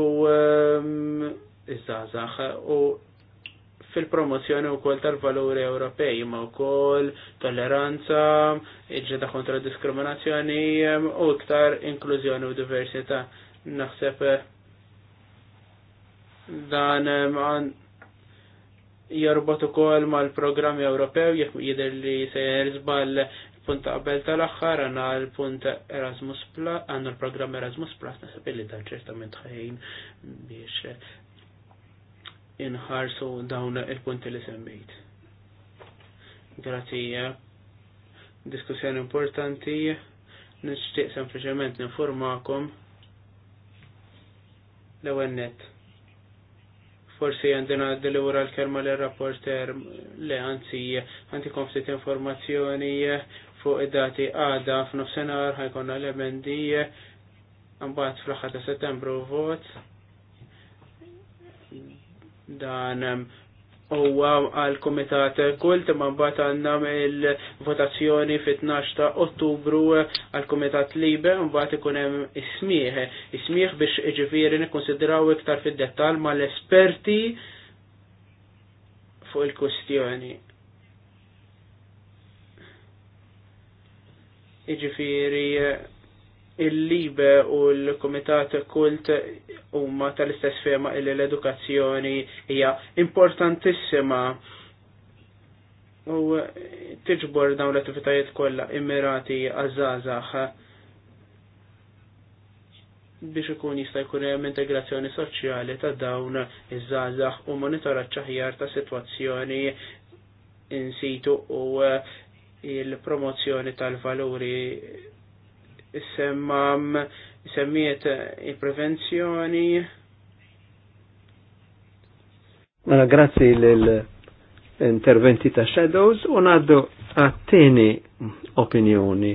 u ehm, iż-żgħażagħ u fil-promozzjoni wkoll tal-valuri Ewropej ma wkoll tolleranza, iġġeda kontra diskriminazzjoni ehm, u iktar inklużjoni u diversita. Naħseb ehm, dan jorbot ukoll mal-programm Ewropew jekk jidher li se jiżball punt qabel tal-aħħar għandna l-punt Erasmus Plus għandna l-programm Erasmus Plus naħseb li dan ċertament ħajn biex inħarsu dawn il-punti li semmejt. Grazie. diskussjoni importanti nixtieq sempliċement ninformakom l-ewwel nett forsi għandina dil l-kerma l-rapporter le għanzi għanti ftit informazzjoni fuq id-dati għada f'nofsenar ħajkonna l-emendi għambat fl-ħata settembru vot dan u għal komitat kult ma mbagħad għandna il-votazzjoni fit-12 ta' Ottubru għal komitat Libe mbagħad ikun hemm ismieħ. Ismieħ biex iġifieri nikkonsidraw iktar fid-dettall mal-esperti fuq il-kustjoni. Iġifieri il-libe u l-komitat kult huma tal-istess firma illi l-edukazzjoni hija importantissima u tiġbor dawn l-attivitajiet kollha immirati għażażaħ biex ikun jista' jkun hemm integrazzjoni soċjali ta' dawn iż-żgħażagħ u monitoraġġ aħjar ta' sitwazzjoni in situ u il-promozzjoni tal-valuri Issemma um, semmiet eh, il-prevenzjoni. Mela grazzi l-interventi ta' Shadows u naddu għattini opinjoni.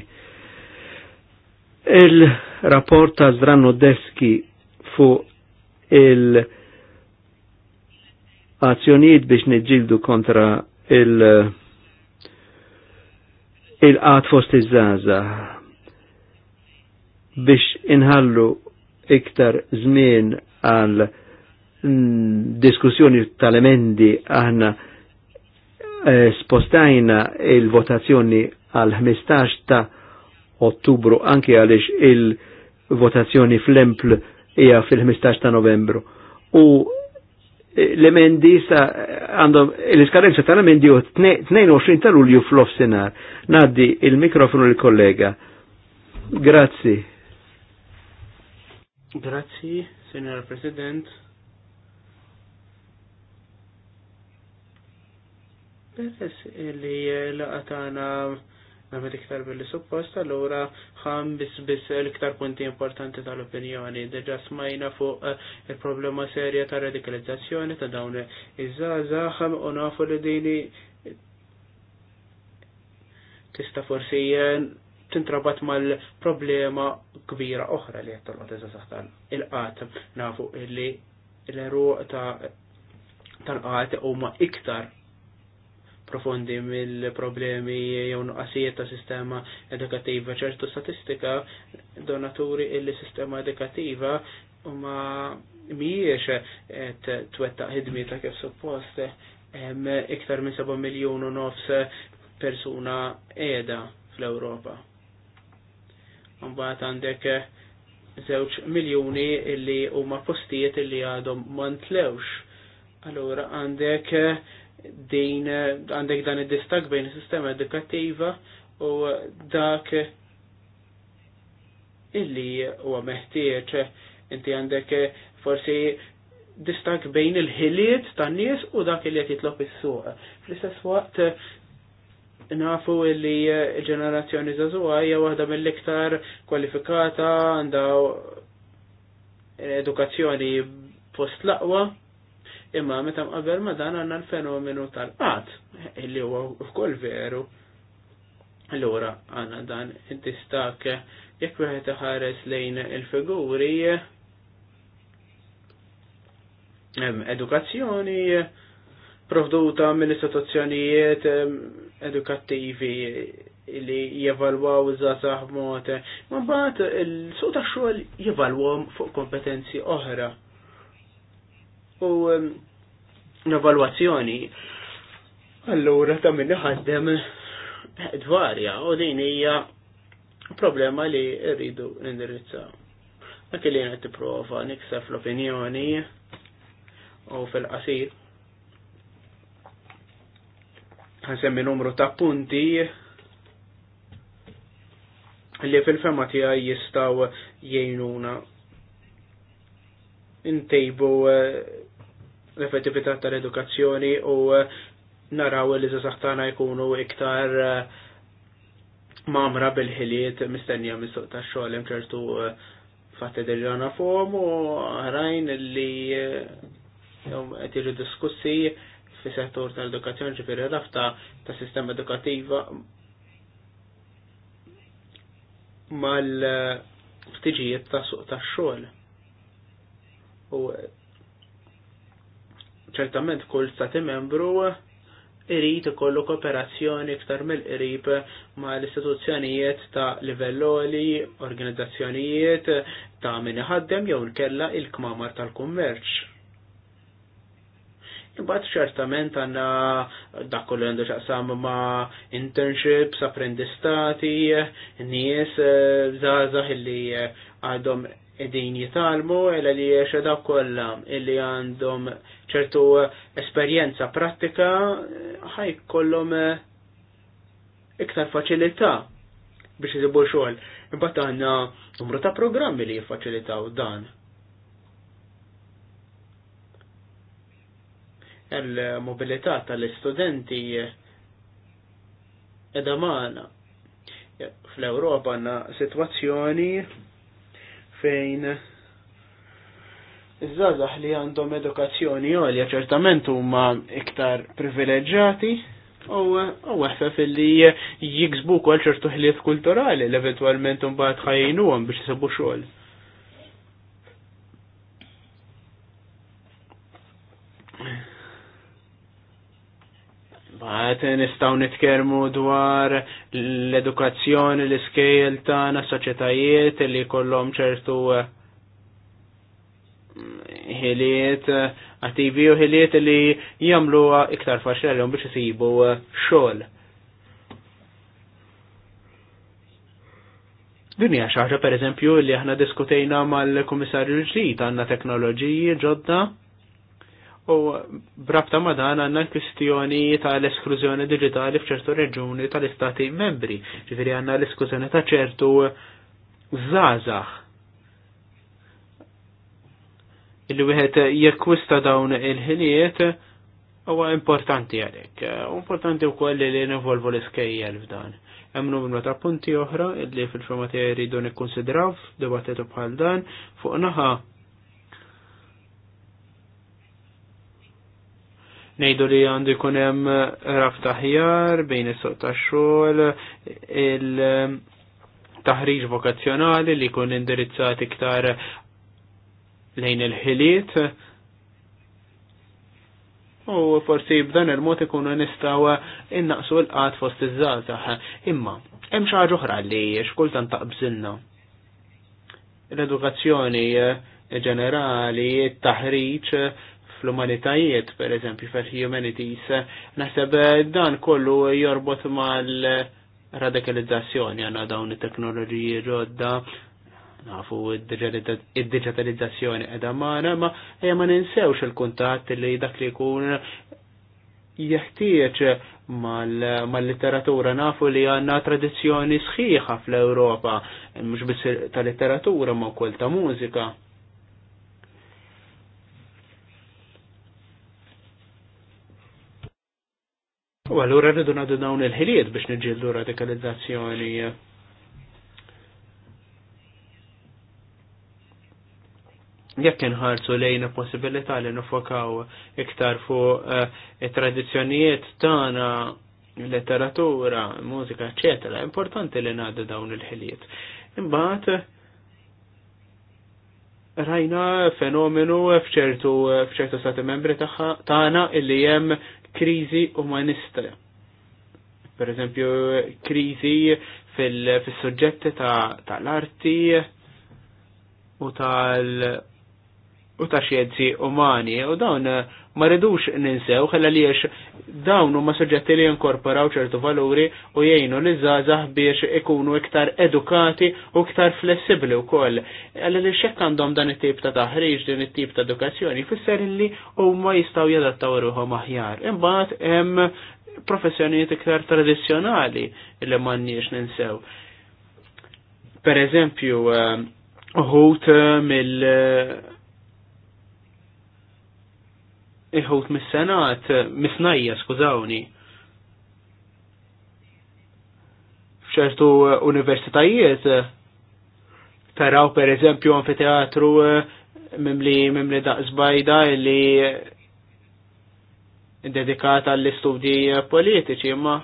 Il-rapport ta' Zranno Deski fu il- azzjonijiet biex neġildu kontra il- il fost iż-żaza biex inħallu iktar żmien għal diskussjoni tal-emendi aħna eh, spostajna il-votazzjoni għal 15 ta' ottubru anki għalix il-votazzjoni fl-empl hija fil-15 ta' novembru. U eh, l-emendi sa eh, għandhom l iskarenza tal-emendi u 22 ta' lulju fl-offsinar. Naddi il-mikrofonu l-kollega. Grazzi. Grazzi, Signor President. Peress li laqatana għamet iktar billi suppost, allura ħam bis bis l-iktar punti importanti tal-opinjoni. Deġa smajna fuq eh, il-problema serja ta' radikalizzazzjoni ta' dawn iż-żazax u nafu li dini tista' forsi eh, tintrabat mal-problema kbira oħra li jattal l saħtan. Il-qat nafu li l-eru ta' tal-qat u ma' iktar profondi mill-problemi jew nuqqasijiet ta' sistema edukattiva ċertu statistika donaturi illi sistema edukattiva u ma' miex twetta ħidmi ta' kif suppost iktar minn 7 miljun u nofs persuna edha fl-Europa. Mbagħad għandek eh, żewġ miljuni illi huma postijiet illi għadhom ma ntlewx. Allura għandek eh, din eh, għandek dan id-distak bejn is-sistema edukattiva u dak illi huwa meħtieġ inti għandek forsi distak bejn il-ħiliet tan-nies u dak li qed jitlob is-suq. Fl-istess waqt nafu li eh, ġenerazzjoni zazuwa hija waħda mill-iktar kwalifikata għandha eh, edukazzjoni post laqwa imma meta mqabel ma dan għandna l-fenomenu tal qat illi huwa wkoll veru. Allura għandna dan id-distak jekk wieħed iħares lejn il-figuri edukazzjoni eh, provduta mill-istituzzjonijiet edukattivi li jevalwaw iż-żazax mod, ma mbagħad il-suq ta' xogħol jevalwhom fuq kompetenzi oħra. U um, l-evalwazzjoni allura ta' minni ħaddem dvarja u din hija problema li rridu nindirizzaw. Dak li qed tipprova niksef l-opinjoni u fil-qasir għasemmi numru ta' punti li fil-fema tiegħi jistgħu jgħinuna intejbu eh, l-effettività tal-edukazzjoni u eh, naraw li zazaħtana jkunu iktar eh, mamra bil-ħiliet mistennija mistuq ta' xogħol hemm ċertu fatti dirġana fuqhom u għarajn li qed jiġu diskussi fi settur tal-edukazzjoni ġifiri rafta ta' sistema edukativa mal-ftiġijiet ta' suq ta' xogħol. U ċertament kull stati membru irid ikollu kooperazzjoni iktar mill-qrib ma l-istituzzjonijiet ta' livelloli, organizzazzjonijiet ta' min ħaddem jew l-kella il-kmamar tal-kummerċ. Imbagħad ċertament għandna dak kollu għandu xaqsam ma' internships, apprendistati, nies eh, żgħażagħ illi eh, għadhom edin jitalmu illa li xeda kollha illi għandhom ċertu esperjenza pratika eh, ħaj kollom iktar faċilità biex jisibu xogħol. Imbagħad għandna numru ta' programmi li jiffaċilitaw dan. il-mobilità tal-istudenti edha maħna. Fl-Europa għanna situazzjoni fejn iż-żazax li għandhom edukazzjoni għolja ċertament huma iktar privileġġjati u għafef li jiksbu kol ċertu ħliet kulturali li eventualment mbagħad ħajjinuhom biex isibu xogħol. qed nistgħu nitkellmu dwar l-edukazzjoni, l-iskejl tagħna, soċjetajiet li jkollhom ċertu eh, ħiliet eh, attivi u ħiliet li jamlu iktar għalhom biex isibu eh, xogħol. Dunja xaħġa per eżempju li aħna diskutejna mal-Kummissarju ġdid għandna teknoloġiji ġodda U brabta ma dan għanna l-kwistjoni tal-esklużjoni digitali f'ċertu reġuni tal-istati membri, ġifiri għanna l-esklużjoni ta' ċertu zazax. Illi wieħed jekwista dawn il ħiniet huwa importanti għalek. Importanti wkoll li nevolvu l-iskejjel f'dan. Hemm numru ta' punti oħra illi fil-forma tiegħi jridu nikkonsidraw f'dibattitu bħal dan fuq naħa nejdu li għandu jkun hemm eh, rafta bejn is-suq tax-xogħol, il-taħriġ vokazzjonali li jkun indirizzat iktar lejn il-ħiliet. U forsi b'dan il-mod ikunu nistgħu innaqsu l-qat fost iż-żgħażagħ. Imma hemm xi ħaġa oħra li x'kultant taqbżilna. L-edukazzjoni eh, ġenerali, it-taħriġ fl-umanitajiet, per eżempju, fil humanities naħseb dan kollu jorbot mal-radikalizzazzjoni għanna dawn it-teknoloġiji rodda, nafu id-digitalizzazzjoni edha mara, ma jgħam ma ninsewx il-kuntat li dak li jkun jeħtieġ mal litteratura nafu li għanna tradizzjoni sħiħa fl-Europa, mux biss ta' litteratura ma' kol ta' mużika. U għallura rridu nagħdu dawn il-ħiliet biex nġildu radikalizzazzjoni. Jekk inħarsu lejn possibilità li nifokaw iktar fuq eh, it-tradizzjonijiet tagħna letteratura, mużika, eċetera, importanti li ngħaddu dawn il-ħiliet. Imbagħad rajna fenomenu fċertu fċertu stati membri tagħna illi hemm krizi umanista. Per eżempju, krizi fil-soġġetti tal-arti u tal- u ta' xiedzi umani u dawn ma ridux ninsew xella li dawn huma soġġetti li jinkorporaw ċertu valuri u jgħinu li żgħażagħ biex ikunu iktar edukati u iktar flessibbli wkoll. Alla li xekk għandhom dan it-tip ta' taħriġ, din it-tip ta' edukazzjoni, fisser li huma jistgħu jadattaw ruħhom aħjar. Imbagħad hemm professjonijiet iktar tradizzjonali li m'għandniex ninsew. Per eżempju, eh, uħut mill- iħut mis-senat, mis-najja, skużawni. ċertu eh, universitajiet eh, taraw per eżempju anfiteatru eh, mimli mimli daqsbajda li dedikata għall-istudji politiċi, imma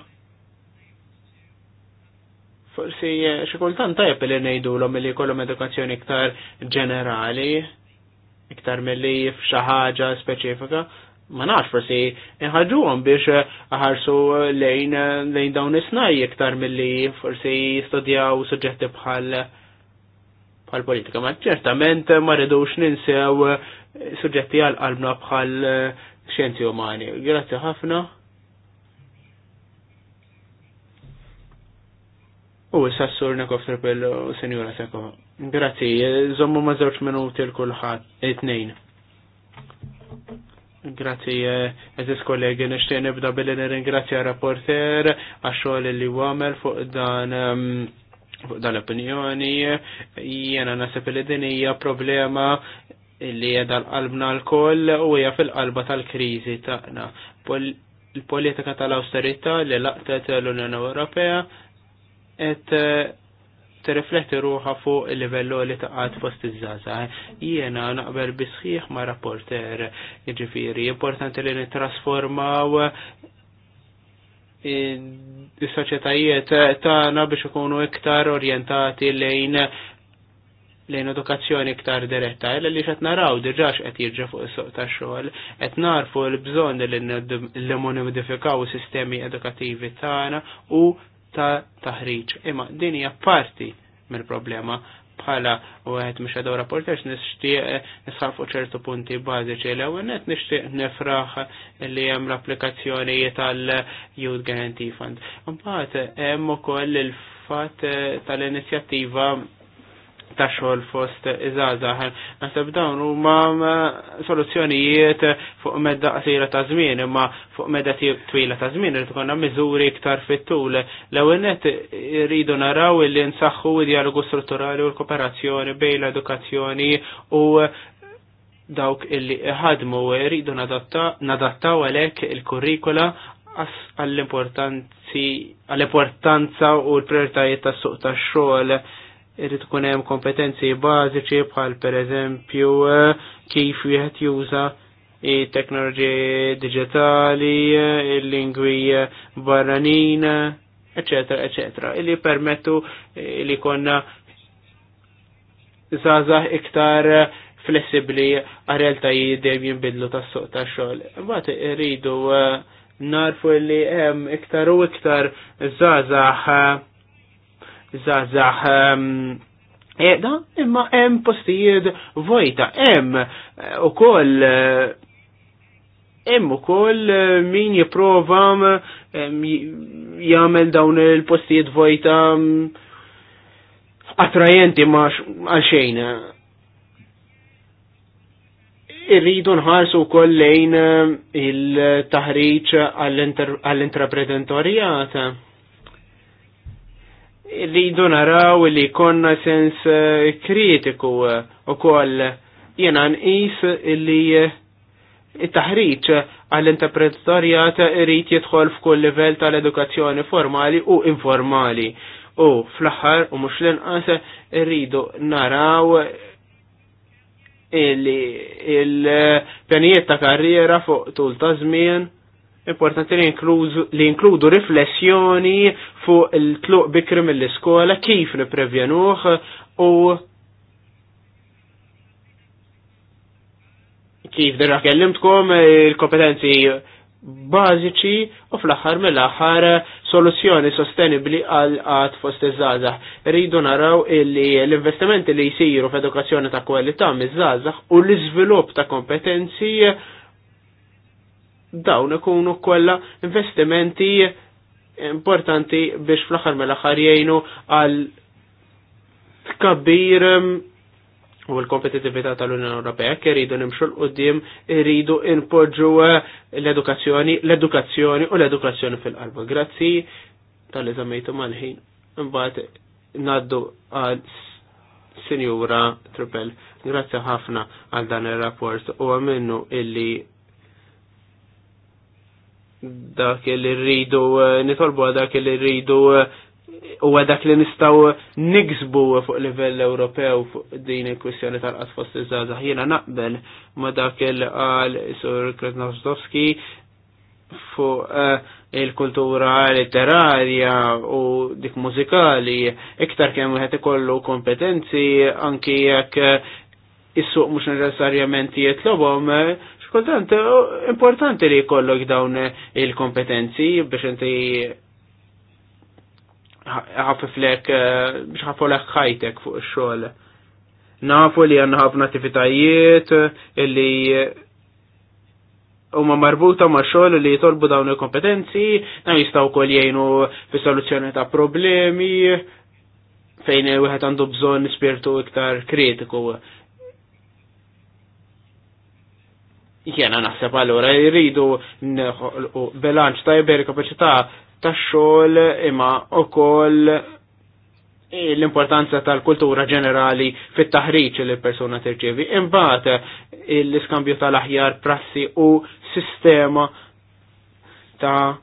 forsi xikultan tajab li nejdu l-om li kollum edukazzjoni iktar ġenerali iktar mill-li speċifika. Ma nafx forsi għom biex ħarsu lejn lejn dawn is-snaj iktar milli forsi jistudjaw suġġetti bħal bħal politika. Ma ċertament ma rridux ninsew suġġetti għal qalbna bħal xjenzi umani. Grazzi ħafna. U s-sassur nekofter pel-senjura sekova. Grazzi, zommu ma żewġ minuti l-kulħadd, it-tnejn. Grazzi, eh, eżis kollegi, nishtiq nibda billi nirringrazzja rapporter għax-xogħol li għamel fuq dan ehm, fuq dan l-opinjoni. Jena nasib li din hija problema li jeda l qalbna l-koll u hija fil-qalba tal-kriżi taqna. Il-politika tal austerita li laqtet l-Unjoni Ewropea et eh, tirrifletti ruħa fuq il-livellu li taqad fost iż żaza Jiena naqbel bisħiħ ma' rapporter, jiġifieri importanti li nittrasformaw is-soċjetajiet tagħna biex ikunu iktar orjentati lejn lejn edukazzjoni iktar diretta, illa li xet naraw dirġax qed jirġa fuq is soq tax-xogħol, qed narfu l-bżonn li nimodifikaw is-sistemi edukattivi tagħna u ta' taħriġ. Imma din hija parti mill-problema bħala u għed mux għadaw rapportax nishtiq eh, nisħafu ċertu punti bażiċi l għennet nishtiq nifraħ li jem l-applikazzjoni tal-Youth Guarantee Fund. Mbaħt jem u koll il-fat eh, tal-inizjattiva ta' xogħol fost iżgħażagħ. Naħseb dawn huma soluzzjonijiet fuq medda qasira ta' żmien, imma fuq medda twila ta' żmien irid ikolna miżuri iktar fit-tul. L-ewwel net naraw li nsaħħu dialogu strutturali u l-kooperazzjoni bejn l-edukazzjoni u dawk illi ħadmu rridu nadattaw għalhekk il-kurrikula għall-importanza u l-prioritajiet tas suq tax xogħol irrid ikun hemm kompetenzi bażiċi bħal pereżempju eh, kif wieħed juża teknoloġi digitali, il-lingwi eh, barranin, eccetera, eccetera, illi permettu eh, li konna zazah iktar flessibli għareltajiet dejjem jinbidlu tas suq ta' xogħol. Mbagħad irridu narfu li hemm iktar u iktar zazah zazax edha, ehm, e imma hemm postijiet vojta, hemm eh, ukoll eh, hemm ukoll eh, min jipprova ehm, jagħmel dawn il-postijiet vojta mm, attrajenti ma għal xejn irridu nħarsu koll lejn il-taħriċ għall-intraprendentorijat rridu naraw li konna sens eh, kritiku eh, u koll jena nqis li eh, it-taħriċ għall-interpretatorjat rrit jidħol f'kull livell tal-edukazzjoni formali u informali. U fl-aħħar u mhux l-inqas irridu naraw il-pjanijiet ta' karriera fuq tul ta' żmien Importanti li, li inkludu riflessjoni fuq il-tluq bikri mill-iskola, kif nipprevjenuh u kif dirra kellimtkom il-kompetenzi bażiċi u fl-aħħar mill-aħħar soluzzjoni sostenibli għal għad fost iż-żgħażagħ. Rridu naraw illi l-investimenti li jsiru f'edukazzjoni ta' kwalità miż-żgħażagħ u l-iżvilupp ta' kompetenzi dawn ikunu kollha investimenti importanti biex fl-aħħar mill-aħħar jgħinu għal tkabbir um, u l-kompetitività tal-Unjoni Ewropea kif iridu nimxu l qudiem iridu inpoġġu uh, l-edukazzjoni, l-edukazzjoni u l-edukazzjoni fil-qalba. Grazzi tal-eżamejtu mal-ħin. Imbagħad ngħaddu għal Sinjura Trippel. Grazzi ħafna għal dan ir-rapport u għamennu illi dak li rridu eh, nitolbu għal dak li rridu eh, u dak li nistaw nigsbu fuq livell Ewropew fuq din il-kwistjoni tal qatfos iż-żgħażagħ. Jiena naqbel ma dak li qal Sur Krasnowski fuq eh, il-kultura letterarja u dik mużikali iktar kemm wieħed ikollu kompetenzi anki jekk is-suq mhux neċessarjament jitlobhom, Skontant, importanti li jkollok dawn il-kompetenzi biex inti ħafiflek eh, biex ħafolek ħajtek fuq xogħol. Nafu li għanna ħafna attivitajiet li huma marbuta ma' xogħol li jitolbu dawn il-kompetenzi, na jistgħu kol jajnu fis-soluzzjoni ta' problemi fejn wieħed għandu bżonn spirtu iktar kritiku. Jena naħseb allura jridu bilanċ ta' tajber kapacità ta' xogħol imma ukoll l-importanza tal-kultura ġenerali fit-taħriġ li persuna terġevi. Imbagħad l-iskambju tal-aħjar prassi u sistema ta'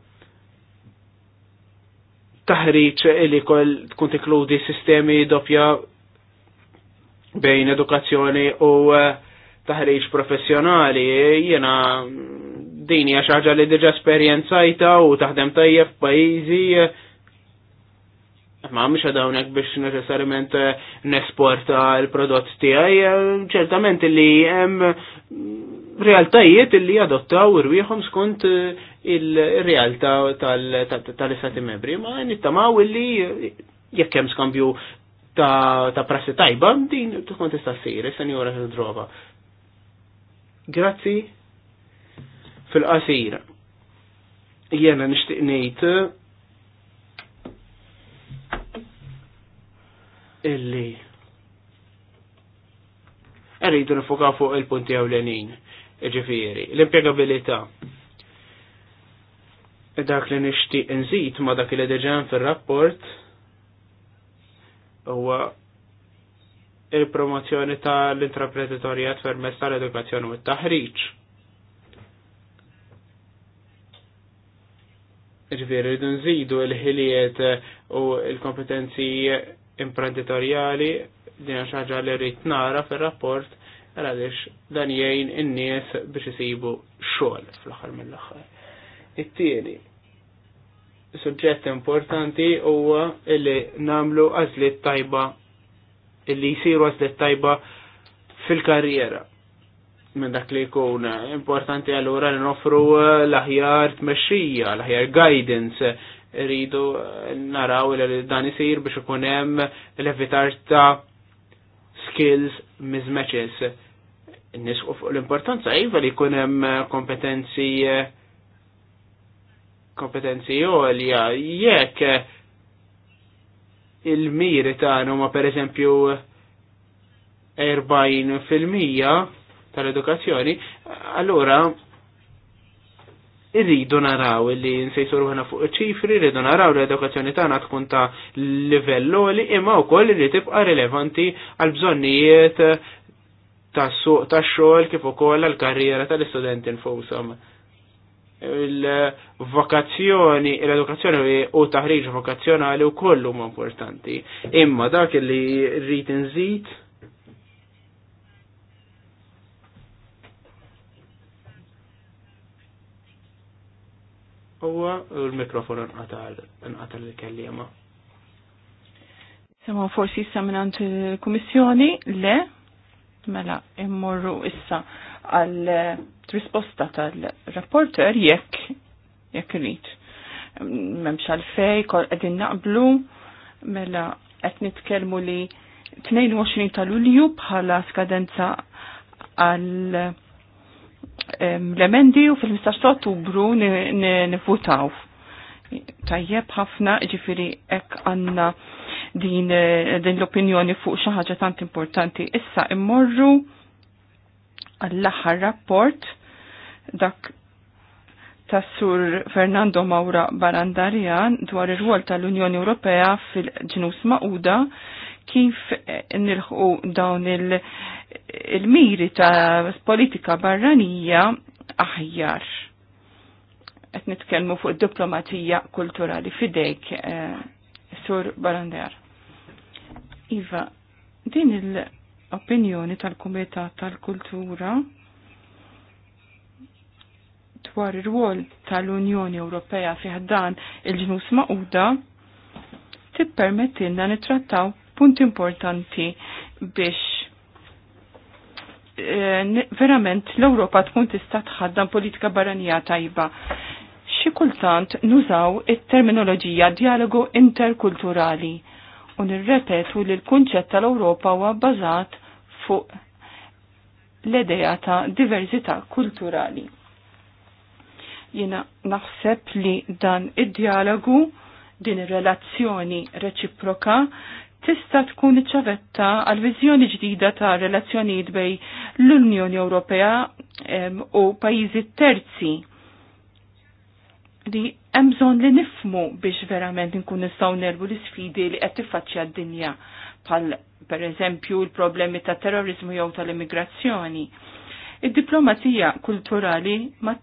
taħriċ li kol tkun tinkludi sistemi doppja bejn edukazzjoni u uh, taħriġ professjonali, jena dini għax ħaġa li diġa esperjenzajta u taħdem tajja f'pajjiżi. Ma mhux hawnhekk biex neċessarjament eh, nesporta l-prodott tiegħi, eh, ċertament li hemm realtajiet li adottaw irwieħhom skont eh, il-realtà tal-istati membri, ma nittamaw illi jekk hemm skambju ta' prassi tajba, din tkun tista' ssir, is-senjura drova. Grazzi fil-qasir. Jena nishtiq ngħid illi rridu nifokaw fuq il-punti ewlenin, ġifiri, l impiegabilita Dak li nixtieq nżid ma dak li deġan fir-rapport il-promozzjoni tal-intrapreditorjat permess tal-edukazzjoni u t-taħriġ. Ġviri, nżidu il-ħiliet u il-kompetenzi imprenditorjali din xaġa li rrit nara fil-rapport għalix dan jgħin in-nies biex isibu xogħol fl-aħħar mill-aħħar. It-tieni suġġett importanti huwa li namlu għażliet tajba illi jisiru għaslet tajba fil-karriera. Minn dak li jkun importanti għallura li nofru eh, l-aħjar tmexxija, l-aħjar guidance, rridu eh, naraw li dan isir biex ikun hemm l-evitar ta' skills mismatches. Nisqu fuq l-importanza iva li jkun hemm eh, kompetenzi kompetenzi għolja, jekk il-miri tagħna per pereżempju 40% tal-edukazzjoni, allura irridu naraw li nsejsu ruħna fuq ċifri, irridu naraw li edukazzjoni tagħna tkun ta' livello li imma wkoll li tibqa' rilevanti għal bżonnijiet tas suq tax xogħol kif ukoll għall karriera tal-istudenti nfushom il-vokazzjoni, l-edukazzjoni u taħriġ vokazzjonali u kollu ma' importanti. Imma dak li rrit nżid Uwa, u l-mikrofon nqatal li kellima. Sema forsi issa minn il-Kummissjoni, le, mela, immorru issa għal eh, risposta tal-rapporter jekk jekk rrit. Memx kol għedin naqblu, mela qed nitkellmu li 22 tal-Ulju bħala skadenza għal l-emendi u fil-15 ottubru nifutaw. Tajjeb ħafna ġifiri ek għanna din, eh, din l-opinjoni fuq xaħġa tant importanti. Issa immorru għall-aħħar rapport dak tas Sur Fernando Maura Barandarjan dwar ir-rwol tal-Unjoni Ewropea fil-ġnus Mauda kif nilħu dawn il-miri il ta' politika barranija aħjar. Qed nitkellmu fuq diplomatija kulturali fidejk, eh, Sur Barandar. Iva, din il- opinjoni tal-Kumitat tal-Kultura dwar ir-rwol tal-Unjoni Ewropea fi dan il-ġnus maquda tippermettilna nittrattaw punt importanti biex eh, verament l-Ewropa tkun tista' tħaddam politika barranija tajba. Xi kultant nużaw it-terminoloġija dialogu interkulturali u nirrepetu li l-kunċett tal-Ewropa huwa bbażat fuq l-edeja ta' diversità kulturali. Jiena naħseb li dan id-dialogu, din ir-relazzjoni reċiproka, tista' tkun iċ-ċavetta għal viżjoni ġdida ta' relazzjonijiet bej l-Unjoni Ewropea u pajjiżi terzi li hemm bżonn li nifmu biex verament nkun nistgħu nerbu l-isfidi li qed tiffaċċja d-dinja per pereżempju l-problemi ta' terrorizmu jew tal-immigrazzjoni. Id-diplomazija kulturali ma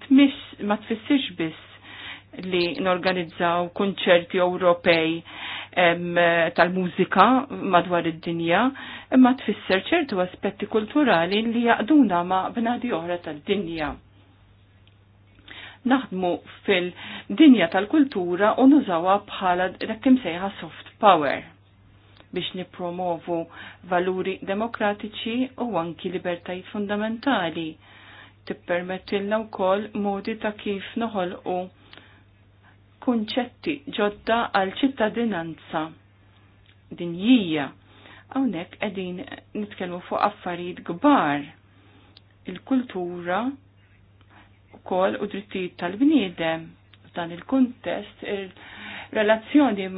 tfissirx biss li norganizzaw kunċerti Ewropej tal-mużika madwar id-dinja, imma tfisser ċertu aspetti kulturali li jaqduna ma' bnadi oħra tad-dinja naħdmu fil-dinja tal-kultura u nużawa bħala dakkim sejħa soft power biex nipromovu valuri demokratiċi u anki libertajiet fundamentali. Tippermettilna wkoll modi ta' kif noħolqu kunċetti ġodda għal ċittadinanza dinjija. Hawnhekk qegħdin nitkellmu fuq affarijiet kbar. Il-kultura Koll u drittijiet tal-bniedem. F'dan il-kuntest il-relazzjoni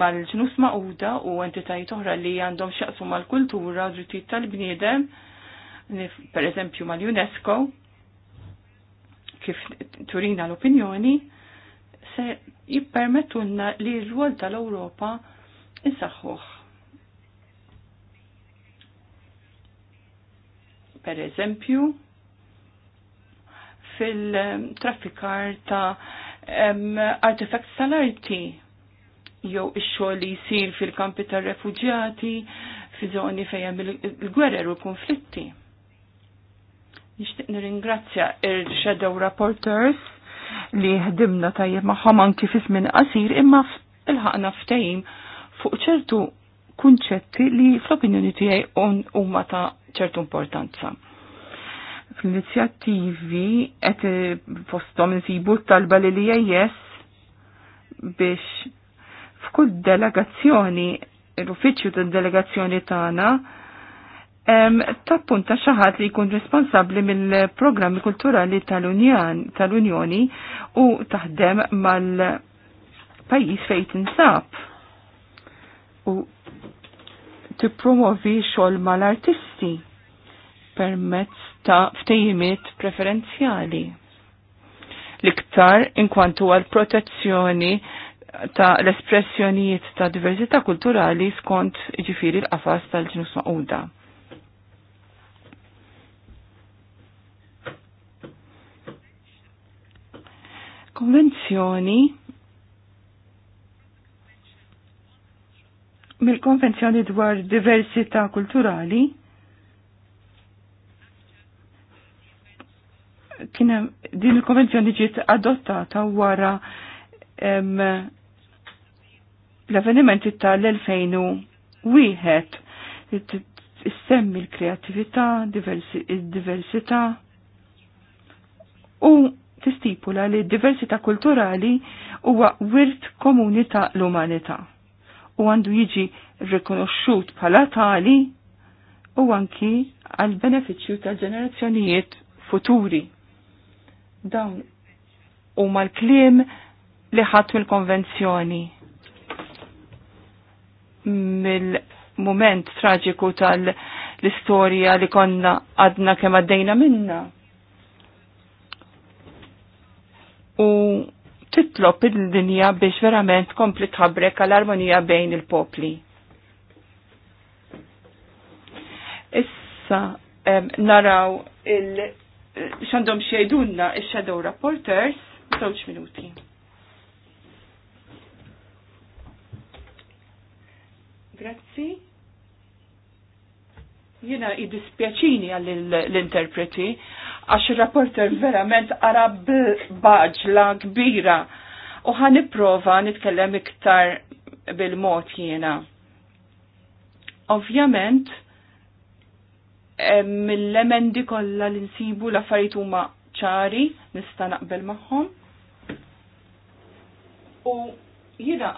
mal-ġnus maquda u entitajiet oħra li għandhom xaqsu mal-kultura u drittijiet tal-bniedem, per eżempju mal-UNESCO, kif turina l-opinjoni, se jippermettunna li r-rwol tal-Ewropa insaħħuħ. Per eżempju, fil-traffikar ta' artefacts tal-arti jew ix-xogħol li jsir fil-kampi tar-refuġjati fi żoni fejn il-gwerer u konflitti. Nixtieq nirringrazzja il shadow rapporteurs li ħdimna tajjeb magħhom anki fi żmien qasir imma ilħaqna ftehim fuq ċertu kunċetti li fl-opinjoni tiegħi huma ta' ċertu importanza fl-inizjattivi qed fosthom insibu talba li li e jes biex f'kull delegazzjoni l-uffiċċju tad-delegazzjoni tagħna tappunta xi ħadd li jkun responsabbli mill-programmi kulturali tal-Unjoni u taħdem mal-pajjiż fejn tinsab. U tippromovi xogħol mal-artisti permezz ta' ftejimiet preferenzjali. L-iktar inkwantu għal protezzjoni ta' l-espressjonijiet ta' diversità kulturali skont ġifiri l-qafas tal-ġnus ma'uda. Konvenzjoni mill-konvenzjoni dwar diversità kulturali kienem din il-konvenzjoni ġiet adottata wara l-avvenimenti tal-2001 issemmi l-kreativita, diversità u tistipula li diversità kulturali huwa wirt komuni ta' l-umanità u għandu jiġi rikonoxxut bħala tali u anki għal beneficju tal ġenerazzjonijiet futuri. Dawn huma l-kliem li ħadd mill-konvenzjoni mill-moment traġiku tal-istorja li konna għadna kemm għaddejna minna. U titlob id-dinja biex verament kompli tħabrek għal-armonija bejn il-popli. Issa naraw il- xandom xiejdunna il-Shadow Rapporters, zoċ minuti. Grazzi. Jena id-dispjaċini għall-interpreti, għax il-rapporter verament għarab baġla kbira u ħan niprofa nitkellem iktar bil-mod jena. Ovvjament, mill-emendi kollha li nsibu l-affarijiet huma ċari nista' naqbel magħhom. U jiena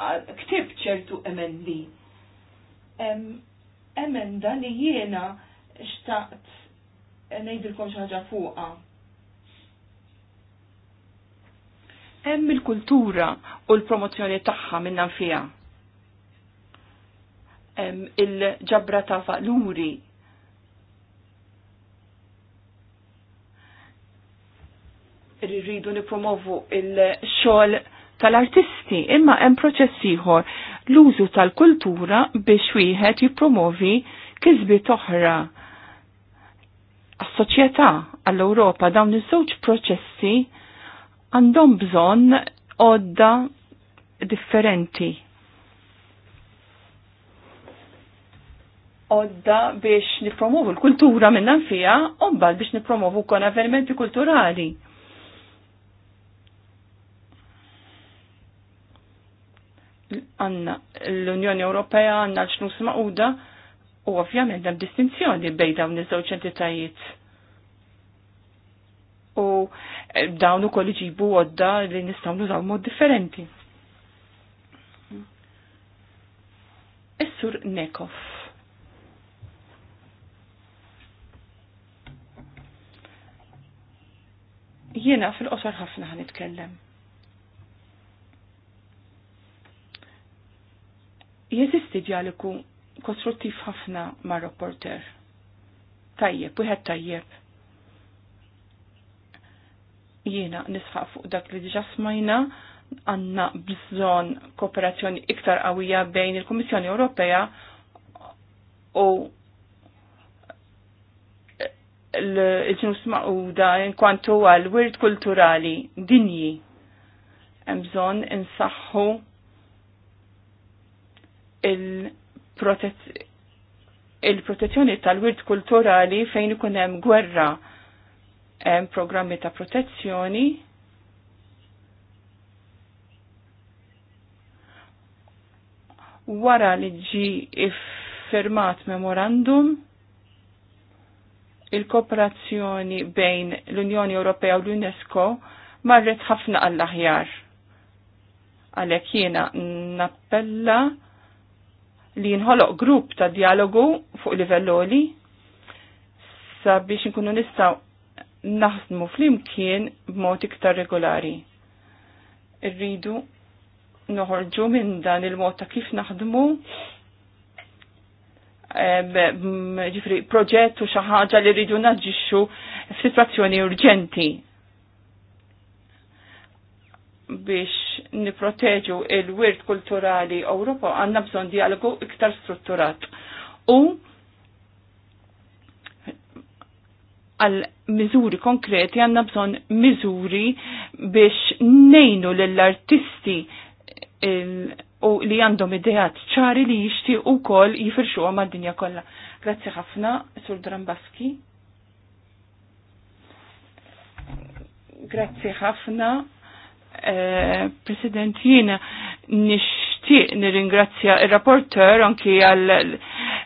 ktib ċertu emendi. Emenda li jiena xtaqt nejdilkom xi ħaġa fuqha. Hemm il-kultura u l-promozzjoni tagħha fija. fiha. il-ġabra ta' valuri rridu nipromovu il-xogħol tal-artisti, imma hemm proċess ieħor l-użu tal-kultura biex wieħed jippromovi kisbi oħra għas-soċjetà għall-Ewropa dawn iż-żewġ proċessi għandhom bżonn għodda differenti. Odda biex nipromovu l-kultura minnan fija, obbal biex nipromovu kon avvenimenti kulturali. għanna l-Unjoni Ewropea għanna l-ċnus maquda u ovvjament hemm distinzjoni bej dawn iż-żewġ entitajiet. U eh, dawn ukoll iġibu għodda li nistgħu nużaw mod differenti. Is-sur Nekov. Jiena fil-qosor ħafna ħanitkellem jeżisti dialogu kostruttiv ħafna ma' rapporter. Tajjeb, wieħed tajjeb. Jiena nisħaq fuq dak li diġa smajna għanna bżon kooperazzjoni iktar qawwija bejn il-Kummissjoni Ewropea u l-ġnus maquda kwantu għal wirt kulturali dinji. Hemm bżonn insaħħu il-protezzjoni tal-wirt kulturali fejn ikun hemm gwerra hemm programmi ta' protezzjoni wara li ġi iffirmat memorandum il-kooperazzjoni bejn l-Unjoni Ewropea u l-UNESCO marret ħafna għall-aħjar. Għalek jiena nappella li jinħoloq grupp ta' dialogu fuq livelloli sabiex nkunu nistaw naħdmu flimkien b'mod iktar regolari. Irridu noħorġu minn dan il-mod ta' kif naħdmu ġifri proġett u xi ħaġa li rridu naġġixxu f'sitwazzjoni urġenti biex niproteġu il-wirt kulturali Ewropa għanna bżon dialogu iktar strutturat. U għal miżuri konkreti għanna bżon miżuri biex nejnu l-artisti u li għandhom ideat ċari li jishti u kol jifirxu għam dinja kolla. Grazzi ħafna, Sur Drambaski. Grazzi ħafna Eh, President, jina nishtiq nir-ingrazzja il-rapporter anki għal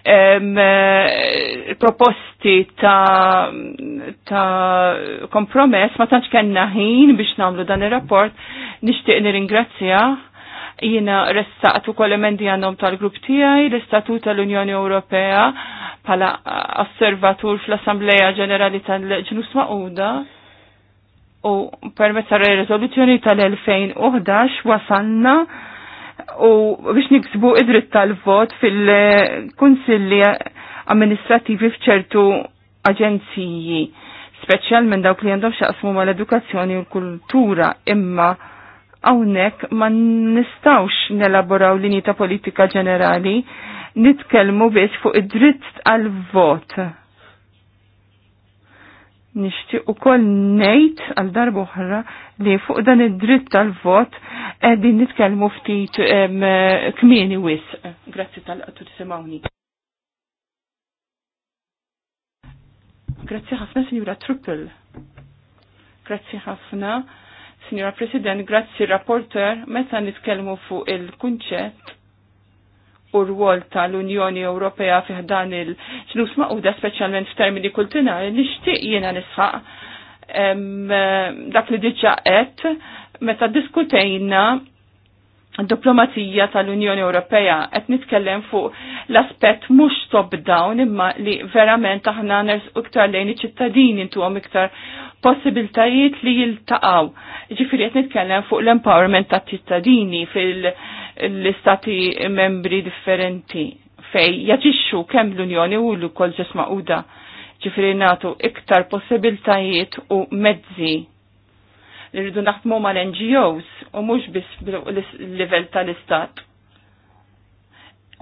eh, proposti ta', ta kompromess ma tantx kenna ħin biex namlu dan ir-rapport nixtieq nir-ingrazzja jina restaqt u koll emendi għandhom tal-grupp tiegħi l-Istatut tal-Unjoni Ewropea bħala osservatur fl-Assembleja Ġenerali tal-Ġnus Maquda u permezz rezoluzzjoni tal-2011 wasanna u biex niksbu id-dritt tal-vot fil-konsilli amministrativi fċertu aġenziji, speċjalment dawk li għandhom xaqsmu mal-edukazzjoni u l-kultura, imma hawnhekk ma nistawx nelaboraw linji ta' politika ġenerali, nitkellmu biss fuq id-dritt għal vot nishtiq u koll nejt għal darba uħra li fuq dan id-dritt tal-vot għeddin nitkelmu ftit kmieni wis. Grazzi tal-qattu semawni. Grazzi ħafna, Signora Truppel. Grazzi ħafna, Signora President, grazzi Rapporter, meta nitkellmu fuq il-kunċett u rwol tal-Unjoni Ewropea fiħdan il-ġnus maquda speċjalment f'termini kultina, nixtieq jiena nisħaq dak li diġà qed meta diskutejna diplomazija tal-Unjoni Ewropea qed nitkellem fuq l-aspett mhux top down imma li verament aħna nersqu iktar lejn iċ-ċittadini intuhom iktar possibiltajiet li jiltaqgħu. Ġifieri qed nitkellem fuq l-empowerment tat-ċittadini fil- l-istati membri differenti fej jaġixxu kemm l-Unjoni u l ġisma ġes ġifieri ġifri natu iktar possibiltajiet u mezzi li rridu naħdmu mal-NGOs u mhux biss l-livell tal-istat.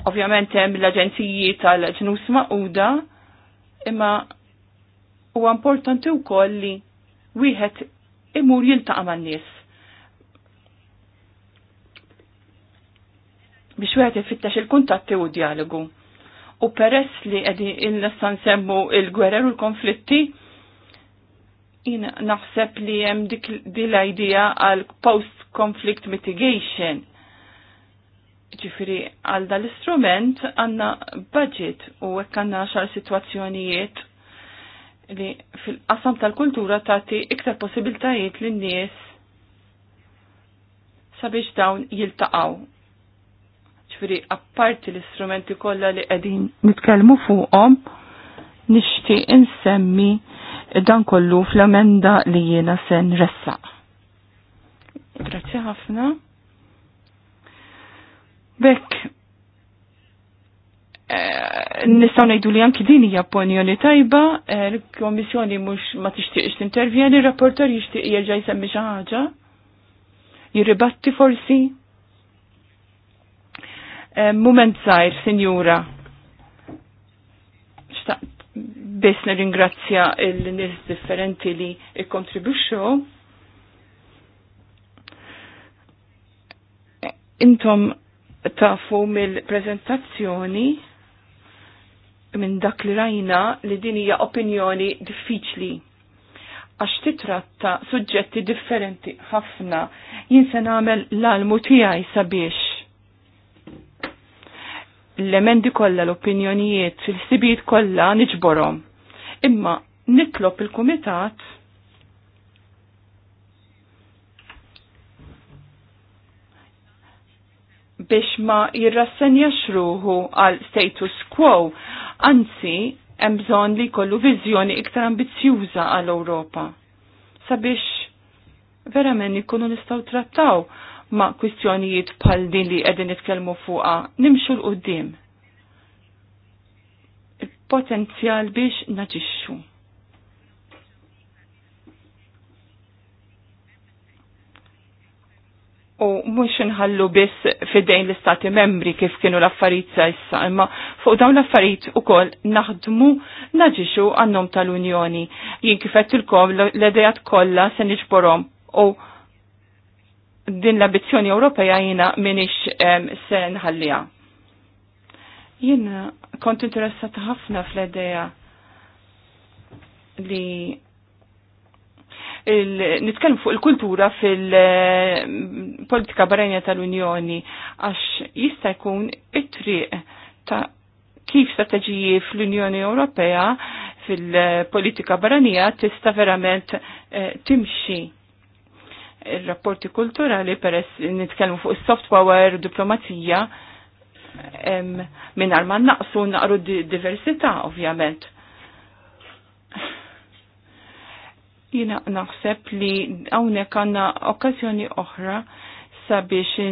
Ovvjament hemm l-aġenziji tal-ġnus maquda imma huwa importanti wkoll li wieħed imur jiltaqa' man-nies biex wieħed ifittex il-kuntatti u dialogu. U peress li qegħdin il-nista nsemmu il-gwerer u l-konflitti, jien naħseb li hemm dik l idea għal post-conflict mitigation. Ġifiri għal dal-istrument għanna budget u hekk għandna xar sitwazzjonijiet li fil-qasam tal-kultura tagħti iktar possibiltajiet lin-nies sabiex dawn jiltaqaw ċviri apparti l-istrumenti kollha li qegħdin nitkellmu fuqhom, nixtieq insemmi dan kollu fl-emenda li jiena se nressaq. Grazzi ħafna. Bekk, eh, nistaw nejdu li anki din hija opinjoni tajba, eh, l komissjoni mhux ma tixtieqx tintervjeni, ir-rapporter jixtieq jerġa' jsemmi xi ħaġa. Jirribatti forsi? Eh, moment sajr, sinjura. Bis ringrazzja il-nis differenti li ikkontribuxxu. Intom tafu mill-prezentazzjoni minn dak li rajna li din hija opinjoni diffiċli għax titratta suġġetti differenti ħafna jien se nagħmel l-almu tiegħi sabiex l-emendi kollha l-opinjonijiet, il-sibijiet kollha niġborhom. Imma nitlob il-kumitat biex ma jirrassenja xruħu għal status quo, anzi hemm bżonn li jkollu viżjoni iktar ambizzjuża għal Ewropa. Sabiex verament ikunu nistgħu trattaw ma' kwistjonijiet pal din li qegħdin nitkellmu fuqha nimxu l qudiem Il-potenzjal biex naġixxu. U mhux inħallu biss fidejn l-istati membri kif kienu l-affarijiet sa issa, imma fuq dawn l-affarijiet ukoll naħdmu naġixxu għannom tal-Unjoni. Jien kif qedtilkom l edajat kollha se niġborhom u din l-ambizjoni Ewropea jina minix se nħallija. Jina kont interessata ħafna fl-ideja li nitkellmu fuq il-kultura fil-politika barajna tal-Unjoni għax jista' jkun it-triq ta' kif strateġiji fl-Unjoni Ewropea fil-politika barranija tista' verament eh, timxi il-rapporti kulturali peress nitkellmu fuq is-soft power u diplomazija minn ma naqsu naqru diversità ovvjament. Jina naħseb li hawnhekk għandna okkażjoni oħra sabiex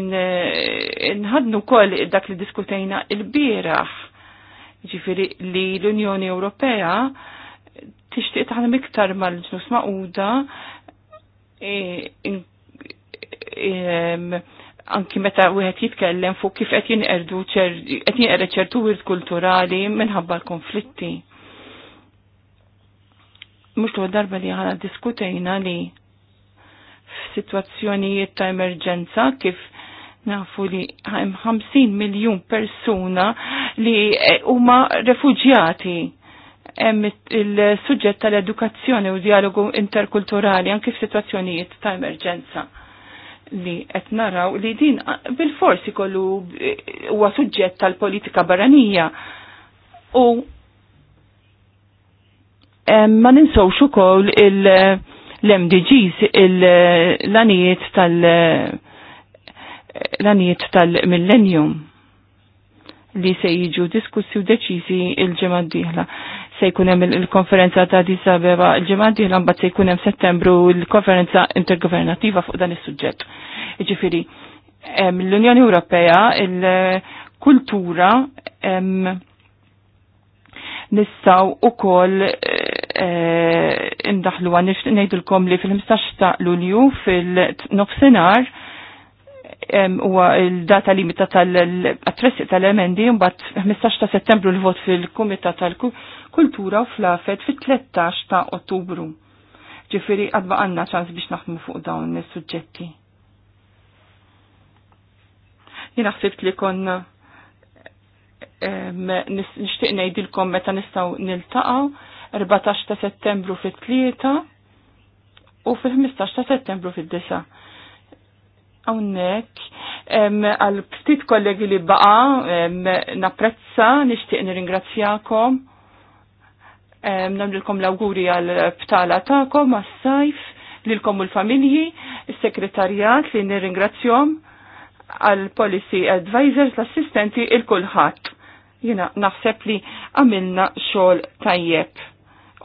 nħadnu kol dak li diskutejna il-biraħ. Ġifiri li l-Unjoni Ewropea tixtieq taħdem iktar mal-ġnus maquda E, e, e, anki meta wieħed jitkellem fuq kif qed jinqerdu qed jinqerdu ċertu wirt kulturali minħabba l-konflitti. Mhux tu darba li għana diskutejna li f'sitwazzjonijiet ta' emerġenza kif nafu li 50 miljun persuna li huma refuġjati hemm il-suġġett tal-edukazzjoni u dialogu interkulturali anke f'sitwazzjonijiet ta' emerġenza li qed naraw li din bil-forsi kollu huwa suġġett tal-politika barranija u ma ninsawx ukoll l-MDGs l-anijiet tal- l-anijiet tal-millennium li se jiġu diskussi u deċiżi il-ġemad diħla se jkun hemm il-konferenza ta' Addis Abeba l-ġimgħa se jkun hemm Settembru l-konferenza intergovernattiva fuq dan is-suġġett. Jiġifieri l-Unjoni Ewropea il-kultura nistaw u koll eh, indaħlu għan nix li fil-15 ta' lulju fil-nofsenar huwa il-data limita tal-attressi tal-emendi mbagħad 15 ta' Settembru l-vot fil-Kumitat tal-Kultura u fl-Afet fit-13 ta' Ottubru. Ġifiri, għadba għandna ċans biex naħdmu fuq dawn is-suġġetti. Jien ħsibt li konna nixtieq ngħidilkom meta nistgħu niltaqgħu 14 ta' Settembru fit-tlieta u fil-15 ta' Settembru fid 9 Hawnhekk għal ptit kollegi li baqa napprezza nixtieq nirringrazzjakom. Namlilkom l-awguri għal btala tagħkom għas-sajf lilkom u l-familji, il sekretarjat li nir-ingrazzjom għal policy advisors, l-assistenti il-kulħadd. Jina naħseb li għamilna xogħol tajjeb.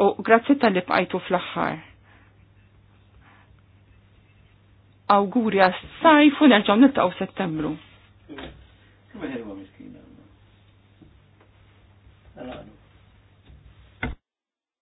U grazzi tal-li bqajtu fl-aħħar. awgurja s-sajf u nerġaw nittaw settembru. Kemm ħelwa miskina.